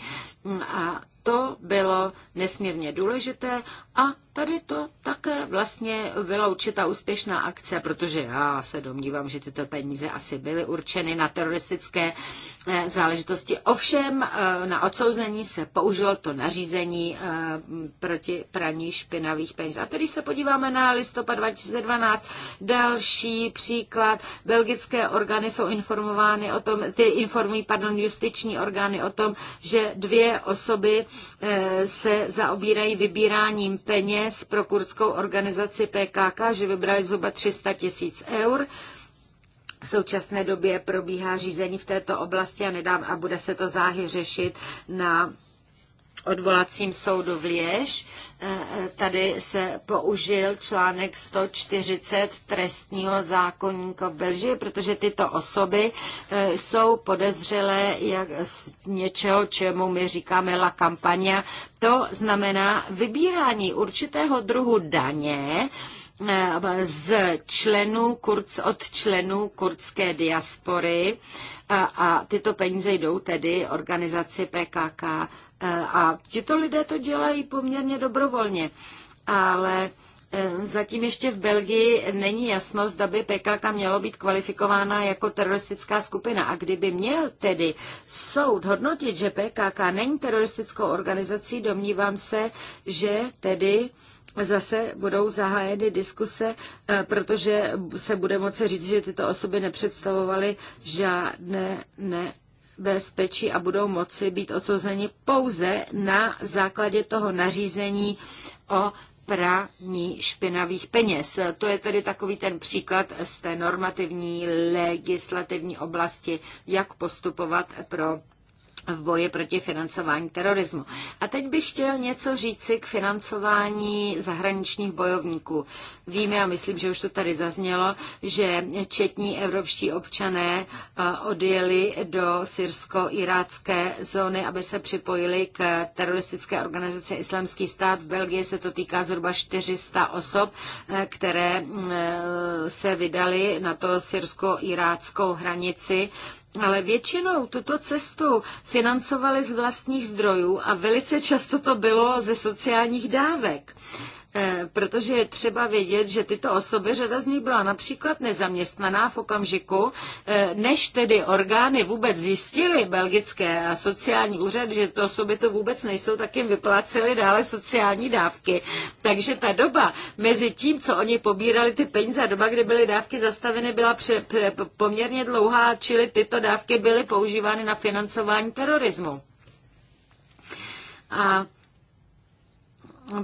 A: A to bylo nesmírně důležité a Tady to také vlastně byla určitá úspěšná akce, protože já se domnívám, že tyto peníze asi byly určeny na teroristické eh, záležitosti. Ovšem eh, na odsouzení se použilo to nařízení eh, proti praní špinavých peněz. A tedy se podíváme na listopad 2012. Další příklad. Belgické orgány jsou informovány o tom, ty informují, pardon, justiční orgány o tom, že dvě osoby se zaobírají vybíráním peněz peněz pro kurdskou organizaci PKK, že vybrali zhruba 300 tisíc eur. V současné době probíhá řízení v této oblasti a nedám a bude se to záhy řešit na odvolacím soudu v Liež. E, e, tady se použil článek 140 trestního zákonníka v Belžii, protože tyto osoby e, jsou podezřelé jak z něčeho, čemu my říkáme la campania. To znamená vybírání určitého druhu daně, z členů, od členů kurdské diaspory a, a tyto peníze jdou tedy organizaci PKK eh, a tito lidé to dělají poměrně dobrovolně. Ale eh, Zatím ještě v Belgii není jasno, zda by PKK mělo být kvalifikována jako teroristická skupina. A kdyby měl tedy soud hodnotit, že PKK není teroristickou organizací, domnívám se, že tedy zase budou zahájeny diskuse, eh, protože se bude moci říct, že tyto osoby nepředstavovaly žádné ne, bezpečí a budou moci být odsouzeni pouze na základě toho nařízení o praní špinavých peněz. To je tedy takový ten příklad z té normativní legislativní oblasti, jak postupovat pro v boji proti financování terorismu. A teď bych chtěl něco říci k financování zahraničních bojovníků. Víme, a myslím, že už to tady zaznělo, že četní evropští občané odjeli do syrsko-irácké zóny, aby se připojili k teroristické organizaci Islamský stát. V Belgii se to týká zhruba 400 osob, e, které e, se vydali na to syrsko-iráckou hranici ale většinou tuto cestu financovali z vlastních zdrojů a velice často to bylo ze sociálních dávek. Eh, protože je třeba vědět, že tyto osoby, řada z nich byla například nezaměstnaná v okamžiku, eh, než tedy orgány vůbec zjistily belgické a sociální úřad, že to osoby to vůbec nejsou, tak jim vyplácely dále sociální dávky. Takže ta doba mezi tím, co oni pobírali ty peníze a doba, kdy byly dávky zastaveny, byla pře- poměrně dlouhá, čili tyto dávky byly používány na financování terorismu. A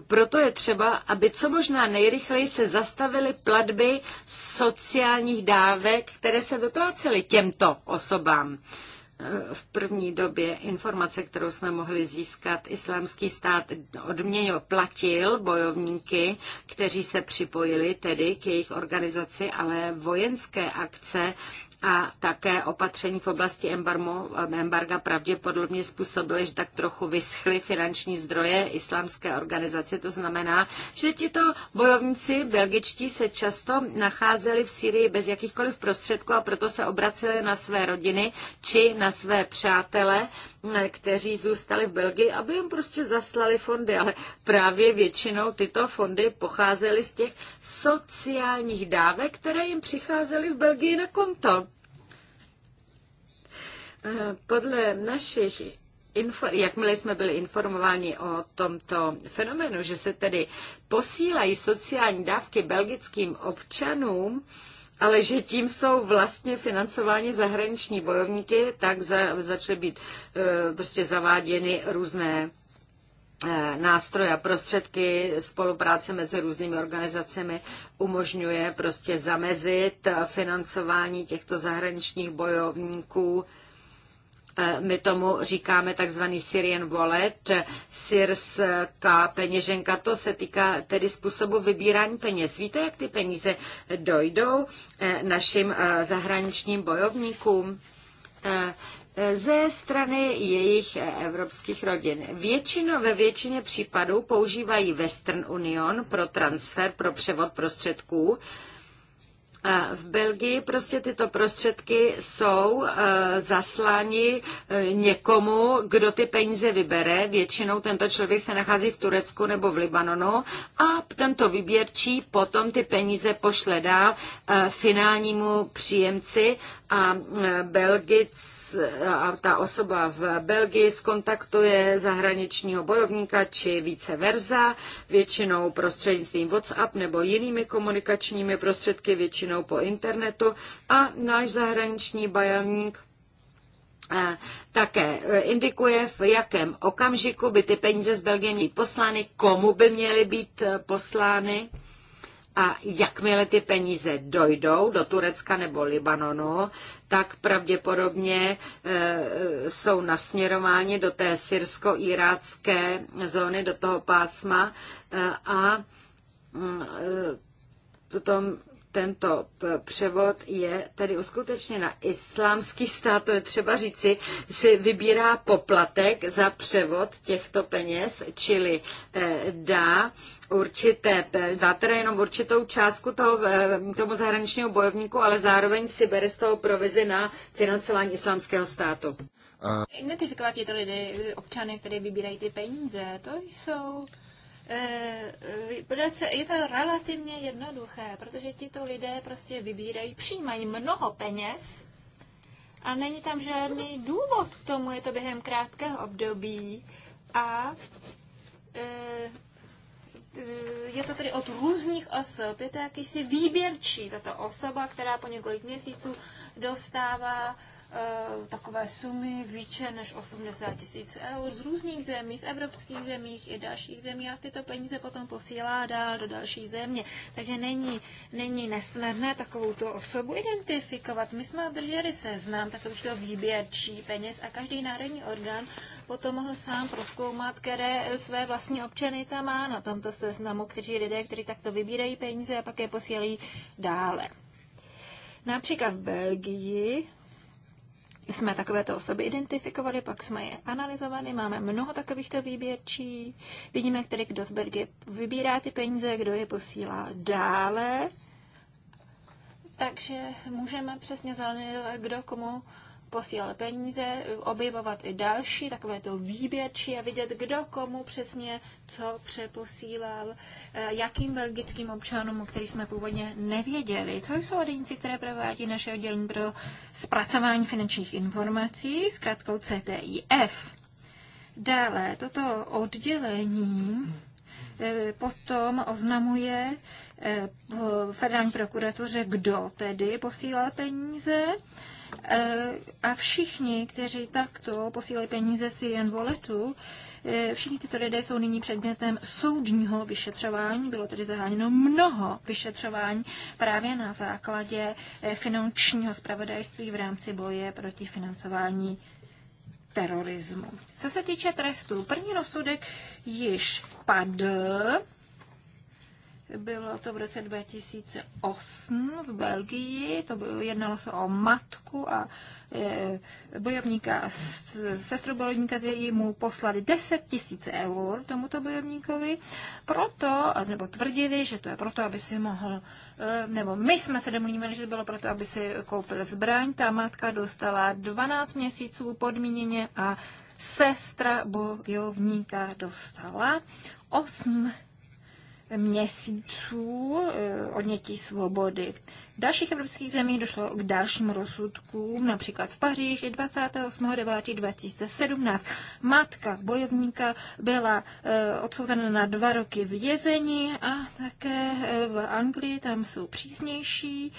A: proto je třeba, aby co možná nejrychleji se zastavily platby sociálních dávek, které se vyplácely těmto osobám. Eh, v první době informace, kterou jsme mohli získat, islámský stát odměnil, platil bojovníky, kteří se připojili tedy k jejich organizaci, ale vojenské akce a také opatření v oblasti embarga pravděpodobně způsobily, že tak trochu vyschly finanční zdroje islámské organizace. To znamená, že tito bojovníci belgičtí se často nacházeli v Syrii bez jakýchkoliv prostředků a proto se obraceli na své rodiny či na své přátele kteří zůstali v Belgii, aby jim prostě zaslali fondy, ale právě většinou tyto fondy pocházely z těch sociálních dávek, které jim přicházely v Belgii na konto. Eh, podle našich Info, jakmile jsme byli informováni o tomto fenomenu, že se tedy posílají sociální dávky belgickým občanům, ale že tím jsou vlastně financováni zahraniční bojovníky, tak za, začaly být e, prostě zaváděny různé eh, nástroje a prostředky spolupráce mezi různými organizacemi umožňuje prostě zamezit financování těchto zahraničních bojovníků Eh, my tomu říkáme takzvaný Syrian wallet, syrská peněženka, to se týká tedy způsobu vybírání peněz. Víte, jak ty peníze dojdou eh, našim eh, zahraničním bojovníkům? ze strany jejich evropských rodin. Většino, ve většině případů používají Western Union pro transfer, pro převod prostředků, v Belgii prostě tyto prostředky jsou eh, zaslány eh, někomu, kdo ty peníze vybere. Většinou tento člověk se nachází v Turecku nebo v Libanonu a tento výběrčí potom ty peníze pošle dál eh, finálnímu příjemci a Belgic a ta osoba v Belgii skontaktuje zahraničního bojovníka či více verza, většinou prostřednictvím WhatsApp nebo jinými komunikačními prostředky, většinou po internetu a náš zahraniční bojovník eh, také eh, indikuje, v jakém okamžiku by ty peníze z Belgie měly poslány, komu by měly být eh, poslány a jakmile ty peníze dojdou do Turecka nebo Libanonu, tak pravděpodobně e, jsou nasměrováni do té syrsko-irácké zóny, do toho pásma e, a mm, e, potom tento převod je tedy uskutečně na islámský stát, to je třeba říci, si vybírá poplatek za převod těchto peněz, čili e, dá určité, Dáte jenom určitou částku toho, eh, tomu zahraničního bojovníku, ale zároveň si bere z toho provizi na financování islámského státu. A...
B: Identifikovat tyto lidi, občany, které vybírají ty peníze, to jsou eh, je to relativně jednoduché, protože tito lidé prostě vybírají, přijímají mnoho peněz a není tam žádný důvod k tomu, je to během krátkého období a eh, Eh, je to tedy od různých osob. Je to jakýsi výběrčí tato osoba, která po několik měsíců dostává Eh, takové sumy více než 80 tisíc eur z různých zemí, z evropských zemích i dalších zemí a tyto peníze potom posílá dál do další země. Takže není, není nesnadné takovou tu osobu identifikovat. My jsme drželi seznam to výběrčí peněz a každý národní orgán potom mohl sám proskoumat, které své vlastní občany tam má na tomto seznamu, kteří lidé, kteří takto vybírají peníze a pak je posílají dále. Například v Belgii jsme takovéto osoby identifikovali, pak jsme je analyzovali, máme mnoho takovýchto výběrčí, vidíme, který kdo z Belgie vybírá ty peníze, kdo je posílá dále. Takže můžeme přesně zanalizovat, kdo komu posílal peníze, objevovat i další, takové to výběrčí a vidět, kdo komu přesně co přeposílal, eh, jakým belgickým občanům, o kterých jsme původně nevěděli. Co jsou odejníci, které provádí naše oddělení pro zpracování finančních informací, zkrátkou CTIF. Dále, toto oddělení eh, potom oznamuje eh, federální prokuratuře, kdo tedy posílal peníze Eh, a všichni, kteří takto posílají peníze si jen voletu, eh, všichni tyto lidé jsou nyní předmětem soudního vyšetřování. Bylo tedy zaháněno mnoho vyšetřování právě na základě eh, finančního spravodajství v rámci boje proti financování terorismu. Co se týče trestů, první rozsudek již padl bylo to v roce 2008 v Belgii, to bylo, jednalo se o matku a e, bojovníka, sestru bojovníka, jí mu poslali 10 tisíc eur tomuto bojovníkovi, proto, nebo tvrdili, že to je proto, aby si mohl, e, nebo my jsme se domluvili, že to bylo proto, aby si koupil zbraň, ta matka dostala 12 měsíců podmíněně a sestra bojovníka dostala 8 měsíců eh, odnětí svobody. V dalších evropských zemích došlo k dalším rozsudkům, například v Paříži 28.9.2017. Matka bojovníka byla eh, odsouzena na dva roky vězení a také eh, v Anglii, tam jsou přísnější.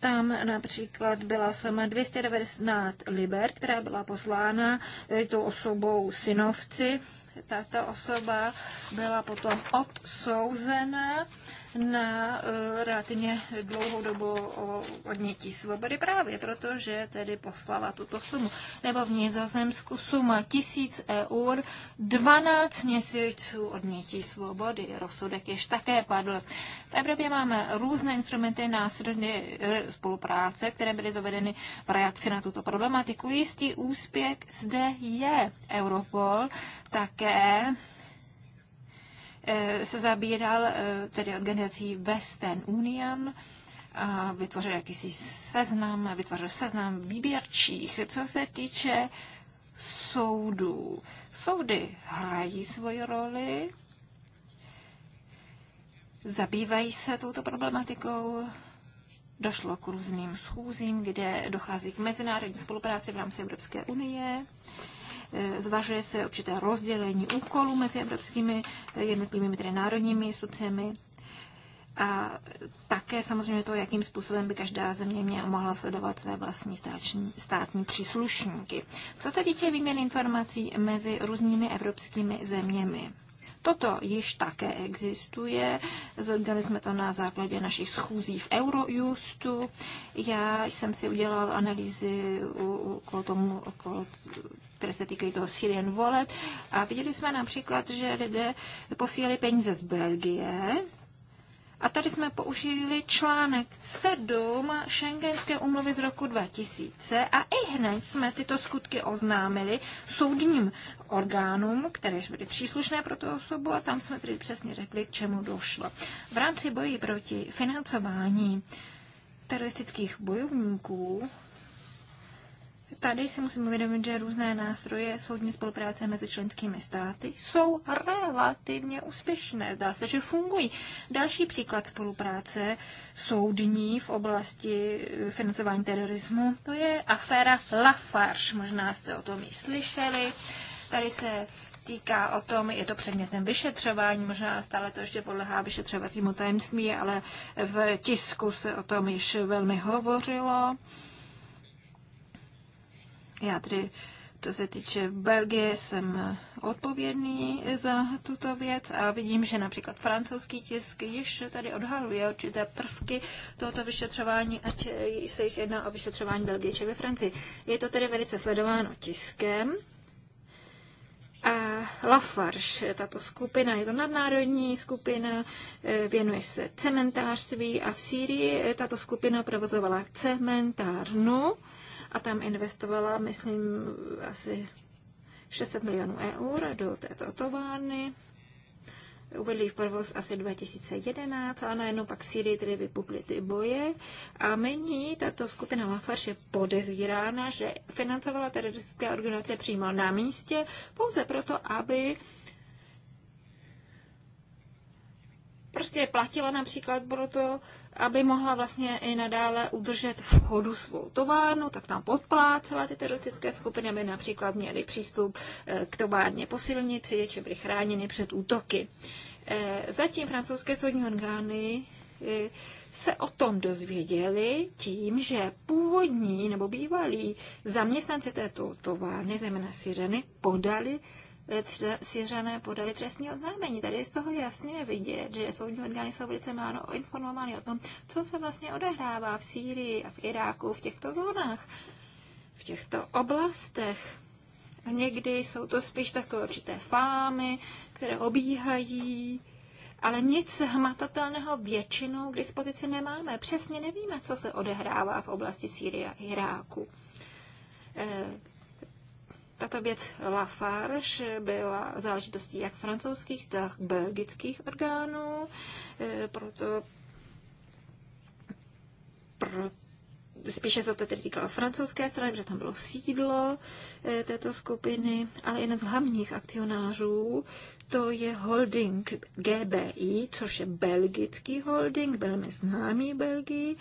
B: Tam například byla sama 290 liber, která byla poslána tou osobou synovci tato osoba byla potom odsouzena na eh, relativně dlouhou dobu odnětí svobody právě protože tedy poslala tuto sumu. Nebo v Nizozemsku suma 1000 eur, 12 měsíců odnětí svobody. Rozsudek jež také padl. V Evropě máme různé instrumenty následně eh, spolupráce, které byly zavedeny v reakci na tuto problematiku. Jistý úspěch zde je Europol také Eh, se zabíral eh, tedy organizací Western Union a vytvořil jakýsi seznam, vytvořil seznam výběrčích. Co se týče soudů, soudy hrají svoji roli, zabývají se touto problematikou, došlo k různým schůzím, kde dochází k mezinárodní spolupráci v rámci Evropské unie. Eh, zvažuje se určité rozdělení úkolů mezi evropskými eh, jednotlivými tedy národními institucemi a také samozřejmě to, jakým způsobem by každá země mě mohla sledovat své vlastní státní, státní příslušníky. Co se týče výměn informací mezi různými evropskými zeměmi? Toto již také existuje. Zorganizovali jsme to na základě našich schůzí v Eurojustu. Já jsem si udělal analýzy okolo, tomu, okolo které se týkají toho Syrian Wallet. A viděli jsme například, že lidé posílali peníze z Belgie, a tady jsme použili článek 7 Schengenské umluvy z roku 2000 a i hned jsme tyto skutky oznámili soudním orgánům, které byly příslušné pro tu osobu a tam jsme tedy přesně řekli, k čemu došlo. V rámci boji proti financování teroristických bojovníků tady si musím uvědomit, že různé nástroje soudní spolupráce mezi členskými státy jsou relativně úspěšné. Zdá se, že fungují. Další příklad spolupráce soudní v oblasti eh, financování terorismu, to je aféra Lafarge. Možná jste o tom i slyšeli. Tady se týká o tom, je to předmětem vyšetřování, možná stále to ještě podlehá vyšetřovacímu tajemství, ale v tisku se o tom již velmi hovořilo. Já tedy, co se týče Belgie, jsem eh, odpovědný eh, za tuto věc a vidím, že například francouzský tisk již tady odhaluje určité prvky tohoto vyšetřování, ať eh, se již jedná o vyšetřování Belgie či ve Francii. Je to tedy velice sledováno tiskem. A Lafarge, tato skupina, je to nadnárodní skupina, věnuje se cementářství a v Sýrii tato skupina provozovala cementárnu a tam investovala, myslím, asi 600 milionů eur do této továrny. Uvedli v provoz asi 2011, ale najednou pak v Syrii tedy vypukly ty boje. A nyní tato skupina Mafarš je podezírána, že financovala teroristické organizace přímo na místě, pouze proto, aby prostě platila například pro to, aby mohla vlastně i nadále udržet v chodu svou továrnu, tak tam podplácela ty teroristické skupiny, aby například měly přístup eh, k továrně po silnici, či byly chráněny před útoky. Eh, zatím francouzské soudní orgány eh, se o tom dozvěděli tím, že původní nebo bývalí zaměstnanci této továrny, zejména Syřeny, podali Syřané podali trestní oznámení. Tady je z toho jasně vidět, že soudní orgány jsou velice málo informovány o tom, co se vlastně odehrává v Sýrii a v Iráku, v těchto zónách, v těchto oblastech. A někdy jsou to spíš takové určité fámy, které obíhají, ale nic hmatatelného většinou k dispozici nemáme. Přesně nevíme, co se odehrává v oblasti Sýrie a Iráku. Eh, tato věc Lafarge byla záležitostí jak francouzských, tak belgických orgánů, eh, proto, proto spíše se to tedy týkalo francouzské strany, protože tam bylo sídlo eh, této skupiny, ale jeden z hlavních akcionářů to je holding GBI, což je belgický holding, velmi známý Belgii,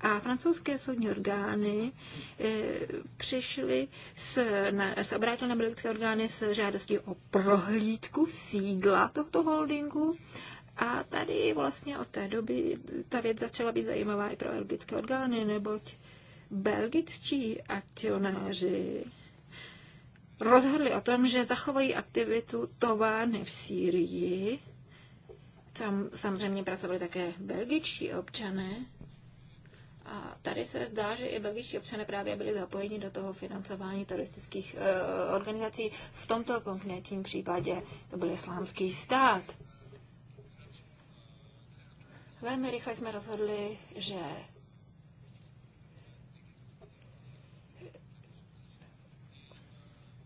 B: a francouzské soudní orgány eh, přišly s, na, obrátil na belgické orgány s žádostí o prohlídku sídla tohoto holdingu. A tady vlastně od té doby ta věc začala být zajímavá i pro belgické orgány, neboť belgičtí akcionáři rozhodli o tom, že zachovají aktivitu továrny v Sýrii. Tam samozřejmě pracovali také belgičtí občané, a tady se zdá, že i belgičtí občané právě byli zapojeni do toho financování teroristických eh, organizací. V tomto konkrétním případě to byl islámský stát. Velmi rychle jsme rozhodli, že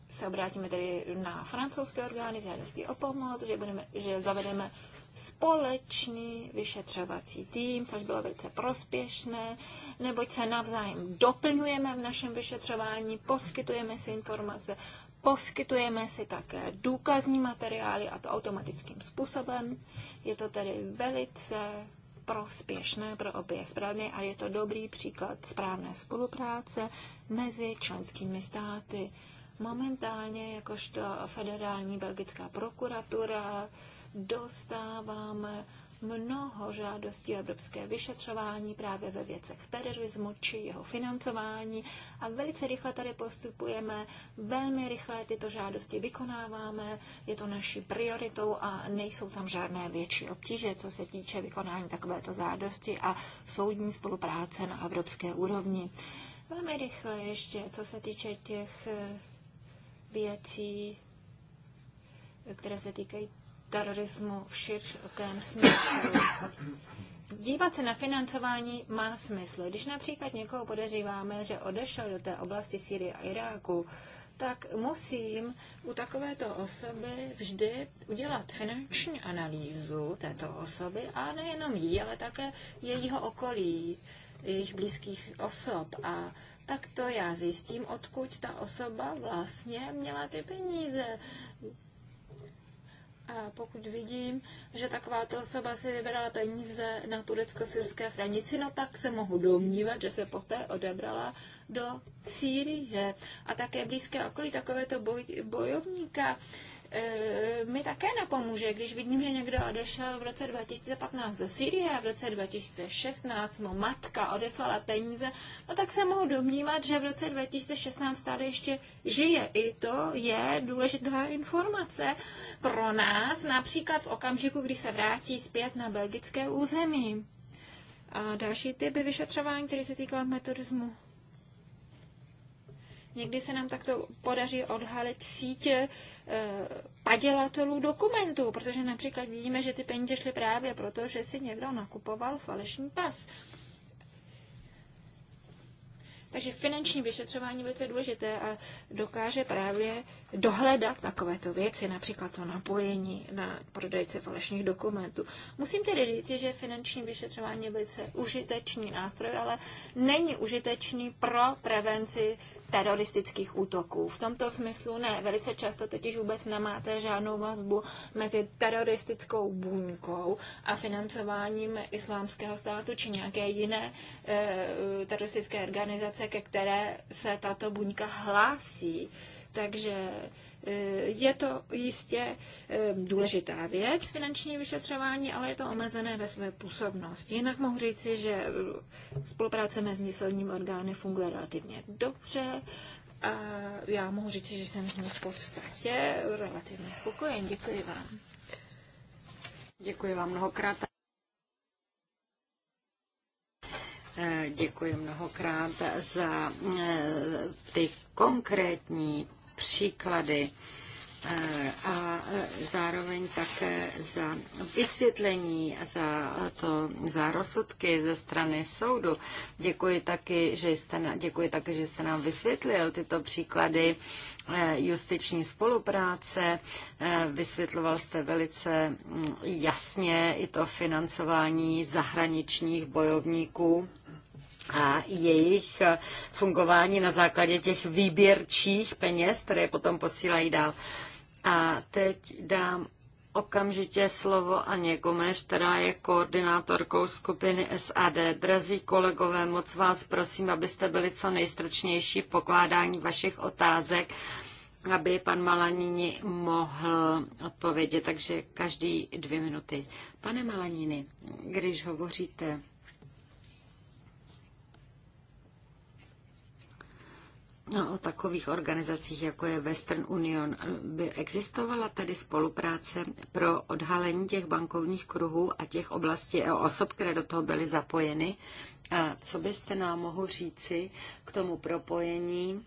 B: se obrátíme tedy na francouzské orgány žádosti o pomoc, že, budeme, že zavedeme společný vyšetřovací tým, což bylo velice prospěšné, neboť se navzájem doplňujeme v našem vyšetřování, poskytujeme si informace, poskytujeme si také důkazní materiály a to automatickým způsobem. Je to tedy velice prospěšné pro obě strany a je to dobrý příklad správné spolupráce mezi členskými státy. Momentálně, jakožto federální belgická prokuratura, dostáváme mnoho žádostí o evropské vyšetřování právě ve věcech terorismu či jeho financování a velice rychle tady postupujeme, velmi rychle tyto žádosti vykonáváme, je to naší prioritou a nejsou tam žádné větší obtíže, co se týče vykonání takovéto žádosti a soudní spolupráce na evropské úrovni. Velmi rychle ještě, co se týče těch eh, věcí, které se týkají terorismu v širším smyslu. Dívat se na financování má smysl. Když například někoho podeříváme, že odešel do té oblasti Sýrie a Iráku, tak musím u takovéto osoby vždy udělat finanční analýzu této osoby a nejenom jí, ale také jejího okolí, jejich blízkých osob. A tak to já zjistím, odkud ta osoba vlastně měla ty peníze, a pokud vidím, že takováto osoba si vybrala peníze na turecko-syrské hranici, no tak se mohu domnívat, že se poté odebrala do Sýrie. A také blízké okolí takovéto boj, bojovníka Eh, mi také napomůže, když vidím, že někdo odešel v roce 2015 do Syrie a v roce 2016 mu matka odeslala peníze, no tak se mohu domnívat, že v roce 2016 tady ještě žije. I to je důležitá informace pro nás, například v okamžiku, kdy se vrátí zpět na belgické území. A další typy vyšetřování, které se týká metodismu. Někdy se nám takto podaří odhalit sítě eh, padělatelů dokumentů, protože například vidíme, že ty peníze šly právě proto, že si někdo nakupoval falešný pas. Takže finanční vyšetřování je velice důležité a dokáže právě dohledat takovéto věci, například to napojení na prodejce falešných dokumentů. Musím tedy říci, že finanční vyšetřování je velice užitečný nástroj, ale není užitečný pro prevenci teroristických útoků. V tomto smyslu ne. Velice často totiž vůbec nemáte žádnou vazbu mezi teroristickou buňkou a financováním islámského státu či nějaké jiné e, teroristické organizace, ke které se tato buňka hlásí. E, takže e, je to jistě e, důležitá věc, finanční vyšetřování, ale je to omezené ve své působnosti. Jinak mohu říci, že e, spolupráce mezi soudními orgány funguje relativně dobře. A já mohu říct, že jsem s ní v podstatě relativně spokojen. Děkuji vám.
A: Děkuji vám mnohokrát. Děkuji mnohokrát za ty konkrétní příklady eh, a eh, zároveň také za vysvětlení, za, to, za rozsudky ze strany soudu. Děkuji taky, že jste, děkuji taky, že jste nám vysvětlil tyto příklady eh, justiční spolupráce. Vysvětloval jste velice mm, jasně i to financování zahraničních bojovníků a jejich fungování na základě těch výběrčích peněz, které potom posílají dál. A teď dám okamžitě slovo Aně Gomeš, která je koordinátorkou skupiny SAD. Drazí kolegové, moc vás prosím, abyste byli co nejstručnější v pokládání vašich otázek, aby pan Malanini mohl odpovědět. Takže každý dvě minuty. Pane Malanini, když hovoříte o takových organizacích, jako je Western Union, by existovala tady spolupráce pro odhalení těch bankovních kruhů a těch oblastí a osob, které do toho byly zapojeny. A co byste nám mohl říci k tomu propojení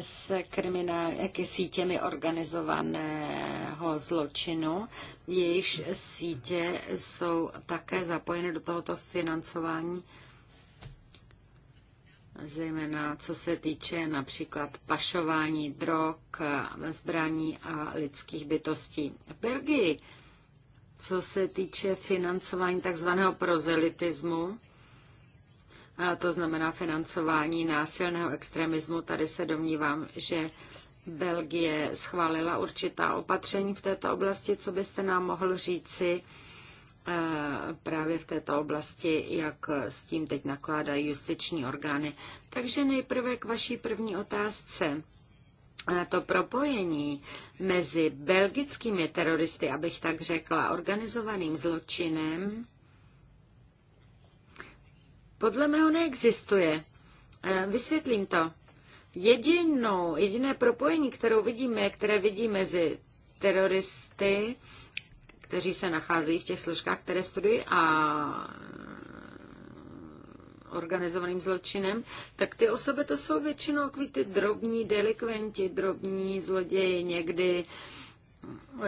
A: s kriminál, sítěmi organizovaného zločinu. Jejichž sítě jsou také zapojeny do tohoto financování zejména co se týče například pašování drog, zbraní a lidských bytostí. V Belgii, co se týče financování takzvaného prozelitismu, to znamená financování násilného extremismu, tady se domnívám, že Belgie schválila určitá opatření v této oblasti, co byste nám mohl říci, právě v této oblasti, jak s tím teď nakládají justiční orgány. Takže nejprve k vaší první otázce. to propojení mezi belgickými teroristy, abych tak řekla, organizovaným zločinem, podle mého neexistuje. E, vysvětlím to. Jedinou, jediné propojení, kterou vidíme, které vidí mezi teroristy, kteří se nacházejí v těch složkách, které studují a organizovaným zločinem, tak ty osoby to jsou většinou takový ty drobní delikventi, drobní zloději někdy eh,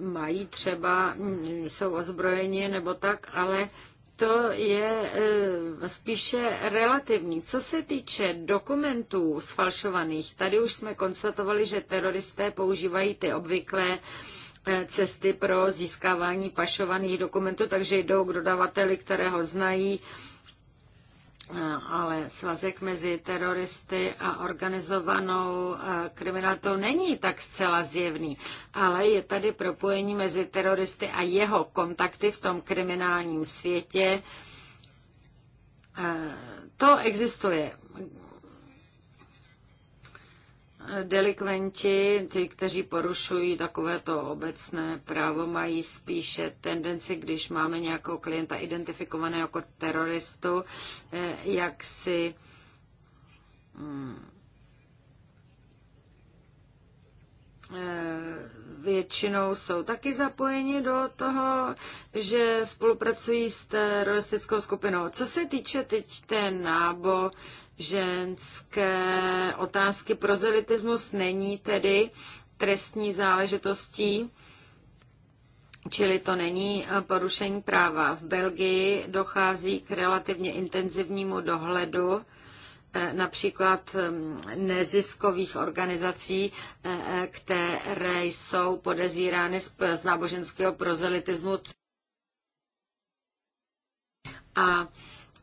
A: mají třeba, mm, jsou ozbrojeni nebo tak, ale to je eh, spíše relativní. Co se týče dokumentů sfalšovaných, tady už jsme konstatovali, že teroristé používají ty obvyklé cesty pro získávání pašovaných dokumentů, takže jdou k dodavateli, kterého znají, ale svazek mezi teroristy a organizovanou kriminalitou není tak zcela zjevný, ale je tady propojení mezi teroristy a jeho kontakty v tom kriminálním světě. To existuje delikventi, ty, kteří porušují takovéto obecné právo, mají spíše tendenci, když máme nějakého klienta identifikovaného jako teroristu, eh, jak si mm, eh, většinou jsou taky zapojeni do toho, že spolupracují s teroristickou skupinou. Co se týče teď té nábo, ženské otázky. Prozelitismus není tedy trestní záležitostí, čili to není eh, porušení práva. V Belgii dochází k relativně intenzivnímu dohledu eh, například mm, neziskových organizací, eh, které jsou podezírány z náboženského prozelitismu. A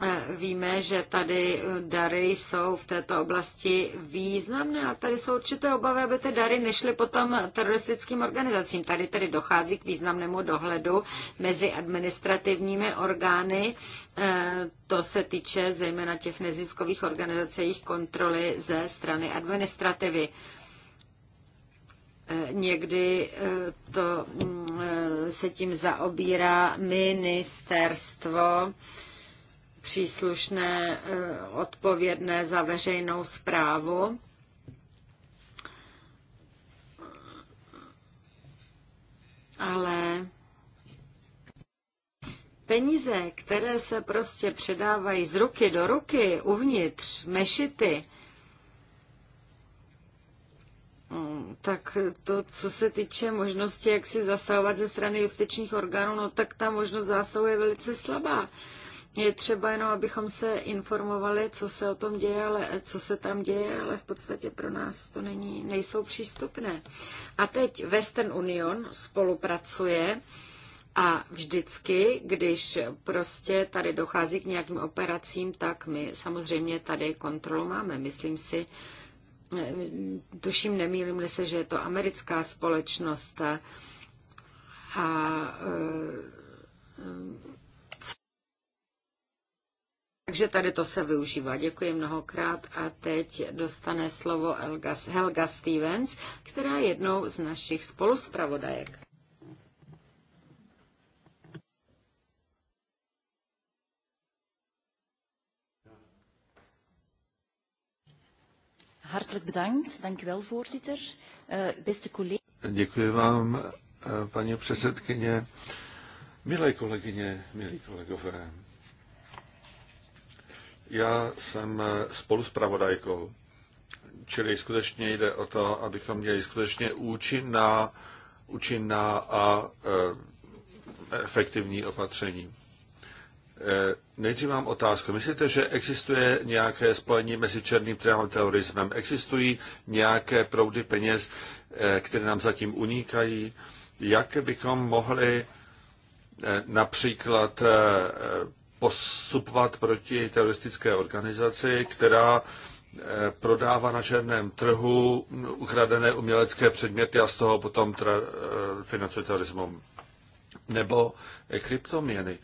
A: Eh, víme, že tady eh, dary jsou v této oblasti významné a tady jsou určité obavy, aby ty dary nešly potom teroristickým organizacím. Tady tedy dochází k významnému dohledu mezi administrativními orgány. Eh, to se týče zejména těch neziskových organizací, jejich kontroly ze strany administrativy. Někdy to mm, se tím zaobírá ministerstvo příslušné eh, odpovědné za veřejnou zprávu. Ale peníze, které se prostě předávají z ruky do ruky, uvnitř, mešity, mm, tak to, co se týče možnosti, jak si zasahovat ze strany justičních orgánů, no tak ta možnost zásahu je velice slabá. Je třeba jenom, abychom se informovali, co se o tom děje, ale co se tam děje, ale v podstatě pro nás to není, nejsou přístupné. A teď Western Union spolupracuje a vždycky, když prostě tady dochází k nějakým operacím, tak my samozřejmě tady kontrolu máme. Myslím si, tuším, nemýlím se, že je to americká společnost a, a takže tady to se využívá. Děkuji mnohokrát a teď dostane slovo Helga, Helga Stevens, která je jednou z našich spoluspravodajek.
B: Hartelijk bedankt. Eh, beste collega's.
C: Děkuji vám, eh, paní předsedkyně. Milé kolegyně, milí kolegové, já jsem eh, spolu s pravodajkou, čili skutečně jde o to, abychom měli skutečně účinná, účinná a e, efektivní opatření. E, nejdřív mám otázku. Myslíte, že existuje nějaké spojení mezi černým a terorismem? Existují nějaké proudy peněz, e, které nám zatím unikají? Jak bychom mohli e, například e, postupovat proti teroristické organizaci, která eh, prodává na černém trhu ukradené umělecké předměty a z toho potom eh, financuje terorismu, Nebo eh, kryptoměny.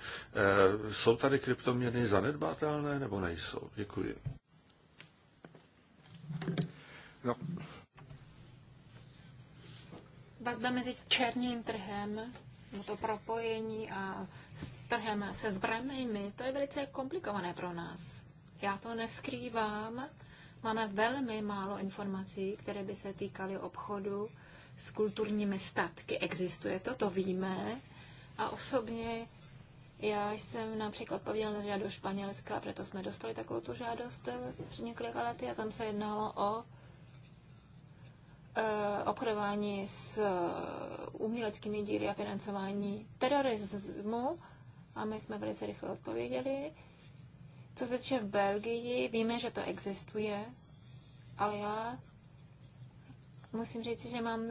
C: Jsou tady kryptoměny zanedbatelné nebo nejsou? Děkuji. No.
B: Vazba mezi černým trhem No to propojení a s trhem se zbranými, to je velice komplikované pro nás. Já to neskrývám. Máme velmi málo informací, které by se týkaly obchodu s kulturními statky. Existuje to, to víme. A osobně já jsem například odpověděl na žádost Španělska, proto jsme dostali takovou tu žádost před několika lety a tam se jednalo o Eh, obchodování s eh, uměleckými díly a financování terorismu. A my jsme velice rychle odpověděli. Co se týče v Belgii, víme, že to existuje, ale já musím říct, že mám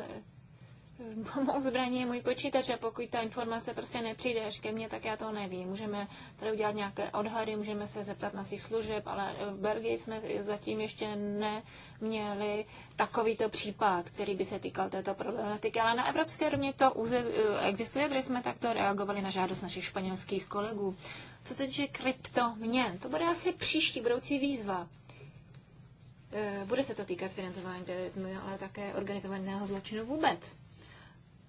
B: Mou zbraní je můj počítač a pokud ta informace prostě nepřijde až ke mně, tak já to nevím. Můžeme tady udělat nějaké odhady, můžeme se zeptat na svých služeb, ale eh, v Belgii jsme zatím ještě neměli takovýto případ, který by se týkal této problematiky. Ale na evropské rovně to eh, existuje, protože jsme takto reagovali na žádost našich španělských kolegů. Co se týče kryptoměn, to bude asi příští budoucí výzva. Eh, bude se to týkat financování terorismu, ale také organizovaného zločinu vůbec.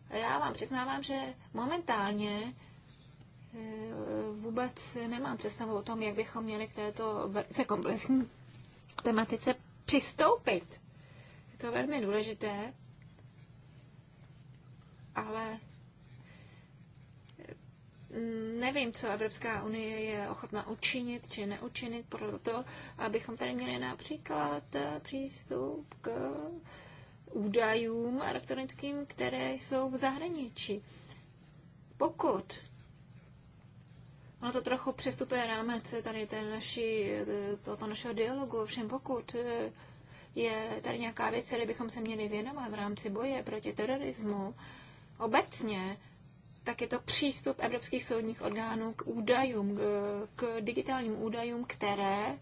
B: A já vám přiznávám, že momentálně eh, vůbec nemám představu o tom, jak bychom měli k této velice komplexní tematice přistoupit. Je to velmi důležité, ale mm, nevím, co Evropská unie je ochotna učinit či neučinit pro to, abychom tady měli například eh, přístup k údajům elektronickým, které jsou v zahraničí. Pokud Ono to trochu přestupuje rámec tady ten naši, toto našeho dialogu, ovšem pokud eh, je tady nějaká věc, které bychom se měli věnovat v rámci boje proti terorismu obecně, tak je to přístup evropských soudních orgánů k údajům, eh, k digitálním údajům, které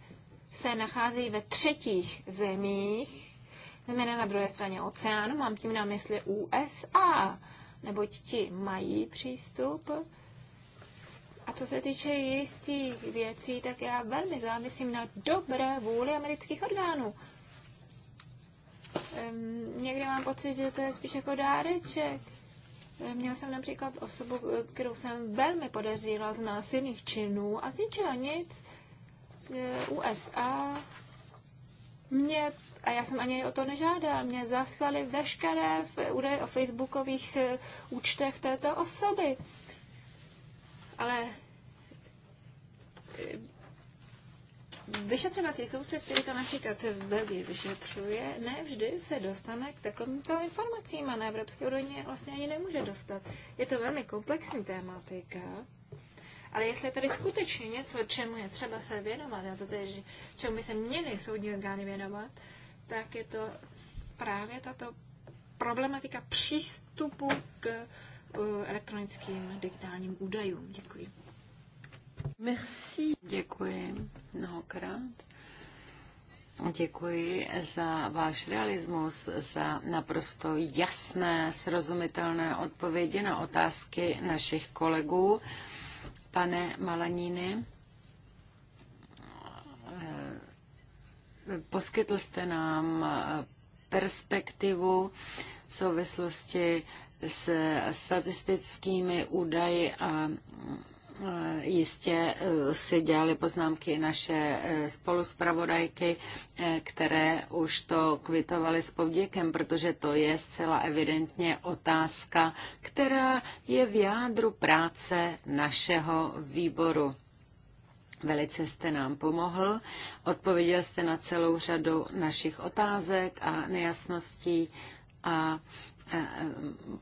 B: se nacházejí ve třetích zemích znamená na druhé straně oceánu, mám tím na mysli USA, neboť ti mají přístup. A co se týče jistých věcí, tak já velmi závisím na dobré vůli amerických orgánů. Um, někdy mám pocit, že to je spíš jako dáreček. Měl jsem například osobu, kterou jsem velmi podařila z násilných činů a z ničeho nic USA mě, a já jsem ani o to nežádala, mě zaslali veškeré údaje o facebookových e, účtech této osoby. Ale e, vyšetřovací soudce, který to například v Belgii vyšetřuje, ne vždy se dostane k takovýmto informacím a na evropské úrovni vlastně ani nemůže dostat. Je to velmi komplexní tématika ale jestli je tady skutečně něco, čemu je třeba se věnovat, a to tedy, čemu by se měly soudní orgány věnovat, tak je to právě tato problematika přístupu k eh, elektronickým digitálním údajům. Děkuji. Merci. Děkuji
A: mnohokrát. Děkuji za váš realismus, za naprosto jasné, srozumitelné odpovědi na otázky našich kolegů pane Malaníny. Eh, poskytl jste nám eh, perspektivu v souvislosti s statistickými údaji a Jistě eh, si dělali poznámky naše eh, spoluspravodajky, eh, které už to kvitovaly s povděkem, protože to je zcela evidentně otázka, která je v jádru práce našeho výboru. Velice jste nám pomohl, odpověděl jste na celou řadu našich otázek a nejasností a Eh,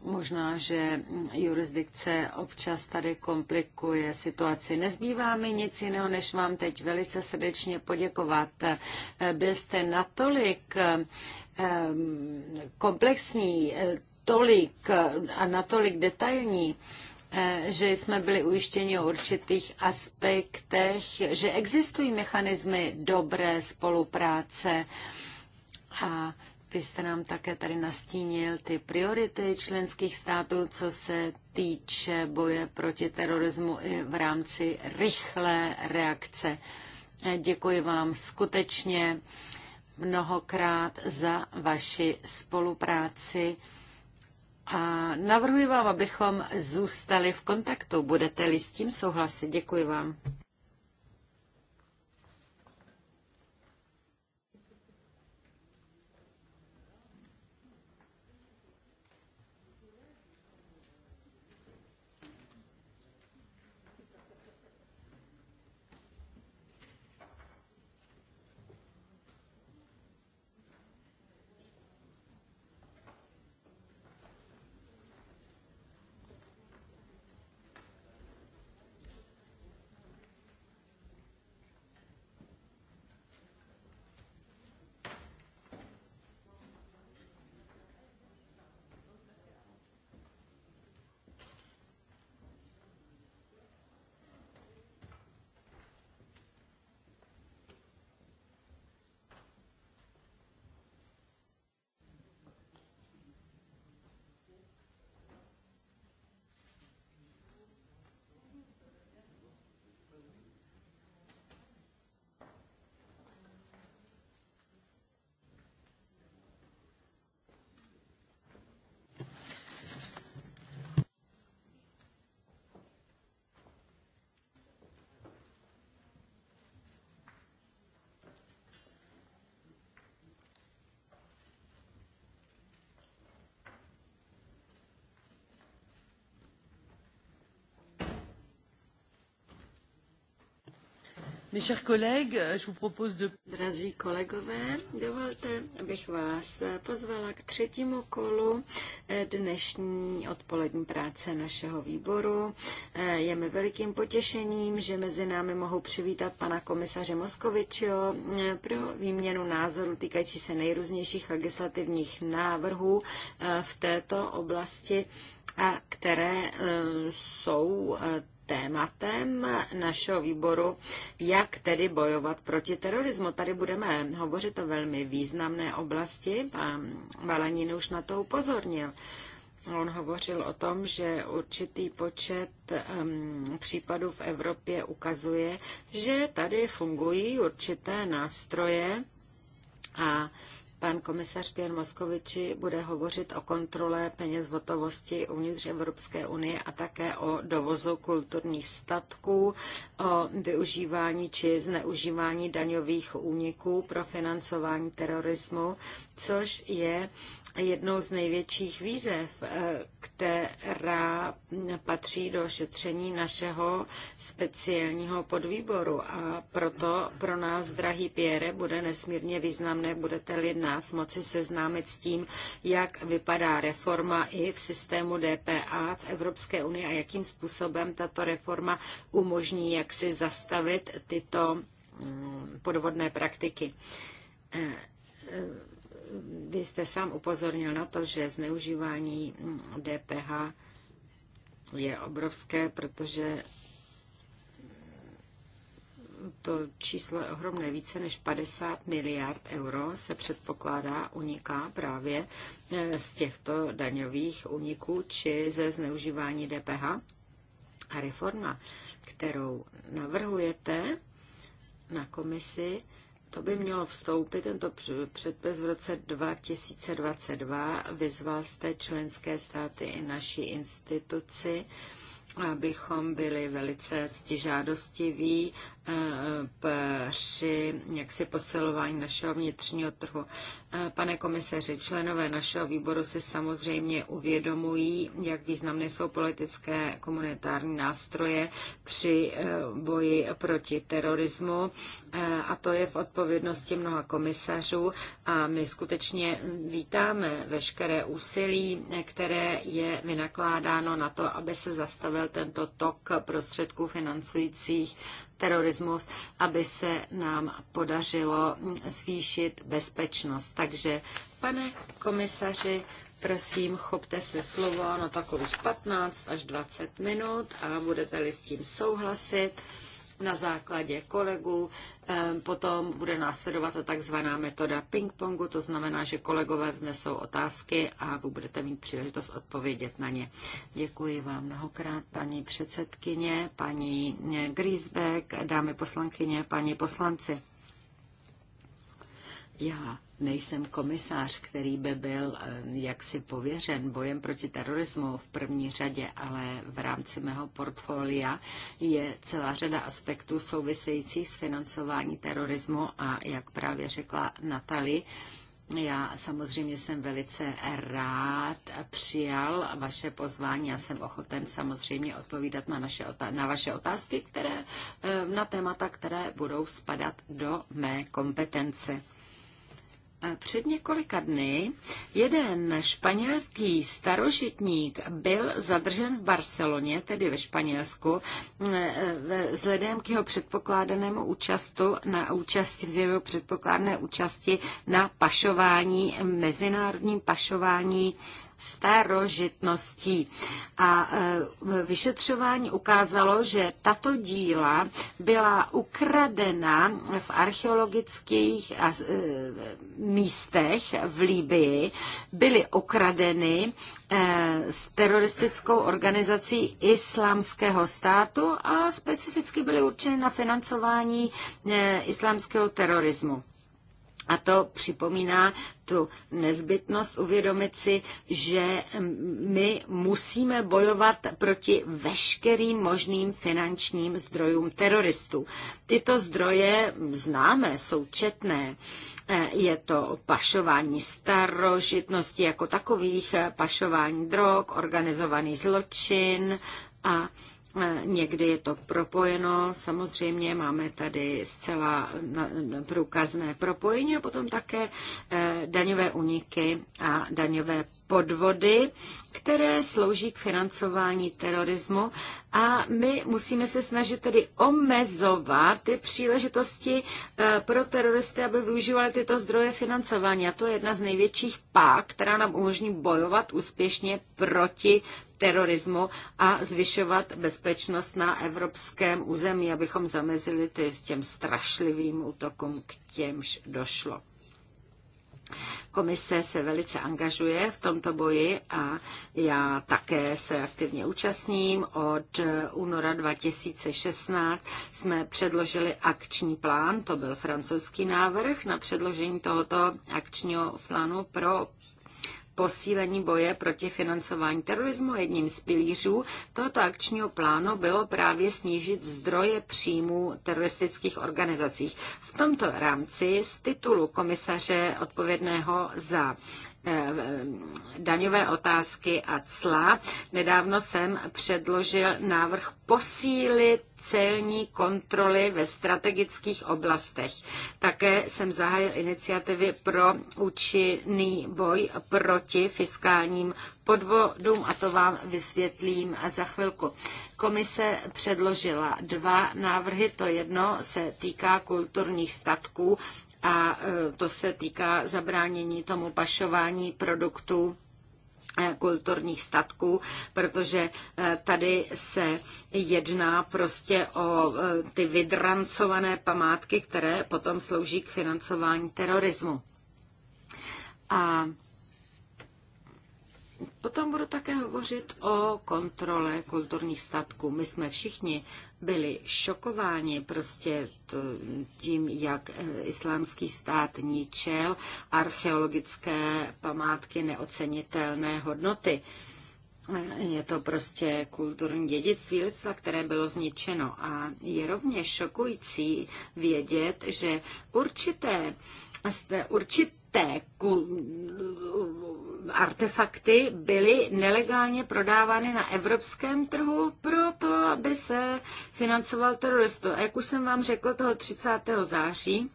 A: možná, že jurisdikce občas tady komplikuje situaci. Nezbývá mi nic jiného, než vám teď velice srdečně poděkovat. Eh, byl jste natolik eh, komplexní, tolik a natolik detailní, že jsme byli ujištěni o určitých aspektech, že existují mechanismy dobré spolupráce a vy jste nám také tady nastínil ty priority členských států, co se týče boje proti terorismu i v rámci rychlé reakce. Eh, děkuji vám skutečně mnohokrát za vaši spolupráci a navrhuji vám, abychom zůstali v kontaktu. Budete-li s tím souhlasit? Děkuji vám. Drazí kolegové, dovolte, abych vás pozvala k třetímu kolu eh, dnešní odpolední práce našeho výboru. Eh, je mi velikým potěšením, že mezi námi mohu přivítat pana komisaře Moskovičo eh, pro výměnu názoru týkající se nejrůznějších legislativních návrhů v této oblasti a které jsou tématem našeho výboru, jak tedy bojovat proti terorismu. Tady budeme hovořit o velmi významné oblasti. Pan Balanin už na to upozornil. On hovořil o tom, že určitý počet um, případů v Evropě ukazuje, že tady fungují určité nástroje a Pan komisař Pěr Moskoviči bude hovořit o kontrole peněz v hotovosti uvnitř Evropské unie a také o dovozu kulturních statků, o využívání či zneužívání daňových úniků pro financování terorismu, což je jednou z největších výzev, eh, která patří do šetření našeho speciálního podvýboru. A proto pro nás, drahý Pěre, bude nesmírně významné, budete-li nás moci seznámit s tím, jak vypadá reforma i v systému DPA v Evropské unii a jakým způsobem tato reforma umožní, jak si zastavit tyto mm, podvodné praktiky eh, eh, vy jste sám upozornil na to, že zneužívání DPH je obrovské, protože to číslo je ohromné, více než 50 miliard euro se předpokládá uniká právě eh, z těchto daňových uniků či ze zneužívání DPH. A reforma, kterou navrhujete na komisi, to by mělo vstoupit, tento předpis v roce 2022. Vyzval jste členské státy i naší instituci, abychom byli velice ctižádostiví při jaksi posilování našeho vnitřního trhu. Pane komiseři, členové našeho výboru si samozřejmě uvědomují, jak významné jsou politické komunitární nástroje při eh, boji proti terorismu eh, a to je v odpovědnosti mnoha komisařů a my skutečně vítáme veškeré úsilí, které je vynakládáno na to, aby se zastavil tento tok prostředků financujících terorismus, aby se nám podařilo zvýšit bezpečnost. Takže, pane komisaři, prosím, chopte se slova na takových 15 až 20 minut a budete-li s tím souhlasit, na základě kolegů. Potom bude následovat takzvaná metoda ping-pongu, to znamená, že kolegové vznesou otázky a vy budete mít příležitost odpovědět na ně. Děkuji vám mnohokrát, paní předsedkyně, paní eh, Griesbeck, dámy poslankyně, paní poslanci. Já nejsem komisář, který by byl eh, jaksi pověřen bojem proti terorismu v první řadě, ale v rámci mého portfolia je celá řada aspektů související s financování terorismu a jak právě řekla Natali, já samozřejmě jsem velice rád přijal vaše pozvání. a jsem ochoten samozřejmě odpovídat na, naše na vaše otázky, které, eh, na témata, které budou spadat do mé kompetence. Před několika dny jeden španělský starožitník byl zadržen v Barceloně, tedy ve Španělsku, eh, eh, vzhledem k jeho předpokládanému účastu na účasti, jeho předpokládané účasti na pašování, mezinárodním pašování starožitností. A e, vyšetřování ukázalo, že tato díla byla ukradena v archeologických e, místech v Líbii, byly okradeny e, s teroristickou organizací islámského státu a specificky byly určeny na financování islámského terorismu. A to připomíná tu nezbytnost uvědomit si, že my musíme bojovat proti veškerým možným finančním zdrojům teroristů. Tyto zdroje známe, jsou četné. E, je to pašování starožitnosti jako takových, pašování drog, organizovaný zločin a Někdy je to propojeno, samozřejmě máme tady zcela průkazné propojení a potom také eh, daňové uniky a daňové podvody které slouží k financování terorismu a my musíme se snažit tedy omezovat ty příležitosti eh, pro teroristy, aby využívali tyto zdroje financování. A to je jedna z největších pák, která nám umožní bojovat úspěšně proti terorismu a zvyšovat bezpečnost na evropském území, abychom zamezili ty, těm strašlivým útokům, k těmž došlo. Komise se velice angažuje v tomto boji a já také se aktivně účastním. Od února 2016 jsme předložili akční plán, to byl francouzský návrh na předložení tohoto akčního plánu pro posílení boje proti financování terorismu. Jedním z pilířů tohoto akčního plánu bylo právě snížit zdroje příjmů teroristických organizacích. V tomto rámci z titulu komisaře odpovědného za Eh, daňové otázky a cla. Nedávno jsem předložil návrh posílit celní kontroly ve strategických oblastech. Také jsem zahájil iniciativy pro účinný boj proti fiskálním podvodům a to vám vysvětlím za chvilku. Komise předložila dva návrhy, to jedno se týká kulturních statků a e, to se týká zabránění tomu pašování produktů e, kulturních statků, protože e, tady se jedná prostě o ty vydrancované památky, které potom slouží k financování terorismu. A Potom budu také hovořit o kontrole kulturních statků. My jsme všichni byli šokováni prostě tím, jak eh, islámský stát ničel archeologické památky neocenitelné hodnoty. Eh, je to prostě kulturní dědictví lidstva, které bylo zničeno. A je rovněž šokující vědět, že určité, eh, určité artefakty byly nelegálně prodávány na evropském trhu proto, aby se financoval terorista. A jak už jsem vám řekl toho 30. září,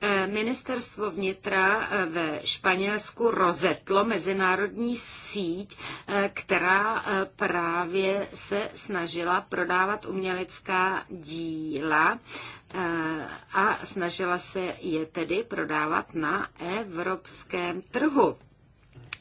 A: eh, Ministerstvo vnitra eh, ve Španělsku rozetlo mezinárodní síť, eh, která právě se snažila prodávat umělecká díla a snažila se je tedy prodávat na evropském trhu.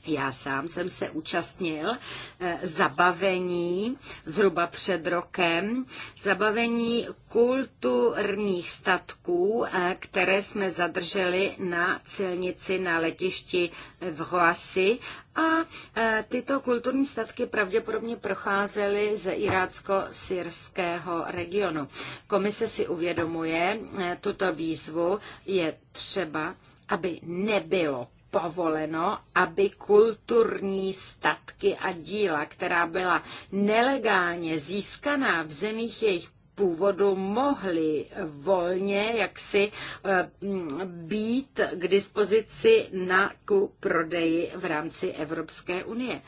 A: Já sám jsem se účastnil eh, zabavení zhruba před rokem, zabavení kulturních statků, eh, které jsme zadrželi na celnici na letišti eh, v Hoasi a tyto kulturní statky pravděpodobně procházely ze irácko-syrského regionu. Komise si uvědomuje tuto výzvu, je třeba, aby nebylo povoleno, aby kulturní statky a díla, která byla nelegálně získaná v zemích jejich původu mohly volně jaksi eh, být k dispozici na ku prodeji v rámci Evropské unie.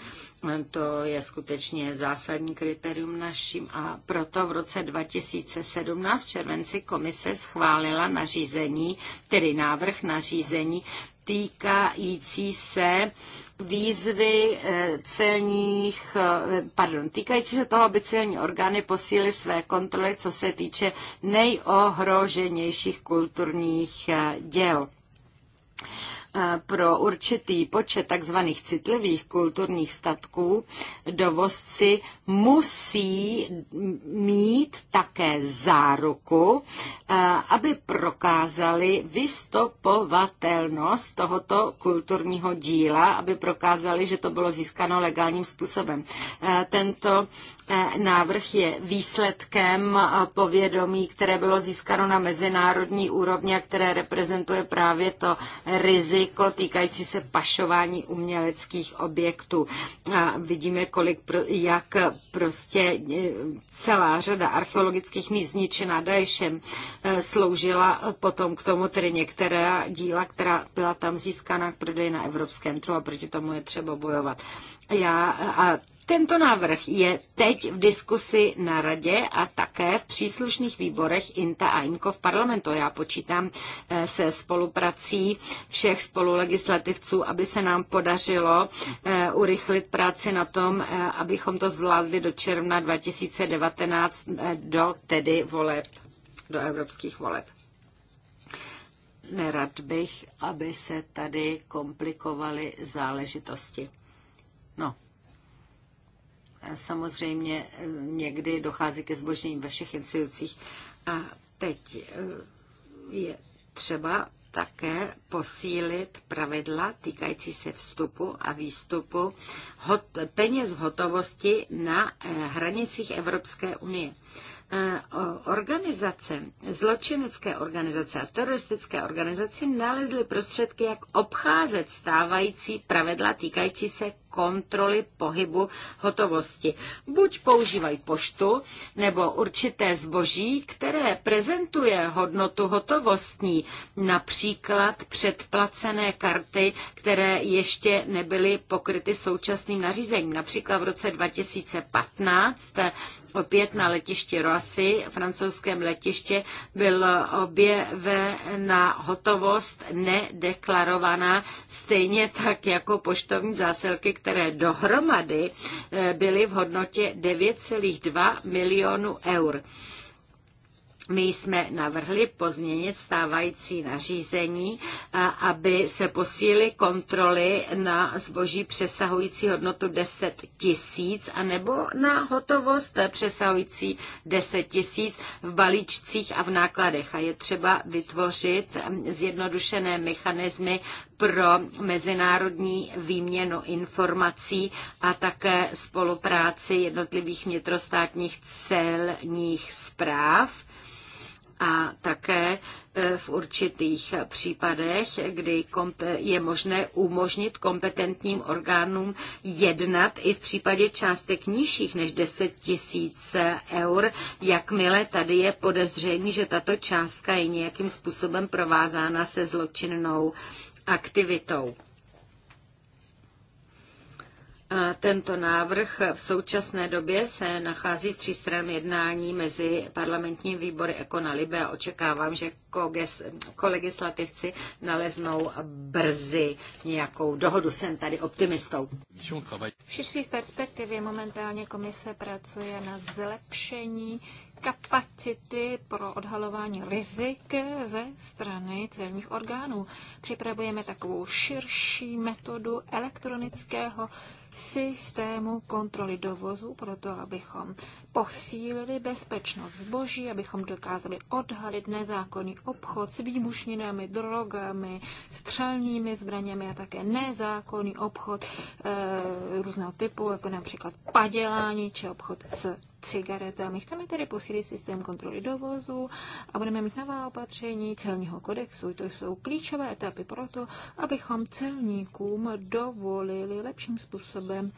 A: To je skutečně zásadní kritérium naším a proto v roce 2017 v červenci komise schválila nařízení, tedy návrh nařízení týkající se výzvy eh, celních, eh, pardon, týkající se toho, aby celní orgány posíly své kontroly, co se týče nejohroženějších kulturních eh, děl pro určitý počet tzv. citlivých kulturních statků dovozci musí mít také záruku, eh, aby prokázali vystopovatelnost tohoto kulturního díla, aby prokázali, že to bylo získáno legálním způsobem. Eh, tento E, návrh je výsledkem e, povědomí, které bylo získáno na mezinárodní úrovni a které reprezentuje právě to riziko týkající se pašování uměleckých objektů. A vidíme, kolik, jak prostě e, celá řada archeologických míst zničená Daešem sloužila potom k tomu, tedy některá díla, která byla tam získána k prodeji na evropském trhu a proti tomu je třeba bojovat. Já a tento návrh je teď v diskusi na radě a také v příslušných výborech INTA a inko v parlamentu. Já počítám eh, se spoluprací všech spolulegislativců, aby se nám podařilo eh, urychlit práci na tom, eh, abychom to zvládli do června 2019, do tedy voleb, do evropských voleb. Nerad bych, aby se tady komplikovaly záležitosti. No, Samozřejmě eh, někdy dochází ke zbožnění ve všech institucích. A teď eh, je třeba také posílit pravidla týkající se vstupu a výstupu hot, peněz v hotovosti na eh, hranicích Evropské unie. Organizace, zločinecké organizace a teroristické organizace nalezly prostředky, jak obcházet stávající pravidla týkající se kontroly pohybu hotovosti. Buď používají poštu nebo určité zboží, které prezentuje hodnotu hotovostní, například předplacené karty, které ještě nebyly pokryty současným nařízením. Například v roce 2015 opět na letišti Roasy, francouzském letiště, byl na hotovost nedeklarovaná, stejně tak jako poštovní zásilky, které dohromady eh, byly v hodnotě 9,2 milionu eur my jsme navrhli pozměnit stávající nařízení, aby se posílily kontroly na zboží přesahující hodnotu 10 tisíc a nebo na hotovost přesahující 10 tisíc v balíčcích a v nákladech. A je třeba vytvořit zjednodušené mechanismy pro mezinárodní výměnu informací a také spolupráci jednotlivých vnitrostátních celních zpráv a také e, v určitých případech, kdy je možné umožnit kompetentním orgánům jednat i v případě částek nižších než 10 tisíc eur, jakmile tady je podezření, že tato částka je nějakým způsobem provázána se zločinnou aktivitou tento návrh v současné době se nachází v třístrém jednání mezi parlamentním výbory Ekona Libe a očekávám, že kolegislativci naleznou brzy nějakou dohodu. Jsem tady optimistou.
B: V širších perspektivě momentálně komise pracuje na zlepšení kapacity pro odhalování rizik ze strany celních orgánů. Připravujeme takovou širší metodu elektronického systému kontroly dovozu, proto abychom posílili bezpečnost zboží, abychom dokázali odhalit nezákonný obchod s výbušninami, drogami, střelnými zbraněmi a také nezákonný obchod e, různého typu, jako například padělání či obchod s cigaretami. Chceme tedy posílit systém kontroly dovozu a budeme mít nová opatření celního kodexu. To jsou klíčové etapy proto, abychom celníkům dovolili lepším způsobem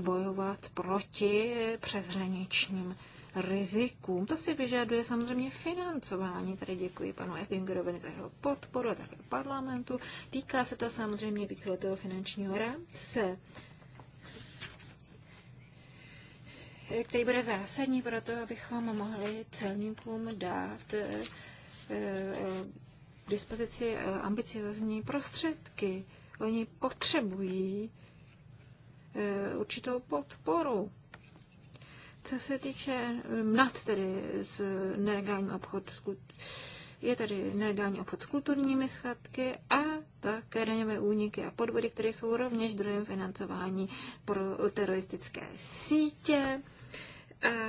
B: bojovat proti přeshraniční finančním rizikům. To si vyžaduje samozřejmě financování. Tady děkuji panu Ettingerovi za jeho podporu a také parlamentu. Týká se to samozřejmě víceletého finančního rámce, který bude zásadní pro to, abychom mohli celníkům dát k eh, eh, dispozici eh, ambiciozní prostředky. Oni potřebují určitou podporu co se týče eh, nad tedy s eh, nelegální obchod, je tady nelegální obchod s kulturními schadky a také daňové úniky a podvody, které jsou rovněž zdrojem financování pro teroristické sítě.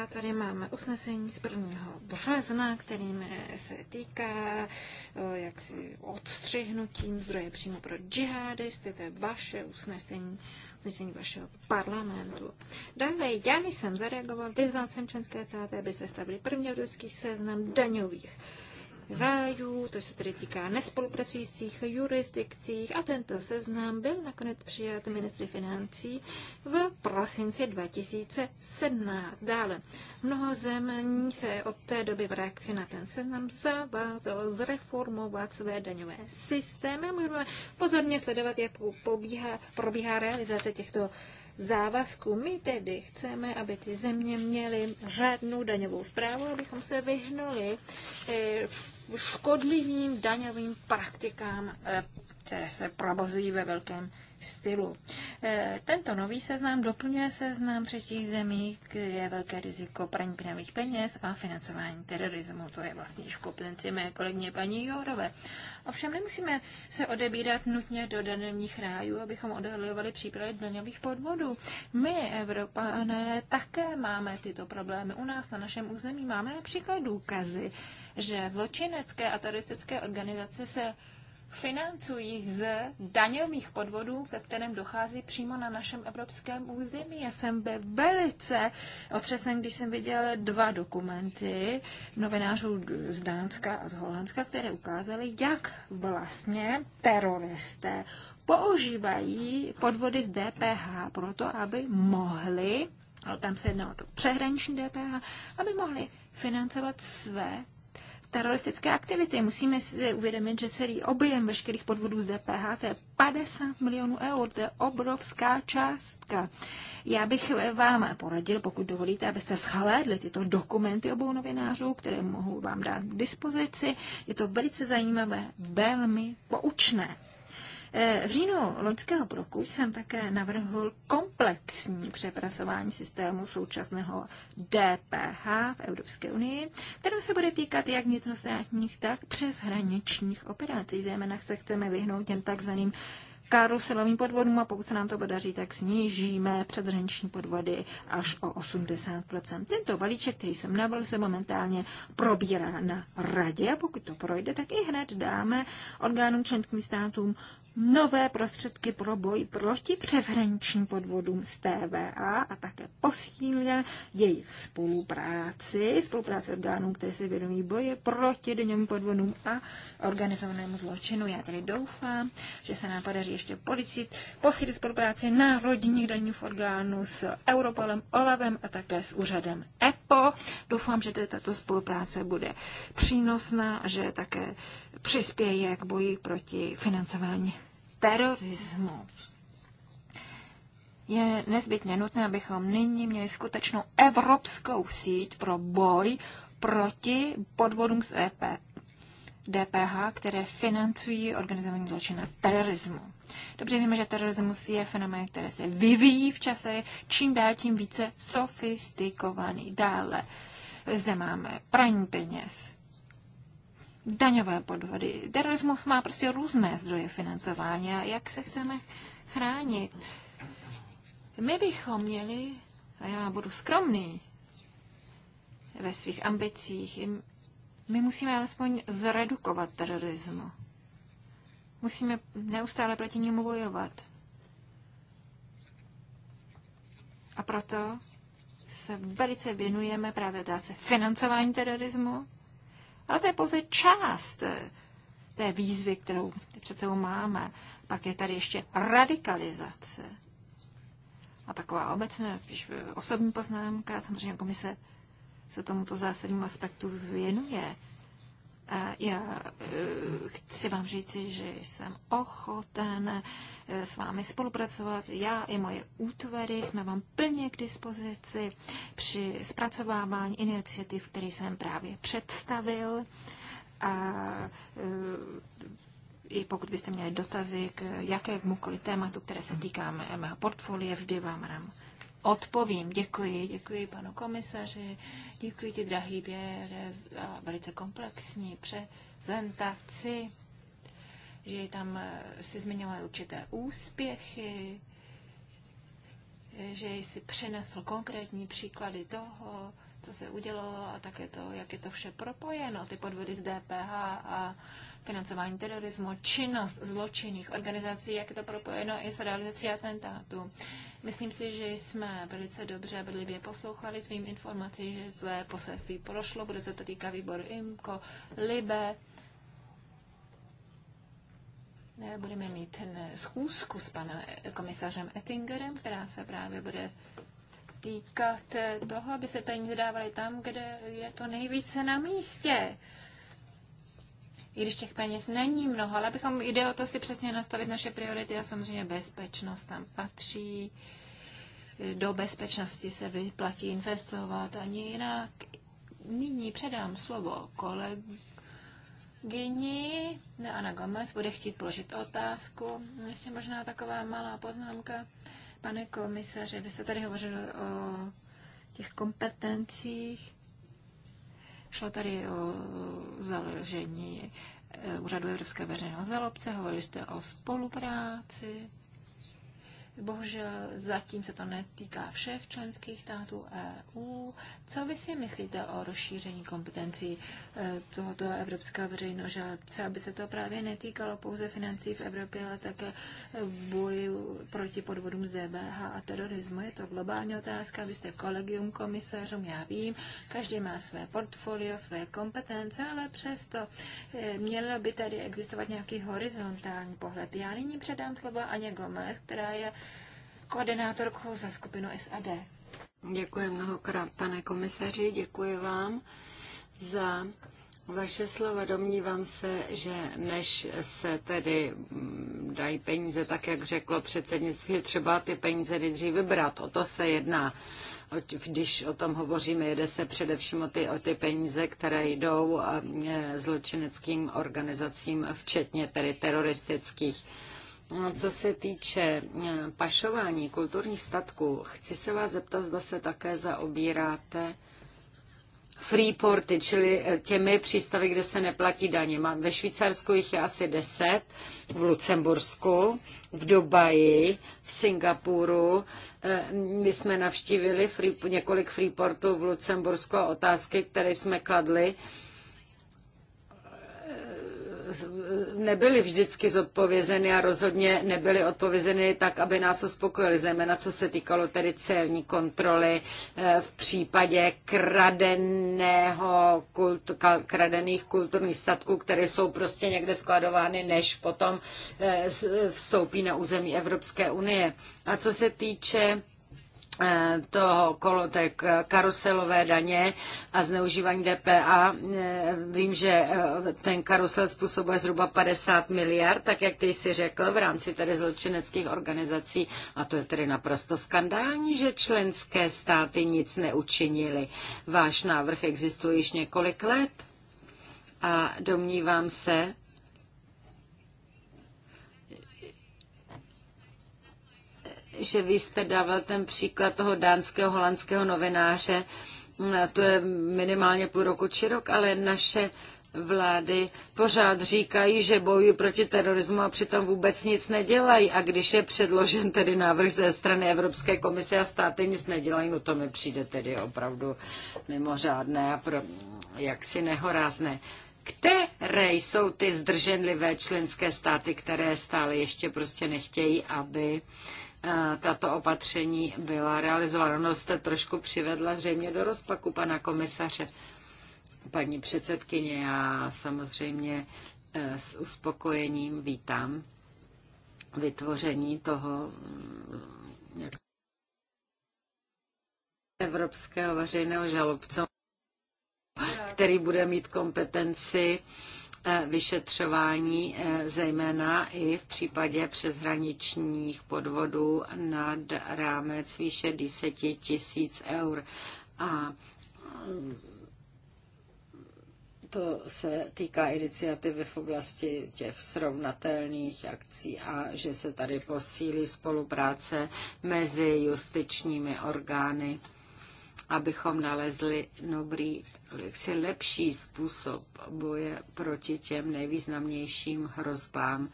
B: A tady máme usnesení z 1. března, kterým eh, se týká jaksi odstřihnutím zdroje přímo pro džihadisty. To je vaše usnesení usnesení vašeho parlamentu. Dále já jsem zareagoval, vyzval jsem členské státy, aby se stavili první ruský seznam daňových rájů, to se tedy týká nespolupracujících jurisdikcích a tento seznam byl nakonec přijat ministry financí v prosinci 2017. Dále mnoho zemí se od té doby v reakci na ten seznam zavázalo zreformovat své daňové systémy. Můžeme pozorně sledovat, jak pobíhá, probíhá realizace těchto závazku. My tedy chceme, aby ty země měly řádnou daňovou zprávu, abychom se vyhnuli eh, škodlivým daňovým praktikám, eh, které se provozují ve velkém stylu. Eh, tento nový seznam doplňuje seznam třetích zemí, kde je velké riziko praní pinavých peněz a financování terorismu. To je vlastně škoplenci mé kolegyně paní Jourové. Ovšem nemusíme se odebírat nutně do daných rájů, abychom odhalovali přípravy daňových podvodů. My, Evropané, také máme tyto problémy. U nás na našem území máme například důkazy, že zločinecké a teroristické organizace se financují z daňových podvodů, ke kterým dochází přímo na našem evropském území. Já jsem byl velice otřesen, když jsem viděl dva dokumenty novinářů z Dánska a z Holandska, které ukázaly, jak vlastně teroristé používají podvody z DPH proto, aby mohli, ale tam se jedná o to přehraniční DPH, aby mohli financovat své teroristické aktivity. Musíme si uvědomit, že celý objem veškerých podvodů z DPH to je 50 milionů eur, to je obrovská částka. Já bych vám poradil, pokud dovolíte, abyste schalédli tyto dokumenty obou novinářů, které mohu vám dát k dispozici. Je to velice zajímavé, velmi poučné. Eh, v říjnu loňského roku jsem také navrhl komplexní přepracování systému současného DPH v Evropské unii, které se bude týkat jak vnitrostátních, tak přeshraničních operací. Zejména se chceme vyhnout těm takzvaným karuselovým podvodům a pokud se nám to podaří, tak snížíme předhraniční podvody až o 80%. Tento balíček, který jsem nabil, se momentálně probírá na radě a pokud to projde, tak i hned dáme orgánům členským státům nové prostředky pro boj proti přeshraničním podvodům z TVA a také posílil jejich spolupráci, spolupráci orgánů, které se vědomí boje proti denním podvodům a organizovanému zločinu. Já tedy doufám, že se nám podaří ještě policit, posílit spolupráci národních daních orgánů s Europolem, Olavem a také s úřadem EPO. Doufám, že tedy tato spolupráce bude přínosná a že také přispěje k boji proti financování terorismu. Je nezbytně nutné, abychom nyní měli skutečnou evropskou síť pro boj proti podvodům z EP, DPH, které financují organizovaný zločin a terorismu. Dobře víme, že terorismus je fenomén, které se vyvíjí v čase, čím dál tím více sofistikovaný. Dále zde máme praní peněz, daňové podvody. Terorismus má prostě různé zdroje financování a jak se chceme chránit. My bychom měli, a já budu skromný ve svých ambicích, my musíme alespoň zredukovat terorismu. Musíme neustále proti němu bojovat. A proto se velice věnujeme právě dáce financování terorismu, ale to je pouze část eh, té výzvy, kterou před sebou máme. Pak je tady ještě radikalizace. A taková obecná, spíš eh, osobní poznámka, samozřejmě komise se tomuto zásadnímu aspektu věnuje já eh, chci vám říci, že jsem ochoten eh, s vámi spolupracovat. Já i moje útvary jsme vám plně k dispozici při zpracovávání iniciativ, které jsem právě představil. A eh, i pokud byste měli dotazy k jakémukoliv tématu, které se týká mého portfolie, vždy vám rám odpovím. Děkuji, děkuji panu komisaři, děkuji ti, drahý Běre, za velice komplexní prezentaci, že tam eh, si zmiňovali určité úspěchy, eh, že jsi přinesl konkrétní příklady toho, co se udělalo a také to, jak je to vše propojeno, ty podvody z DPH a financování terorismu, činnost zločinných organizací, jak je to propojeno i s realizací atentátu. Myslím si, že jsme velice dobře a bedlivě poslouchali tvým informací, že tvé poselství prošlo, bude se to týká výboru IMCO, LIBE. Budeme mít schůzku s panem komisařem Ettingerem, která se právě bude týkat toho, aby se peníze dávaly tam, kde je to nejvíce na místě i když těch peněz není mnoho, ale bychom jde o to si přesně nastavit naše priority a samozřejmě bezpečnost tam patří. Do bezpečnosti se vyplatí investovat ani jinak. Nyní předám slovo kolegyni. Ana Gomez bude chtít položit otázku. Ještě možná taková malá poznámka. Pane komisaře, vy jste tady hovořil o těch kompetencích Šlo tady o založení eh, Úřadu Evropské veřejného žalobce, hovorili jste o spolupráci Bohužel zatím se to netýká všech členských států EU. Co vy si myslíte o rozšíření kompetencí eh, tohoto evropského veřejného žalobce, aby se to právě netýkalo pouze financí v Evropě, ale také boji proti podvodům z DBH a terorismu? Je to globální otázka, vy jste kolegium komisařům, já vím, každý má své portfolio, své kompetence, ale přesto eh, mělo by tady existovat nějaký horizontální pohled. Já nyní předám slovo Aně Gomez, která je koordinátorkou za skupinu SAD.
A: Děkuji mnohokrát, pane komisaři, děkuji vám za vaše slova. Domnívám se, že než se tedy mm, dají peníze, tak jak řeklo předsednictví, je třeba ty peníze nejdřív vybrat. O to se jedná. Když o tom hovoříme, jede se především o ty, o ty peníze, které jdou e, zločineckým organizacím, včetně tedy teroristických No co se týče eh, pašování kulturních statků, chci se vás zeptat, zda se také zaobíráte Freeporty, čili eh, těmi přístavy, kde se neplatí daně. Ve Švýcarsku jich je asi 10, v Lucembursku, v Dubaji, v Singapuru. Eh, my jsme navštívili free, několik Freeportů v Lucembursku a otázky, které jsme kladli, nebyly vždycky zodpovězeny a rozhodně nebyly odpovězeny tak, aby nás uspokojili, zejména co se týkalo tedy celní kontroly eh, v případě kradeného kultu, kradených kulturních statků, které jsou prostě někde skladovány, než potom eh, vstoupí na území Evropské unie. A co se týče Eh, toho kolo té karuselové daně a zneužívání DPA. Eh, vím, že eh, ten karusel způsobuje zhruba 50 miliard, tak jak ty jsi řekl, v rámci tedy zločineckých organizací. A to je tedy naprosto skandální, že členské státy nic neučinili. Váš návrh existuje již několik let a domnívám se, že vy jste dával ten příklad toho dánského holandského novináře, to je minimálně půl roku či rok, ale naše vlády pořád říkají, že bojují proti terorismu a přitom vůbec nic nedělají. A když je předložen tedy návrh ze strany Evropské komise a státy nic nedělají, no to mi přijde tedy opravdu mimořádné a pro, jaksi nehorázné. Které jsou ty zdrženlivé členské státy, které stále ještě prostě nechtějí, aby uh, Eh, tato opatření byla realizována. No jste trošku přivedla zřejmě do rozpaku pana komisaře. Paní předsedkyně, já samozřejmě eh, s uspokojením vítám vytvoření toho mm, evropského veřejného žalobce, který bude mít kompetenci Eh, vyšetřování, eh, zejména i v případě přeshraničních podvodů nad rámec výše 10 tisíc eur. A eh, to se týká iniciativy v oblasti těch srovnatelných akcí a že se tady posílí spolupráce mezi justičními orgány, abychom nalezli dobrý jaksi lepší způsob boje proti těm nejvýznamnějším hrozbám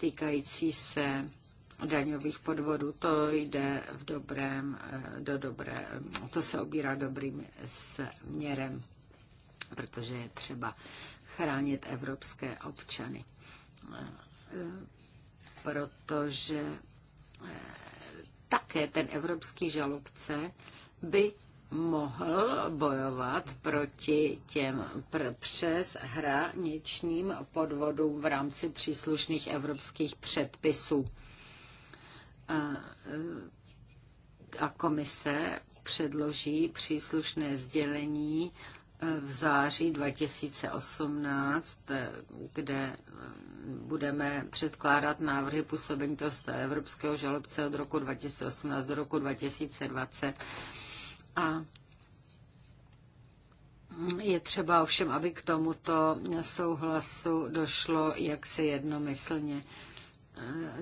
A: týkající se daňových podvodů. To jde v dobrém, eh, do dobré, to se obírá dobrým směrem, protože je třeba chránit evropské občany. Eh, protože eh, také ten evropský žalobce by mohl bojovat proti těm pr- přes hraničním podvodům v rámci příslušných evropských předpisů. A, e, a komise předloží příslušné sdělení e, v září 2018, e, kde budeme předkládat návrhy působení toho evropského žalobce od roku 2018 do roku 2020 a je třeba ovšem, aby k tomuto souhlasu došlo jak se jednomyslně.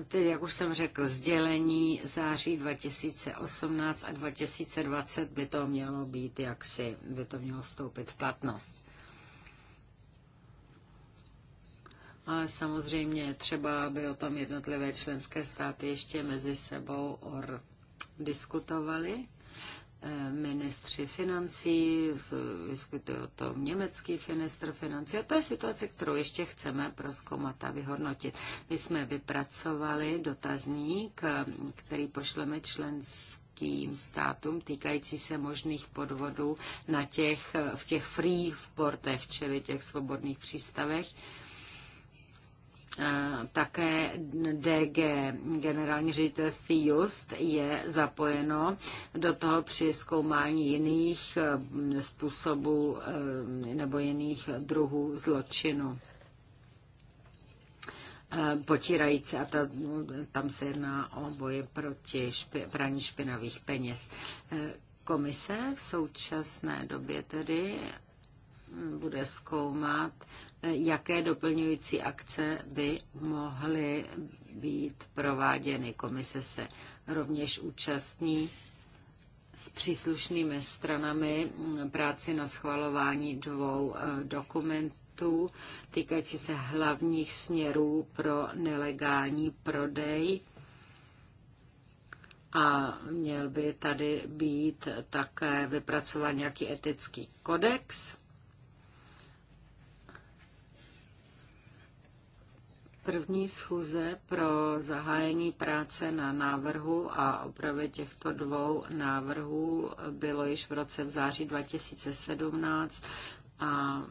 A: Tedy, jak už jsem řekl, sdělení září 2018 a 2020 by to mělo být jaksi, by to mělo vstoupit v platnost. ale samozřejmě třeba, aby o tom jednotlivé členské státy ještě mezi sebou or diskutovali ministři financí, diskutuje o tom německý ministr financí. A to je situace, kterou ještě chceme proskoumat a vyhodnotit. My jsme vypracovali dotazník, který pošleme členským členským státům týkající se možných podvodů na těch, v těch free portech, čili těch svobodných přístavech. Také DG, generální ředitelství Just, je zapojeno do toho při zkoumání jiných eh, způsobů eh, nebo jiných druhů zločinu eh, potírající a ta, no, tam se jedná o boje proti špi, praní špinavých peněz. Komise v současné době tedy hm, bude zkoumat jaké doplňující akce by mohly být prováděny. Komise se rovněž účastní s příslušnými stranami práci na schvalování dvou eh, dokumentů týkající se hlavních směrů pro nelegální prodej. A měl by tady být také vypracován nějaký etický kodex první schůze pro zahájení práce na návrhu a opravě těchto dvou návrhů bylo již v roce v září 2017 a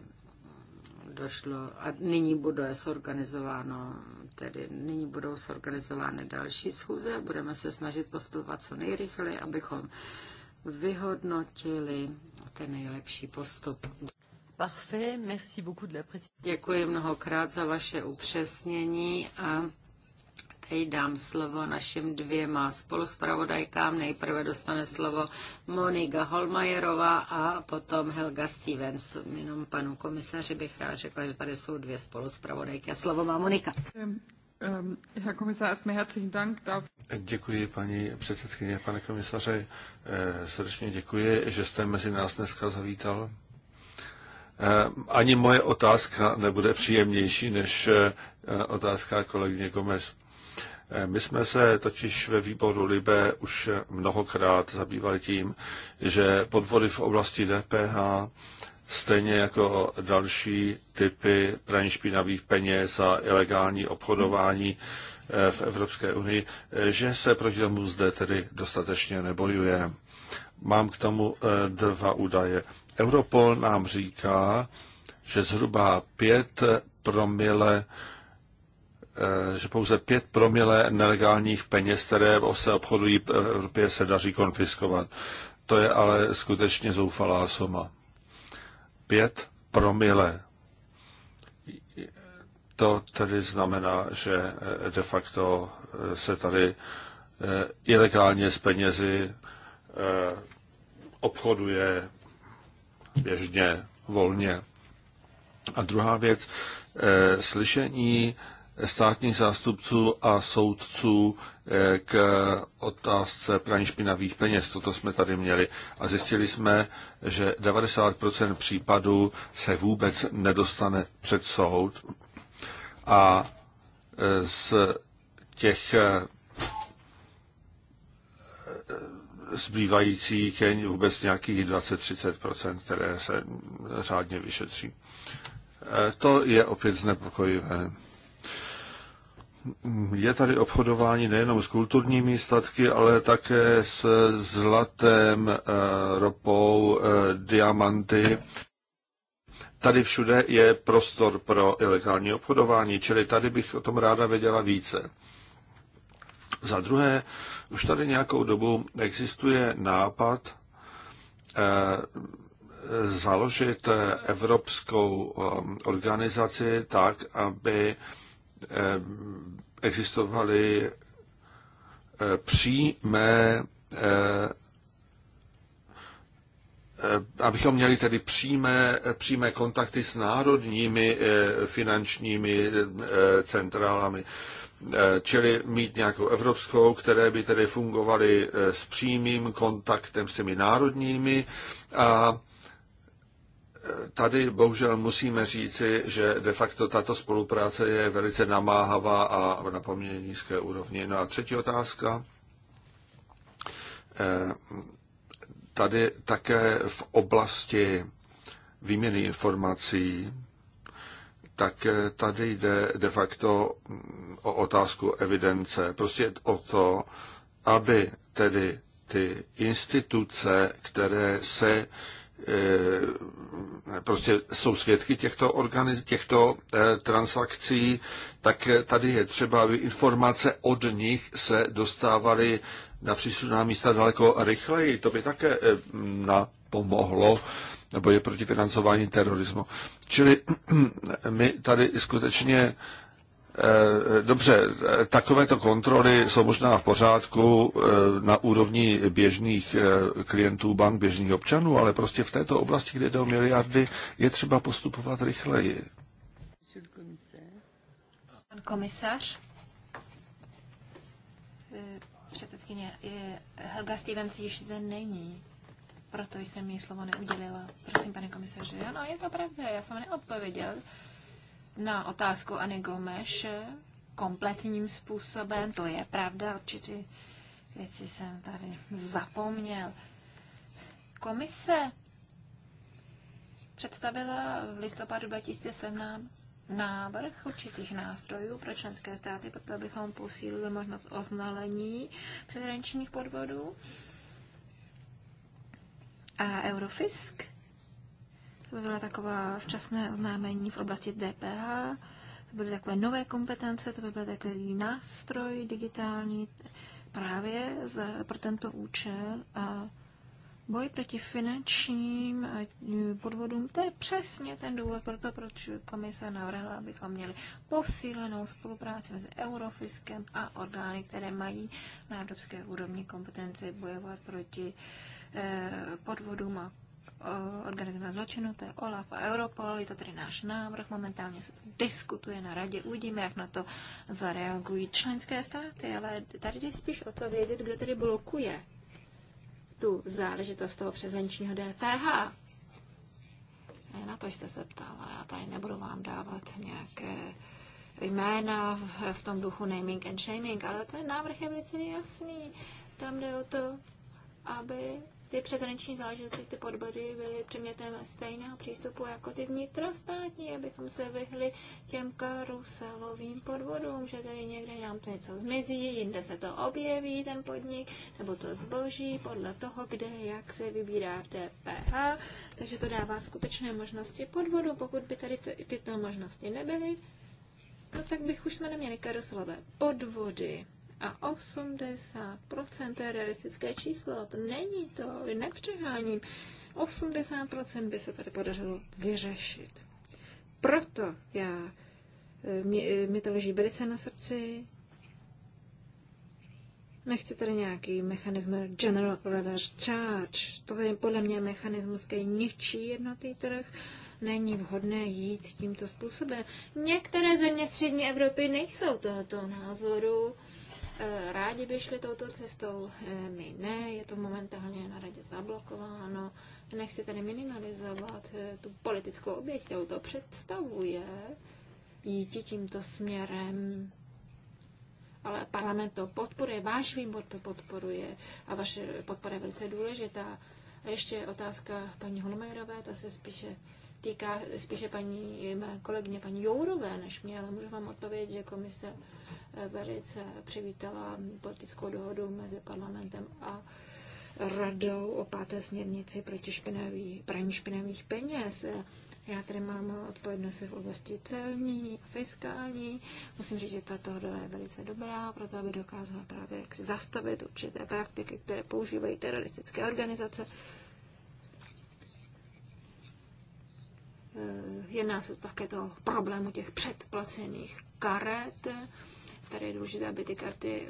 A: došlo a nyní bude sorganizováno, tedy nyní budou sorganizovány další schůze budeme se snažit postupovat co nejrychleji, abychom vyhodnotili ten nejlepší postup. Děkuji mnohokrát za vaše upřesnění a teď dám slovo našim dvěma spoluspravodajkám. Nejprve dostane slovo Monika Holmajerová a potom Helga Stevens. Jenom panu komisaři bych rád řekla, že tady jsou dvě spoluspravodajky. slovo má Monika.
C: Děkuji, paní předsedkyně, pane komisaře. Eh, srdečně děkuji, že jste mezi nás dneska zavítal. Eh, ani moje otázka nebude příjemnější než eh, otázka kolegyně Gomez. Eh, my jsme se totiž ve výboru Libe už mnohokrát zabývali tím, že podvody v oblasti DPH, stejně jako další typy praní špinavých peněz a ilegální obchodování v Evropské unii, že se proti tomu zde tedy dostatečně nebojuje. Mám k tomu dva údaje. Europol nám říká, že zhruba 5 promile eh, že pouze 5 promile nelegálních peněz, které se obchodují eh, v Evropě, se daří konfiskovat. To je ale skutečně zoufalá soma. 5 promile. To tedy znamená, že eh, de facto se tady ilegálně s penězi obchoduje běžně, volně. A druhá věc, eh, slyšení státních zástupců a soudců eh, k otázce praní špinavých peněz. Toto jsme tady měli a zjistili jsme, že 90% případů se vůbec nedostane před soud a eh, z těch zbývajících je vůbec nějakých 20-30%, které se řádně vyšetří. E, to je opět znepokojivé. Je tady obchodování nejenom s kulturními statky, ale také s zlatem, e, ropou, e, diamanty. Tady všude je prostor pro ilegální obchodování, čili tady bych o tom ráda věděla více. Za druhé, už tady nějakou dobu existuje nápad eh, založit eh, evropskou eh, organizaci tak, aby existovaly přímé abychom měli tedy přímé, přímé kontakty s národními finančními centrálami. Eh, čili mít nějakou evropskou, které by tedy fungovaly eh, s přímým kontaktem s těmi národními a eh, tady bohužel musíme říci, že de facto tato spolupráce je velice namáhavá a na poměrně nízké úrovni. No a třetí otázka. Tady také v oblasti výměny informací tak eh, tady jde de facto mm, o otázku evidence. Prostě o to, aby tedy ty instituce, které se eh, prostě jsou svědky těchto, organiz, těchto eh, transakcí, tak tady je třeba, aby informace od nich se dostávaly na příslušná místa daleko rychleji. To by také na pomohlo nebo je proti financování terorismu. Čili my tady skutečně eh, Dobře, takovéto kontroly jsou možná v pořádku eh, na úrovni běžných eh, klientů bank, běžných občanů, ale prostě v této oblasti, kde jde o miliardy, je třeba postupovat rychleji.
B: Pan komisař? Předsedkyně Helga Stevens již zde není proto jsem jí slovo neudělila. Prosím, pane komisaře, ano, je to pravda, já jsem neodpověděl na otázku Ani Gomeš kompletním způsobem, to je pravda, určitě věci jsem tady zapomněl. Komise představila v listopadu 2017 návrh určitých nástrojů pro členské státy, proto abychom posílili možnost oznalení přeshraničních podvodů. A Eurofisk? To by byla taková včasné oznámení v oblasti DPH, to byly takové nové kompetence, to by byl takový nástroj digitální právě za, pro tento účel a boj proti finančním eh, podvodům, to je přesně ten důvod, proto proč komise navrhla, abychom měli posílenou spolupráci mezi Eurofiskem a orgány, které mají na evropské úrovni kompetenci bojovat proti uh, Eh, podvodům a organizovaného zločinu, to je OLAF a Europol, je to tedy náš návrh, momentálně se to diskutuje na radě, uvidíme, jak na to zareagují členské státy, ale tady jde spíš o to vědět, kdo tedy blokuje tu záležitost toho přezvenčního DPH. Na to jste se ptala, já tady nebudu vám dávat nějaké jména v tom duchu naming and shaming, ale ten návrh je velice jasný. Tam jde o to, aby ty přezraniční záležitosti, ty podbody byly předmětem stejného přístupu jako ty vnitrostátní, abychom se vyhli těm karuselovým podvodům, že tady někde nám to něco zmizí, jinde se to objeví, ten podnik, nebo to zboží, podle toho, kde, jak se vybírá DPH, takže to dává skutečné možnosti podvodu, pokud by tady ty, tyto možnosti nebyly, no tak bych už jsme neměli karuselové podvody a 80% to je realistické číslo, to není to, nepřeháním. 80% by se tady podařilo vyřešit. Proto já, e, e, mi to leží velice na srdci, Nechci tady nějaký mechanismus General Reverse Charge. To je podle mě mechanismus, který ničí jednotý trh. Není vhodné jít tímto způsobem. Některé země střední Evropy nejsou tohoto názoru. Eh, rádi by šli touto cestou, eh, my ne, je to momentálně na radě zablokováno. Nechci tady minimalizovat eh, tu politickou oběť, kterou to představuje, jít tímto směrem, ale parlament to podporuje, váš výbor to podporuje a vaše podpora je velice důležitá. A ještě otázka paní Holmejrové, ta se spíše týká spíše paní kolegyně, paní Jourové, než mě, ale můžu vám odpovědět, že komise velice přivítala politickou dohodu mezi parlamentem a radou o páté směrnici proti špinavý, praní špinavých peněz. Já tady mám odpovědnost v oblasti celní a fiskální. Musím říct, že tato dohoda je velice dobrá, proto aby dokázala právě jak si zastavit určité praktiky, které používají teroristické organizace. Jedná se také toho problému těch předplacených karet Tady je důležité, aby ty karty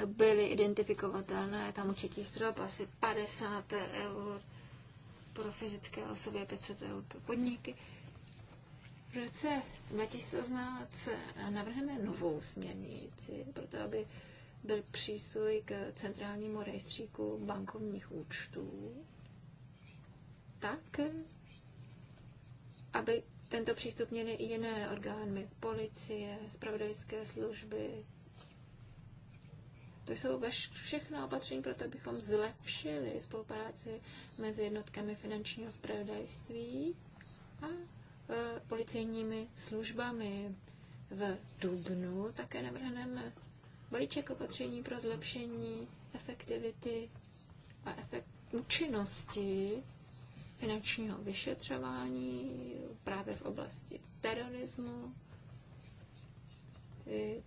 B: eh, byly identifikovatelné. Tam určitý strop asi 50 eur pro fyzické osoby, 500 eur pro podniky. V roce 2018 navrhneme novou směrnici, proto aby byl přístroj k centrálnímu rejstříku bankovních účtů tak, aby tento přístup měly i jiné orgány, policie, spravodajské služby. To jsou všechno opatření pro to, abychom zlepšili spolupráci mezi jednotkami finančního spravodajství a e, policejními službami. V dubnu také navrhneme balíček opatření pro zlepšení efektivity a efekt účinnosti finančního vyšetřování právě v oblasti terorismu.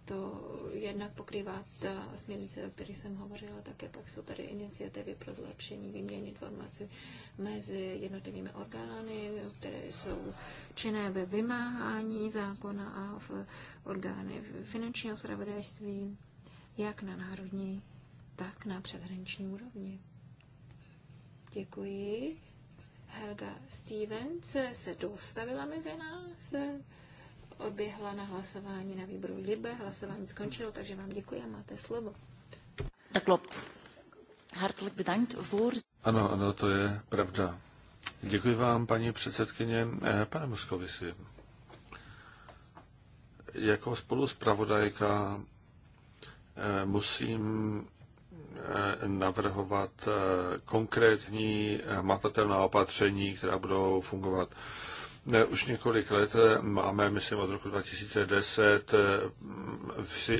B: To jednak pokrývá ta směrnice, o které jsem hovořila, také pak jsou tady iniciativy pro zlepšení výměny informací mezi jednotlivými orgány, které jsou činné ve vymáhání zákona a v orgány finančního spravodajství, jak na národní, tak na přeshraniční úrovni. Děkuji. Helga Stevens se dostavila mezi nás, odběhla na hlasování na výboru Libe, hlasování skončilo, takže vám děkuji a máte slovo. Tak klopt. Hartelijk bedankt voor...
C: Ano, ano, to je pravda. Děkuji vám, paní předsedkyně. Eh, pane Moskovisi, jako spolu zpravodajka eh, musím navrhovat eh, konkrétní eh, matatelná opatření, která budou fungovat. Už několik let eh, máme, myslím od roku 2010,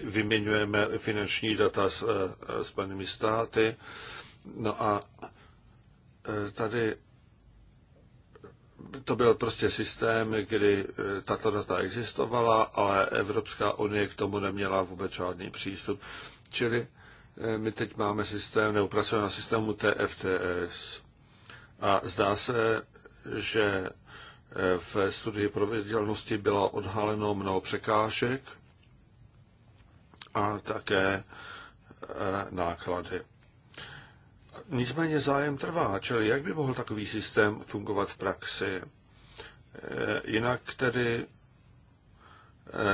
C: vyměňujeme finanční data s panými státy. No a tady to byl prostě systém, kdy tato data existovala, ale Evropská unie k tomu neměla vůbec žádný přístup. Čili Eh, my teď máme systém, nebo pracujeme na systému TFTS. A zdá se, že eh, v studii proveditelnosti bylo odhaleno mnoho překážek a také eh, náklady. Nicméně zájem trvá, čili jak by mohl takový systém fungovat v praxi? Jinak tedy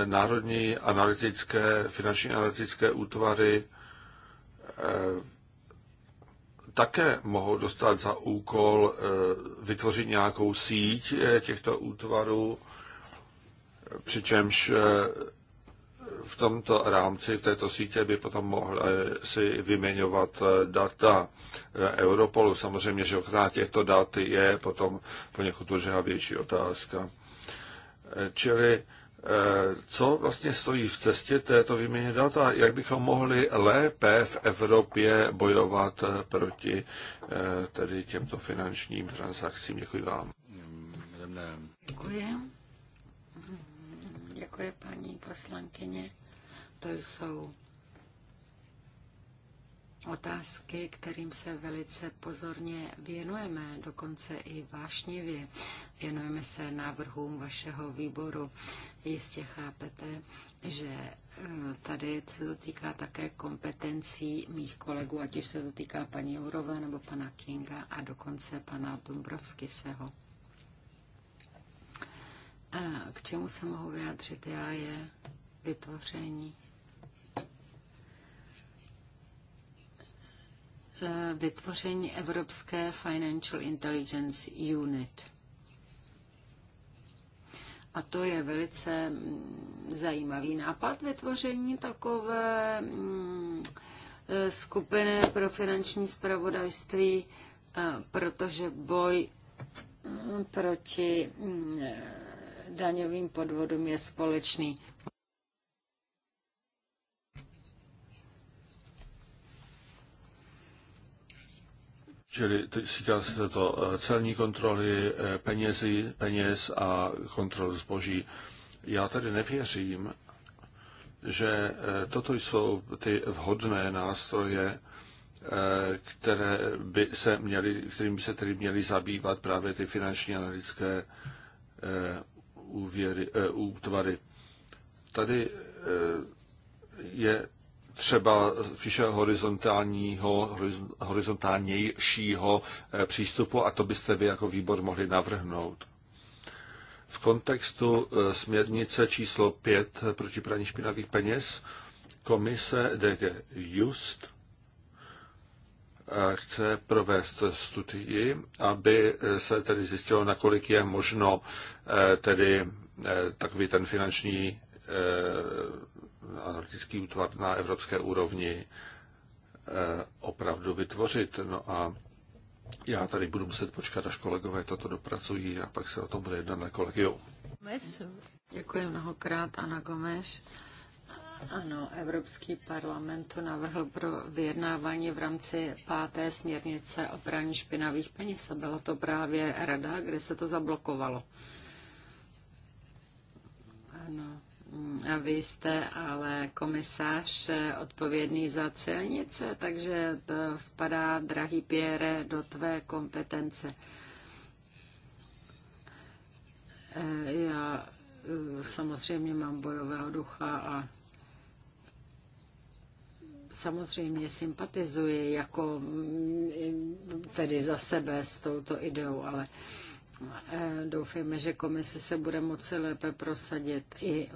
C: národní analytické, finanční analytické útvary Eh, také mohou dostat za úkol eh, vytvořit nějakou síť eh, těchto útvarů, přičemž v tomto rámci, v této sítě by potom mohli si vyměňovat data Europolu. Samozřejmě, že ochrana těchto dat je potom poněkud ožehavější otázka. Čili Eh, co vlastně stojí v cestě této výměny dat a jak bychom mohli lépe v Evropě bojovat eh, proti eh, tedy těmto finančním transakcím. Děkuji vám.
A: Děkuji. Děkuji, paní poslankyně. To jsou otázky, kterým se velice pozorně věnujeme, dokonce i vášnivě. Věnujeme se návrhům vašeho výboru. Jistě chápete, že e, tady se to týká také kompetencí mých kolegů, ať už se to týká paní Jourové nebo pana Kinga a dokonce pana Dombrovskiseho. E, k čemu se mohu vyjádřit já je vytvoření Eh, vytvoření Evropské Financial Intelligence Unit. A to je velice mm, zajímavý nápad vytvoření takové mm, eh, skupiny pro finanční spravodajství, eh, protože boj mm, proti daňovým podvodům je společný.
C: Čili týká se to eh, celní kontroly, eh, penězi, peněz a kontrol zboží. Já tady nevěřím, že eh, toto jsou ty vhodné nástroje, které by se měly, kterým by se tedy měly zabývat právě ty finanční analytické úvěry, útvary. Tady je třeba spíše horizontálního, horizontálnějšího eh, přístupu a to byste vy jako výbor mohli navrhnout. V kontextu eh, směrnice číslo 5 eh, proti praní špinavých peněz komise DG Just chce provést studii, aby se tedy zjistilo, nakolik je možno tedy takový ten finanční analytický útvar na evropské úrovni eh, opravdu vytvořit. No a já tady budu muset počkat, až kolegové toto dopracují a pak se o tom bude jednat na kolegiu.
A: Děkuji mnohokrát, Ana Gomes. Ano, Evropský parlament to navrhl pro vyjednávání v rámci páté směrnice o praní špinavých peněz a byla to právě rada, kde se to zablokovalo. Ano, vy jste ale komisář eh, odpovědný za celnice, takže to spadá, drahý Pierre, do tvé kompetence. Eh, já eh, samozřejmě mám bojového ducha a samozřejmě sympatizuji jako mm, tedy za sebe s touto ideou, ale uh, Eh, doufejme, že komise se bude moci lépe prosadit i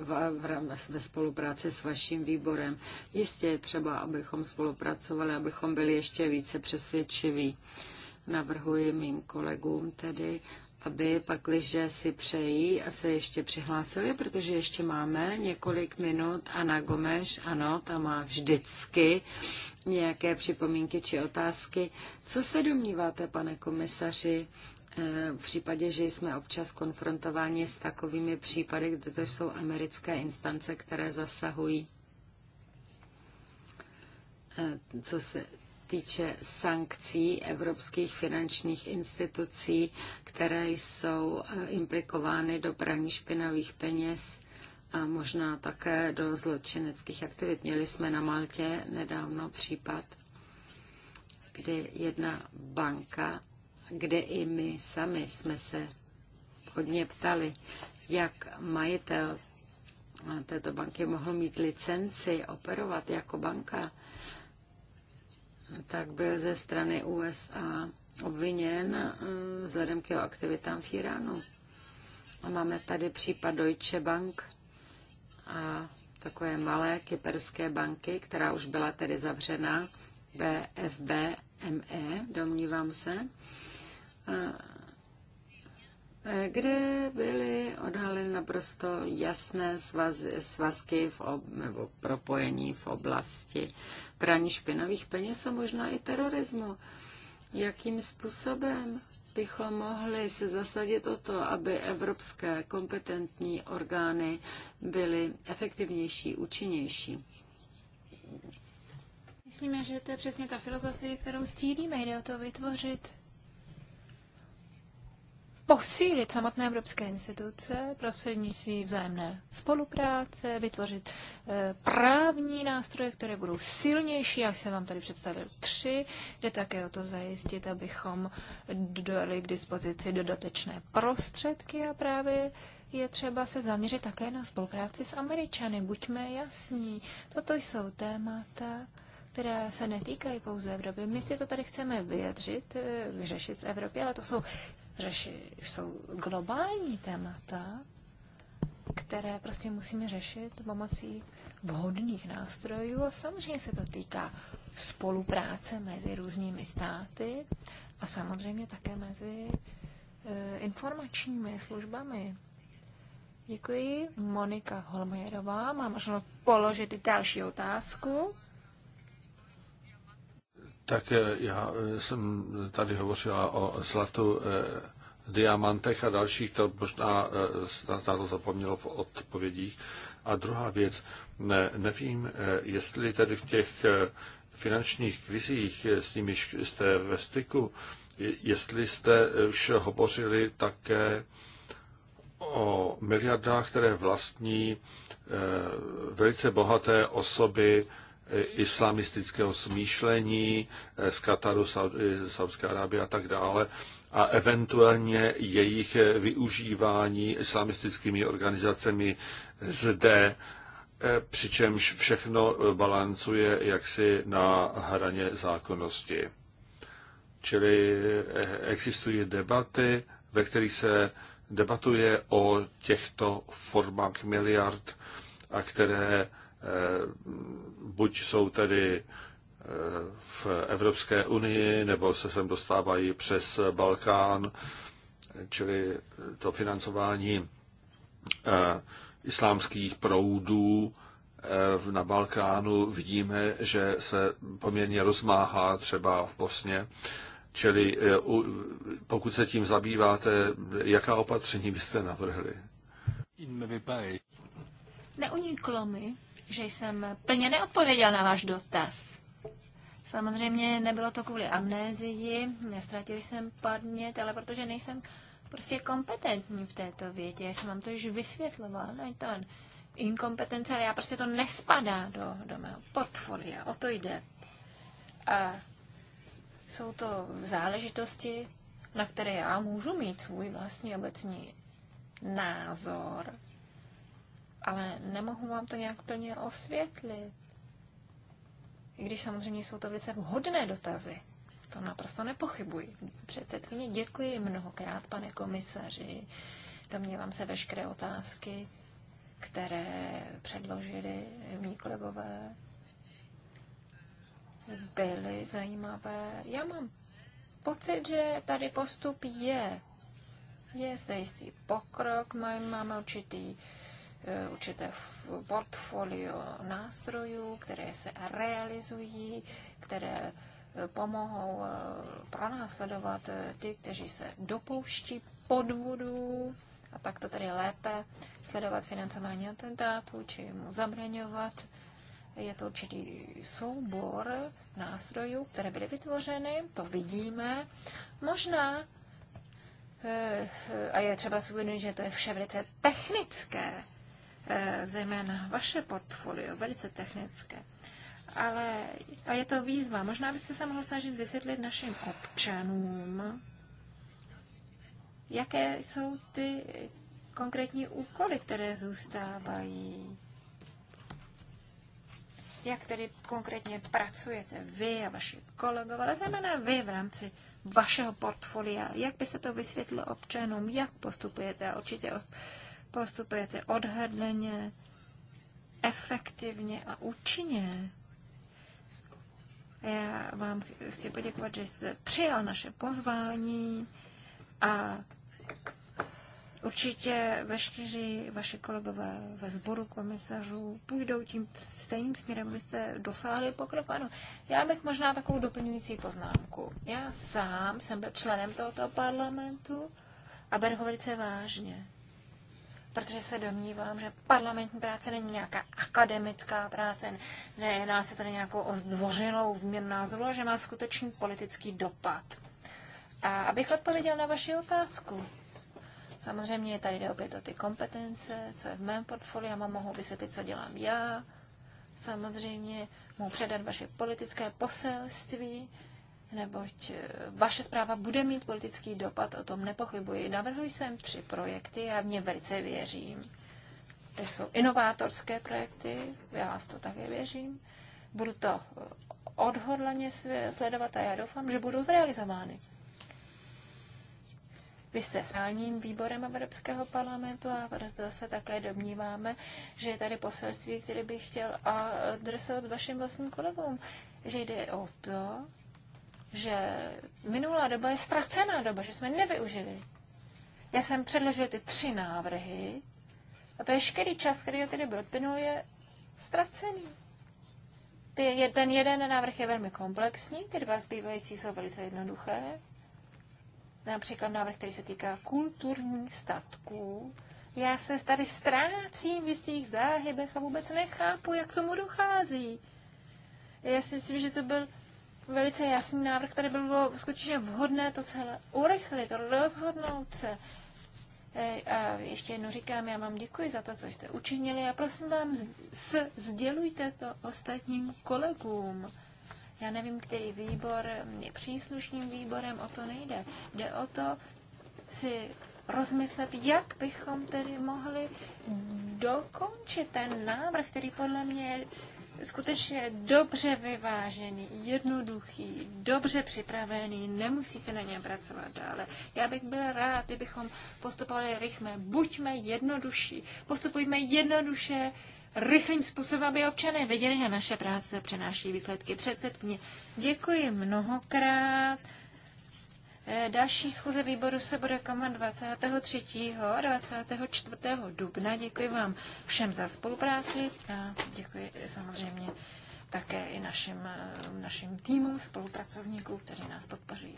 A: ve spolupráci s vaším výborem. Jistě je třeba, abychom spolupracovali, abychom byli ještě více přesvědčiví. Navrhuji mým kolegům tedy, aby pakliže si přejí a se ještě přihlásili, protože ještě máme několik minut. Ana Gomeš, ano, ta má vždycky nějaké připomínky či otázky. Co se domníváte, pane komisaři, v případě, že jsme občas konfrontováni s takovými případy, kde to jsou americké instance, které zasahují, eh, co se týče sankcí evropských finančních institucí, které jsou eh, implikovány do praní špinavých peněz a možná také do zločineckých aktivit. Měli jsme na Maltě nedávno případ, kdy jedna banka kde i my sami jsme se hodně ptali, jak majitel této banky mohl mít licenci operovat jako banka, tak byl ze strany USA obviněn eh, vzhledem k jeho aktivitám v Iránu. A máme tady případ Deutsche Bank a takové malé kyperské banky, která už byla tedy zavřena, BFBME, domnívám se. E, kde byly odhaleny naprosto jasné svazy, svazky v ob, nebo propojení v oblasti praní špinavých peněz a možná i terorismu. Jakým způsobem bychom mohli se zasadit o to, aby evropské kompetentní orgány byly efektivnější, účinnější?
B: Myslíme, že to je přesně ta filozofie, kterou stílíme. Jde o to vytvořit posílit samotné evropské instituce prostřednictví vzájemné spolupráce, vytvořit eh, právní nástroje, které budou silnější. jak jsem vám tady představil tři. Jde také o to zajistit, abychom dali k dispozici dodatečné prostředky a právě je třeba se zaměřit také na spolupráci s Američany. Buďme jasní. Toto jsou témata, které se netýkají pouze Evropy. My si to tady chceme vyjadřit, eh, vyřešit v Evropě, ale to jsou řeši, jsou globální témata, které prostě musíme řešit pomocí vhodných nástrojů a samozřejmě se to týká spolupráce mezi různými státy a samozřejmě také mezi e, informačními službami. Děkuji. Monika Holmajerová má možnost položit další otázku.
C: Tak eh, já eh, jsem tady hovořila o zlatu, eh, diamantech a dalších, to možná na to zapomnělo v odpovědích. A druhá věc, ne, nevím, jestli tedy v těch finančních krizích, s nimiž jste ve styku, jestli jste už hovořili také o miliardách, které vlastní velice bohaté osoby Eh, islamistického smýšlení eh, z Kataru, eh, Saudské Arábie a tak dále a eventuálně jejich využívání islamistickými organizacemi zde, přičemž všechno balancuje jaksi na hraně zákonnosti. Čili existují debaty, ve kterých se debatuje o těchto formách miliard a které Eh, buď jsou tedy eh, v Evropské unii, nebo se sem dostávají přes Balkán, čili to financování eh, islámských proudů na Balkánu vidíme, že se poměrně rozmáhá třeba v Bosně. Čili pokud se tím zabýváte, jaká opatření byste navrhli?
B: Neuniklo mi, že jsem plně neodpověděl na váš dotaz. Samozřejmě nebylo to kvůli amnézii, nestratil jsem paměť, ale protože nejsem prostě kompetentní v této vědě. Já jsem vám to již vysvětloval, no to inkompetence, ale já prostě to nespadá do, do mého portfolia, o to jde. A jsou to záležitosti, na které já můžu mít svůj vlastní obecní názor, ale nemohu vám to nějak plně osvětlit. I když samozřejmě jsou to velice vhodné dotazy. To naprosto nepochybuji. Předsedkyně, děkuji mnohokrát, pane komisaři. Domnívám se veškeré otázky, které předložili mý kolegové, byly zajímavé. Já mám pocit, že tady postup je. Je zde jistý pokrok, mám určitý Eh, určité portfolio nástrojů, které se realizují, které eh, pomohou eh, pronásledovat ty, kteří se dopouští podvodů a tak to tedy lépe sledovat financování atentátů či mu zabraňovat. Je to určitý soubor nástrojů, které byly vytvořeny, to vidíme. Možná, a je třeba si uvědomit, že to je vše velice technické, Eh, zejména vaše portfolio, velice technické. Ale a je to výzva. Možná byste se mohl snažit vysvětlit našim občanům, jaké jsou ty konkrétní úkoly, které zůstávají. Jak tedy konkrétně pracujete vy a vaši kolegové, ale zejména vy v rámci vašeho portfolia. Jak byste to vysvětlil občanům, jak postupujete a určitě postupujete odhadleně, efektivně a účinně. Já vám chci poděkovat, že jste přijal naše pozvání a určitě veškeří vaše kolegové ve sboru komisařů půjdou tím stejným směrem, abyste dosáhli pokroku. Ano, já bych možná takovou doplňující poznámku. Já sám jsem byl členem tohoto parlamentu a beru ho velice vážně protože se domnívám, že parlamentní práce není nějaká akademická práce, nejedná se tady nějakou o zdvořilou výměnu názoru, ale že má skutečný politický dopad. A abych odpověděl na vaši otázku. Samozřejmě je tady jde opět o ty kompetence, co je v mém portfoliu, já vám mohu vysvětlit, co dělám já. Samozřejmě mohu předat vaše politické poselství, neboť eh, vaše zpráva bude mít politický dopad, o tom nepochybuji. Navrhuji jsem tři projekty, já v ně velice věřím. To jsou inovátorské projekty, já v to také věřím. Budu to eh, odhodlaně sledovat a já doufám, že budou zrealizovány. Vy jste sálním výborem Evropského parlamentu a proto se také domníváme, že je tady poselství, které bych chtěl adresovat vašim vlastním kolegům, že jde o to, že minulá doba je ztracená doba, že jsme nevyužili. Já jsem předložil ty tři návrhy a veškerý čas, který tedy byl odplynul, je ztracený. Ty, ten jeden návrh je velmi komplexní, ty dva zbývající jsou velice jednoduché. Například návrh, který se týká kulturních statků. Já se tady ztrácím v jistých záhybech a vůbec nechápu, jak k tomu dochází. Já si myslím, že to byl velice jasný návrh, který by bylo skutečně vhodné to celé urychlit, rozhodnout se. E, a ještě jednou říkám, já vám děkuji za to, co jste učinili a prosím vám, s, sdělujte to ostatním kolegům. Já nevím, který výbor je příslušným výborem, o to nejde. Jde o to si rozmyslet, jak bychom tedy mohli dokončit ten návrh, který podle mě je skutečně dobře vyvážený, jednoduchý, dobře připravený, nemusí se na něm pracovat dále. Já bych byl rád, kdybychom postupovali rychle. Buďme jednodušší, postupujme jednoduše, rychlým způsobem, aby občané věděli, že naše práce přenáší výsledky předsedkyně. Děkuji mnohokrát. Eh, další schůze výboru se bude konat 23. a 24. dubna. Děkuji vám všem za spolupráci a
A: děkuji samozřejmě také i našim, eh, našim týmům spolupracovníků, kteří nás podpoří.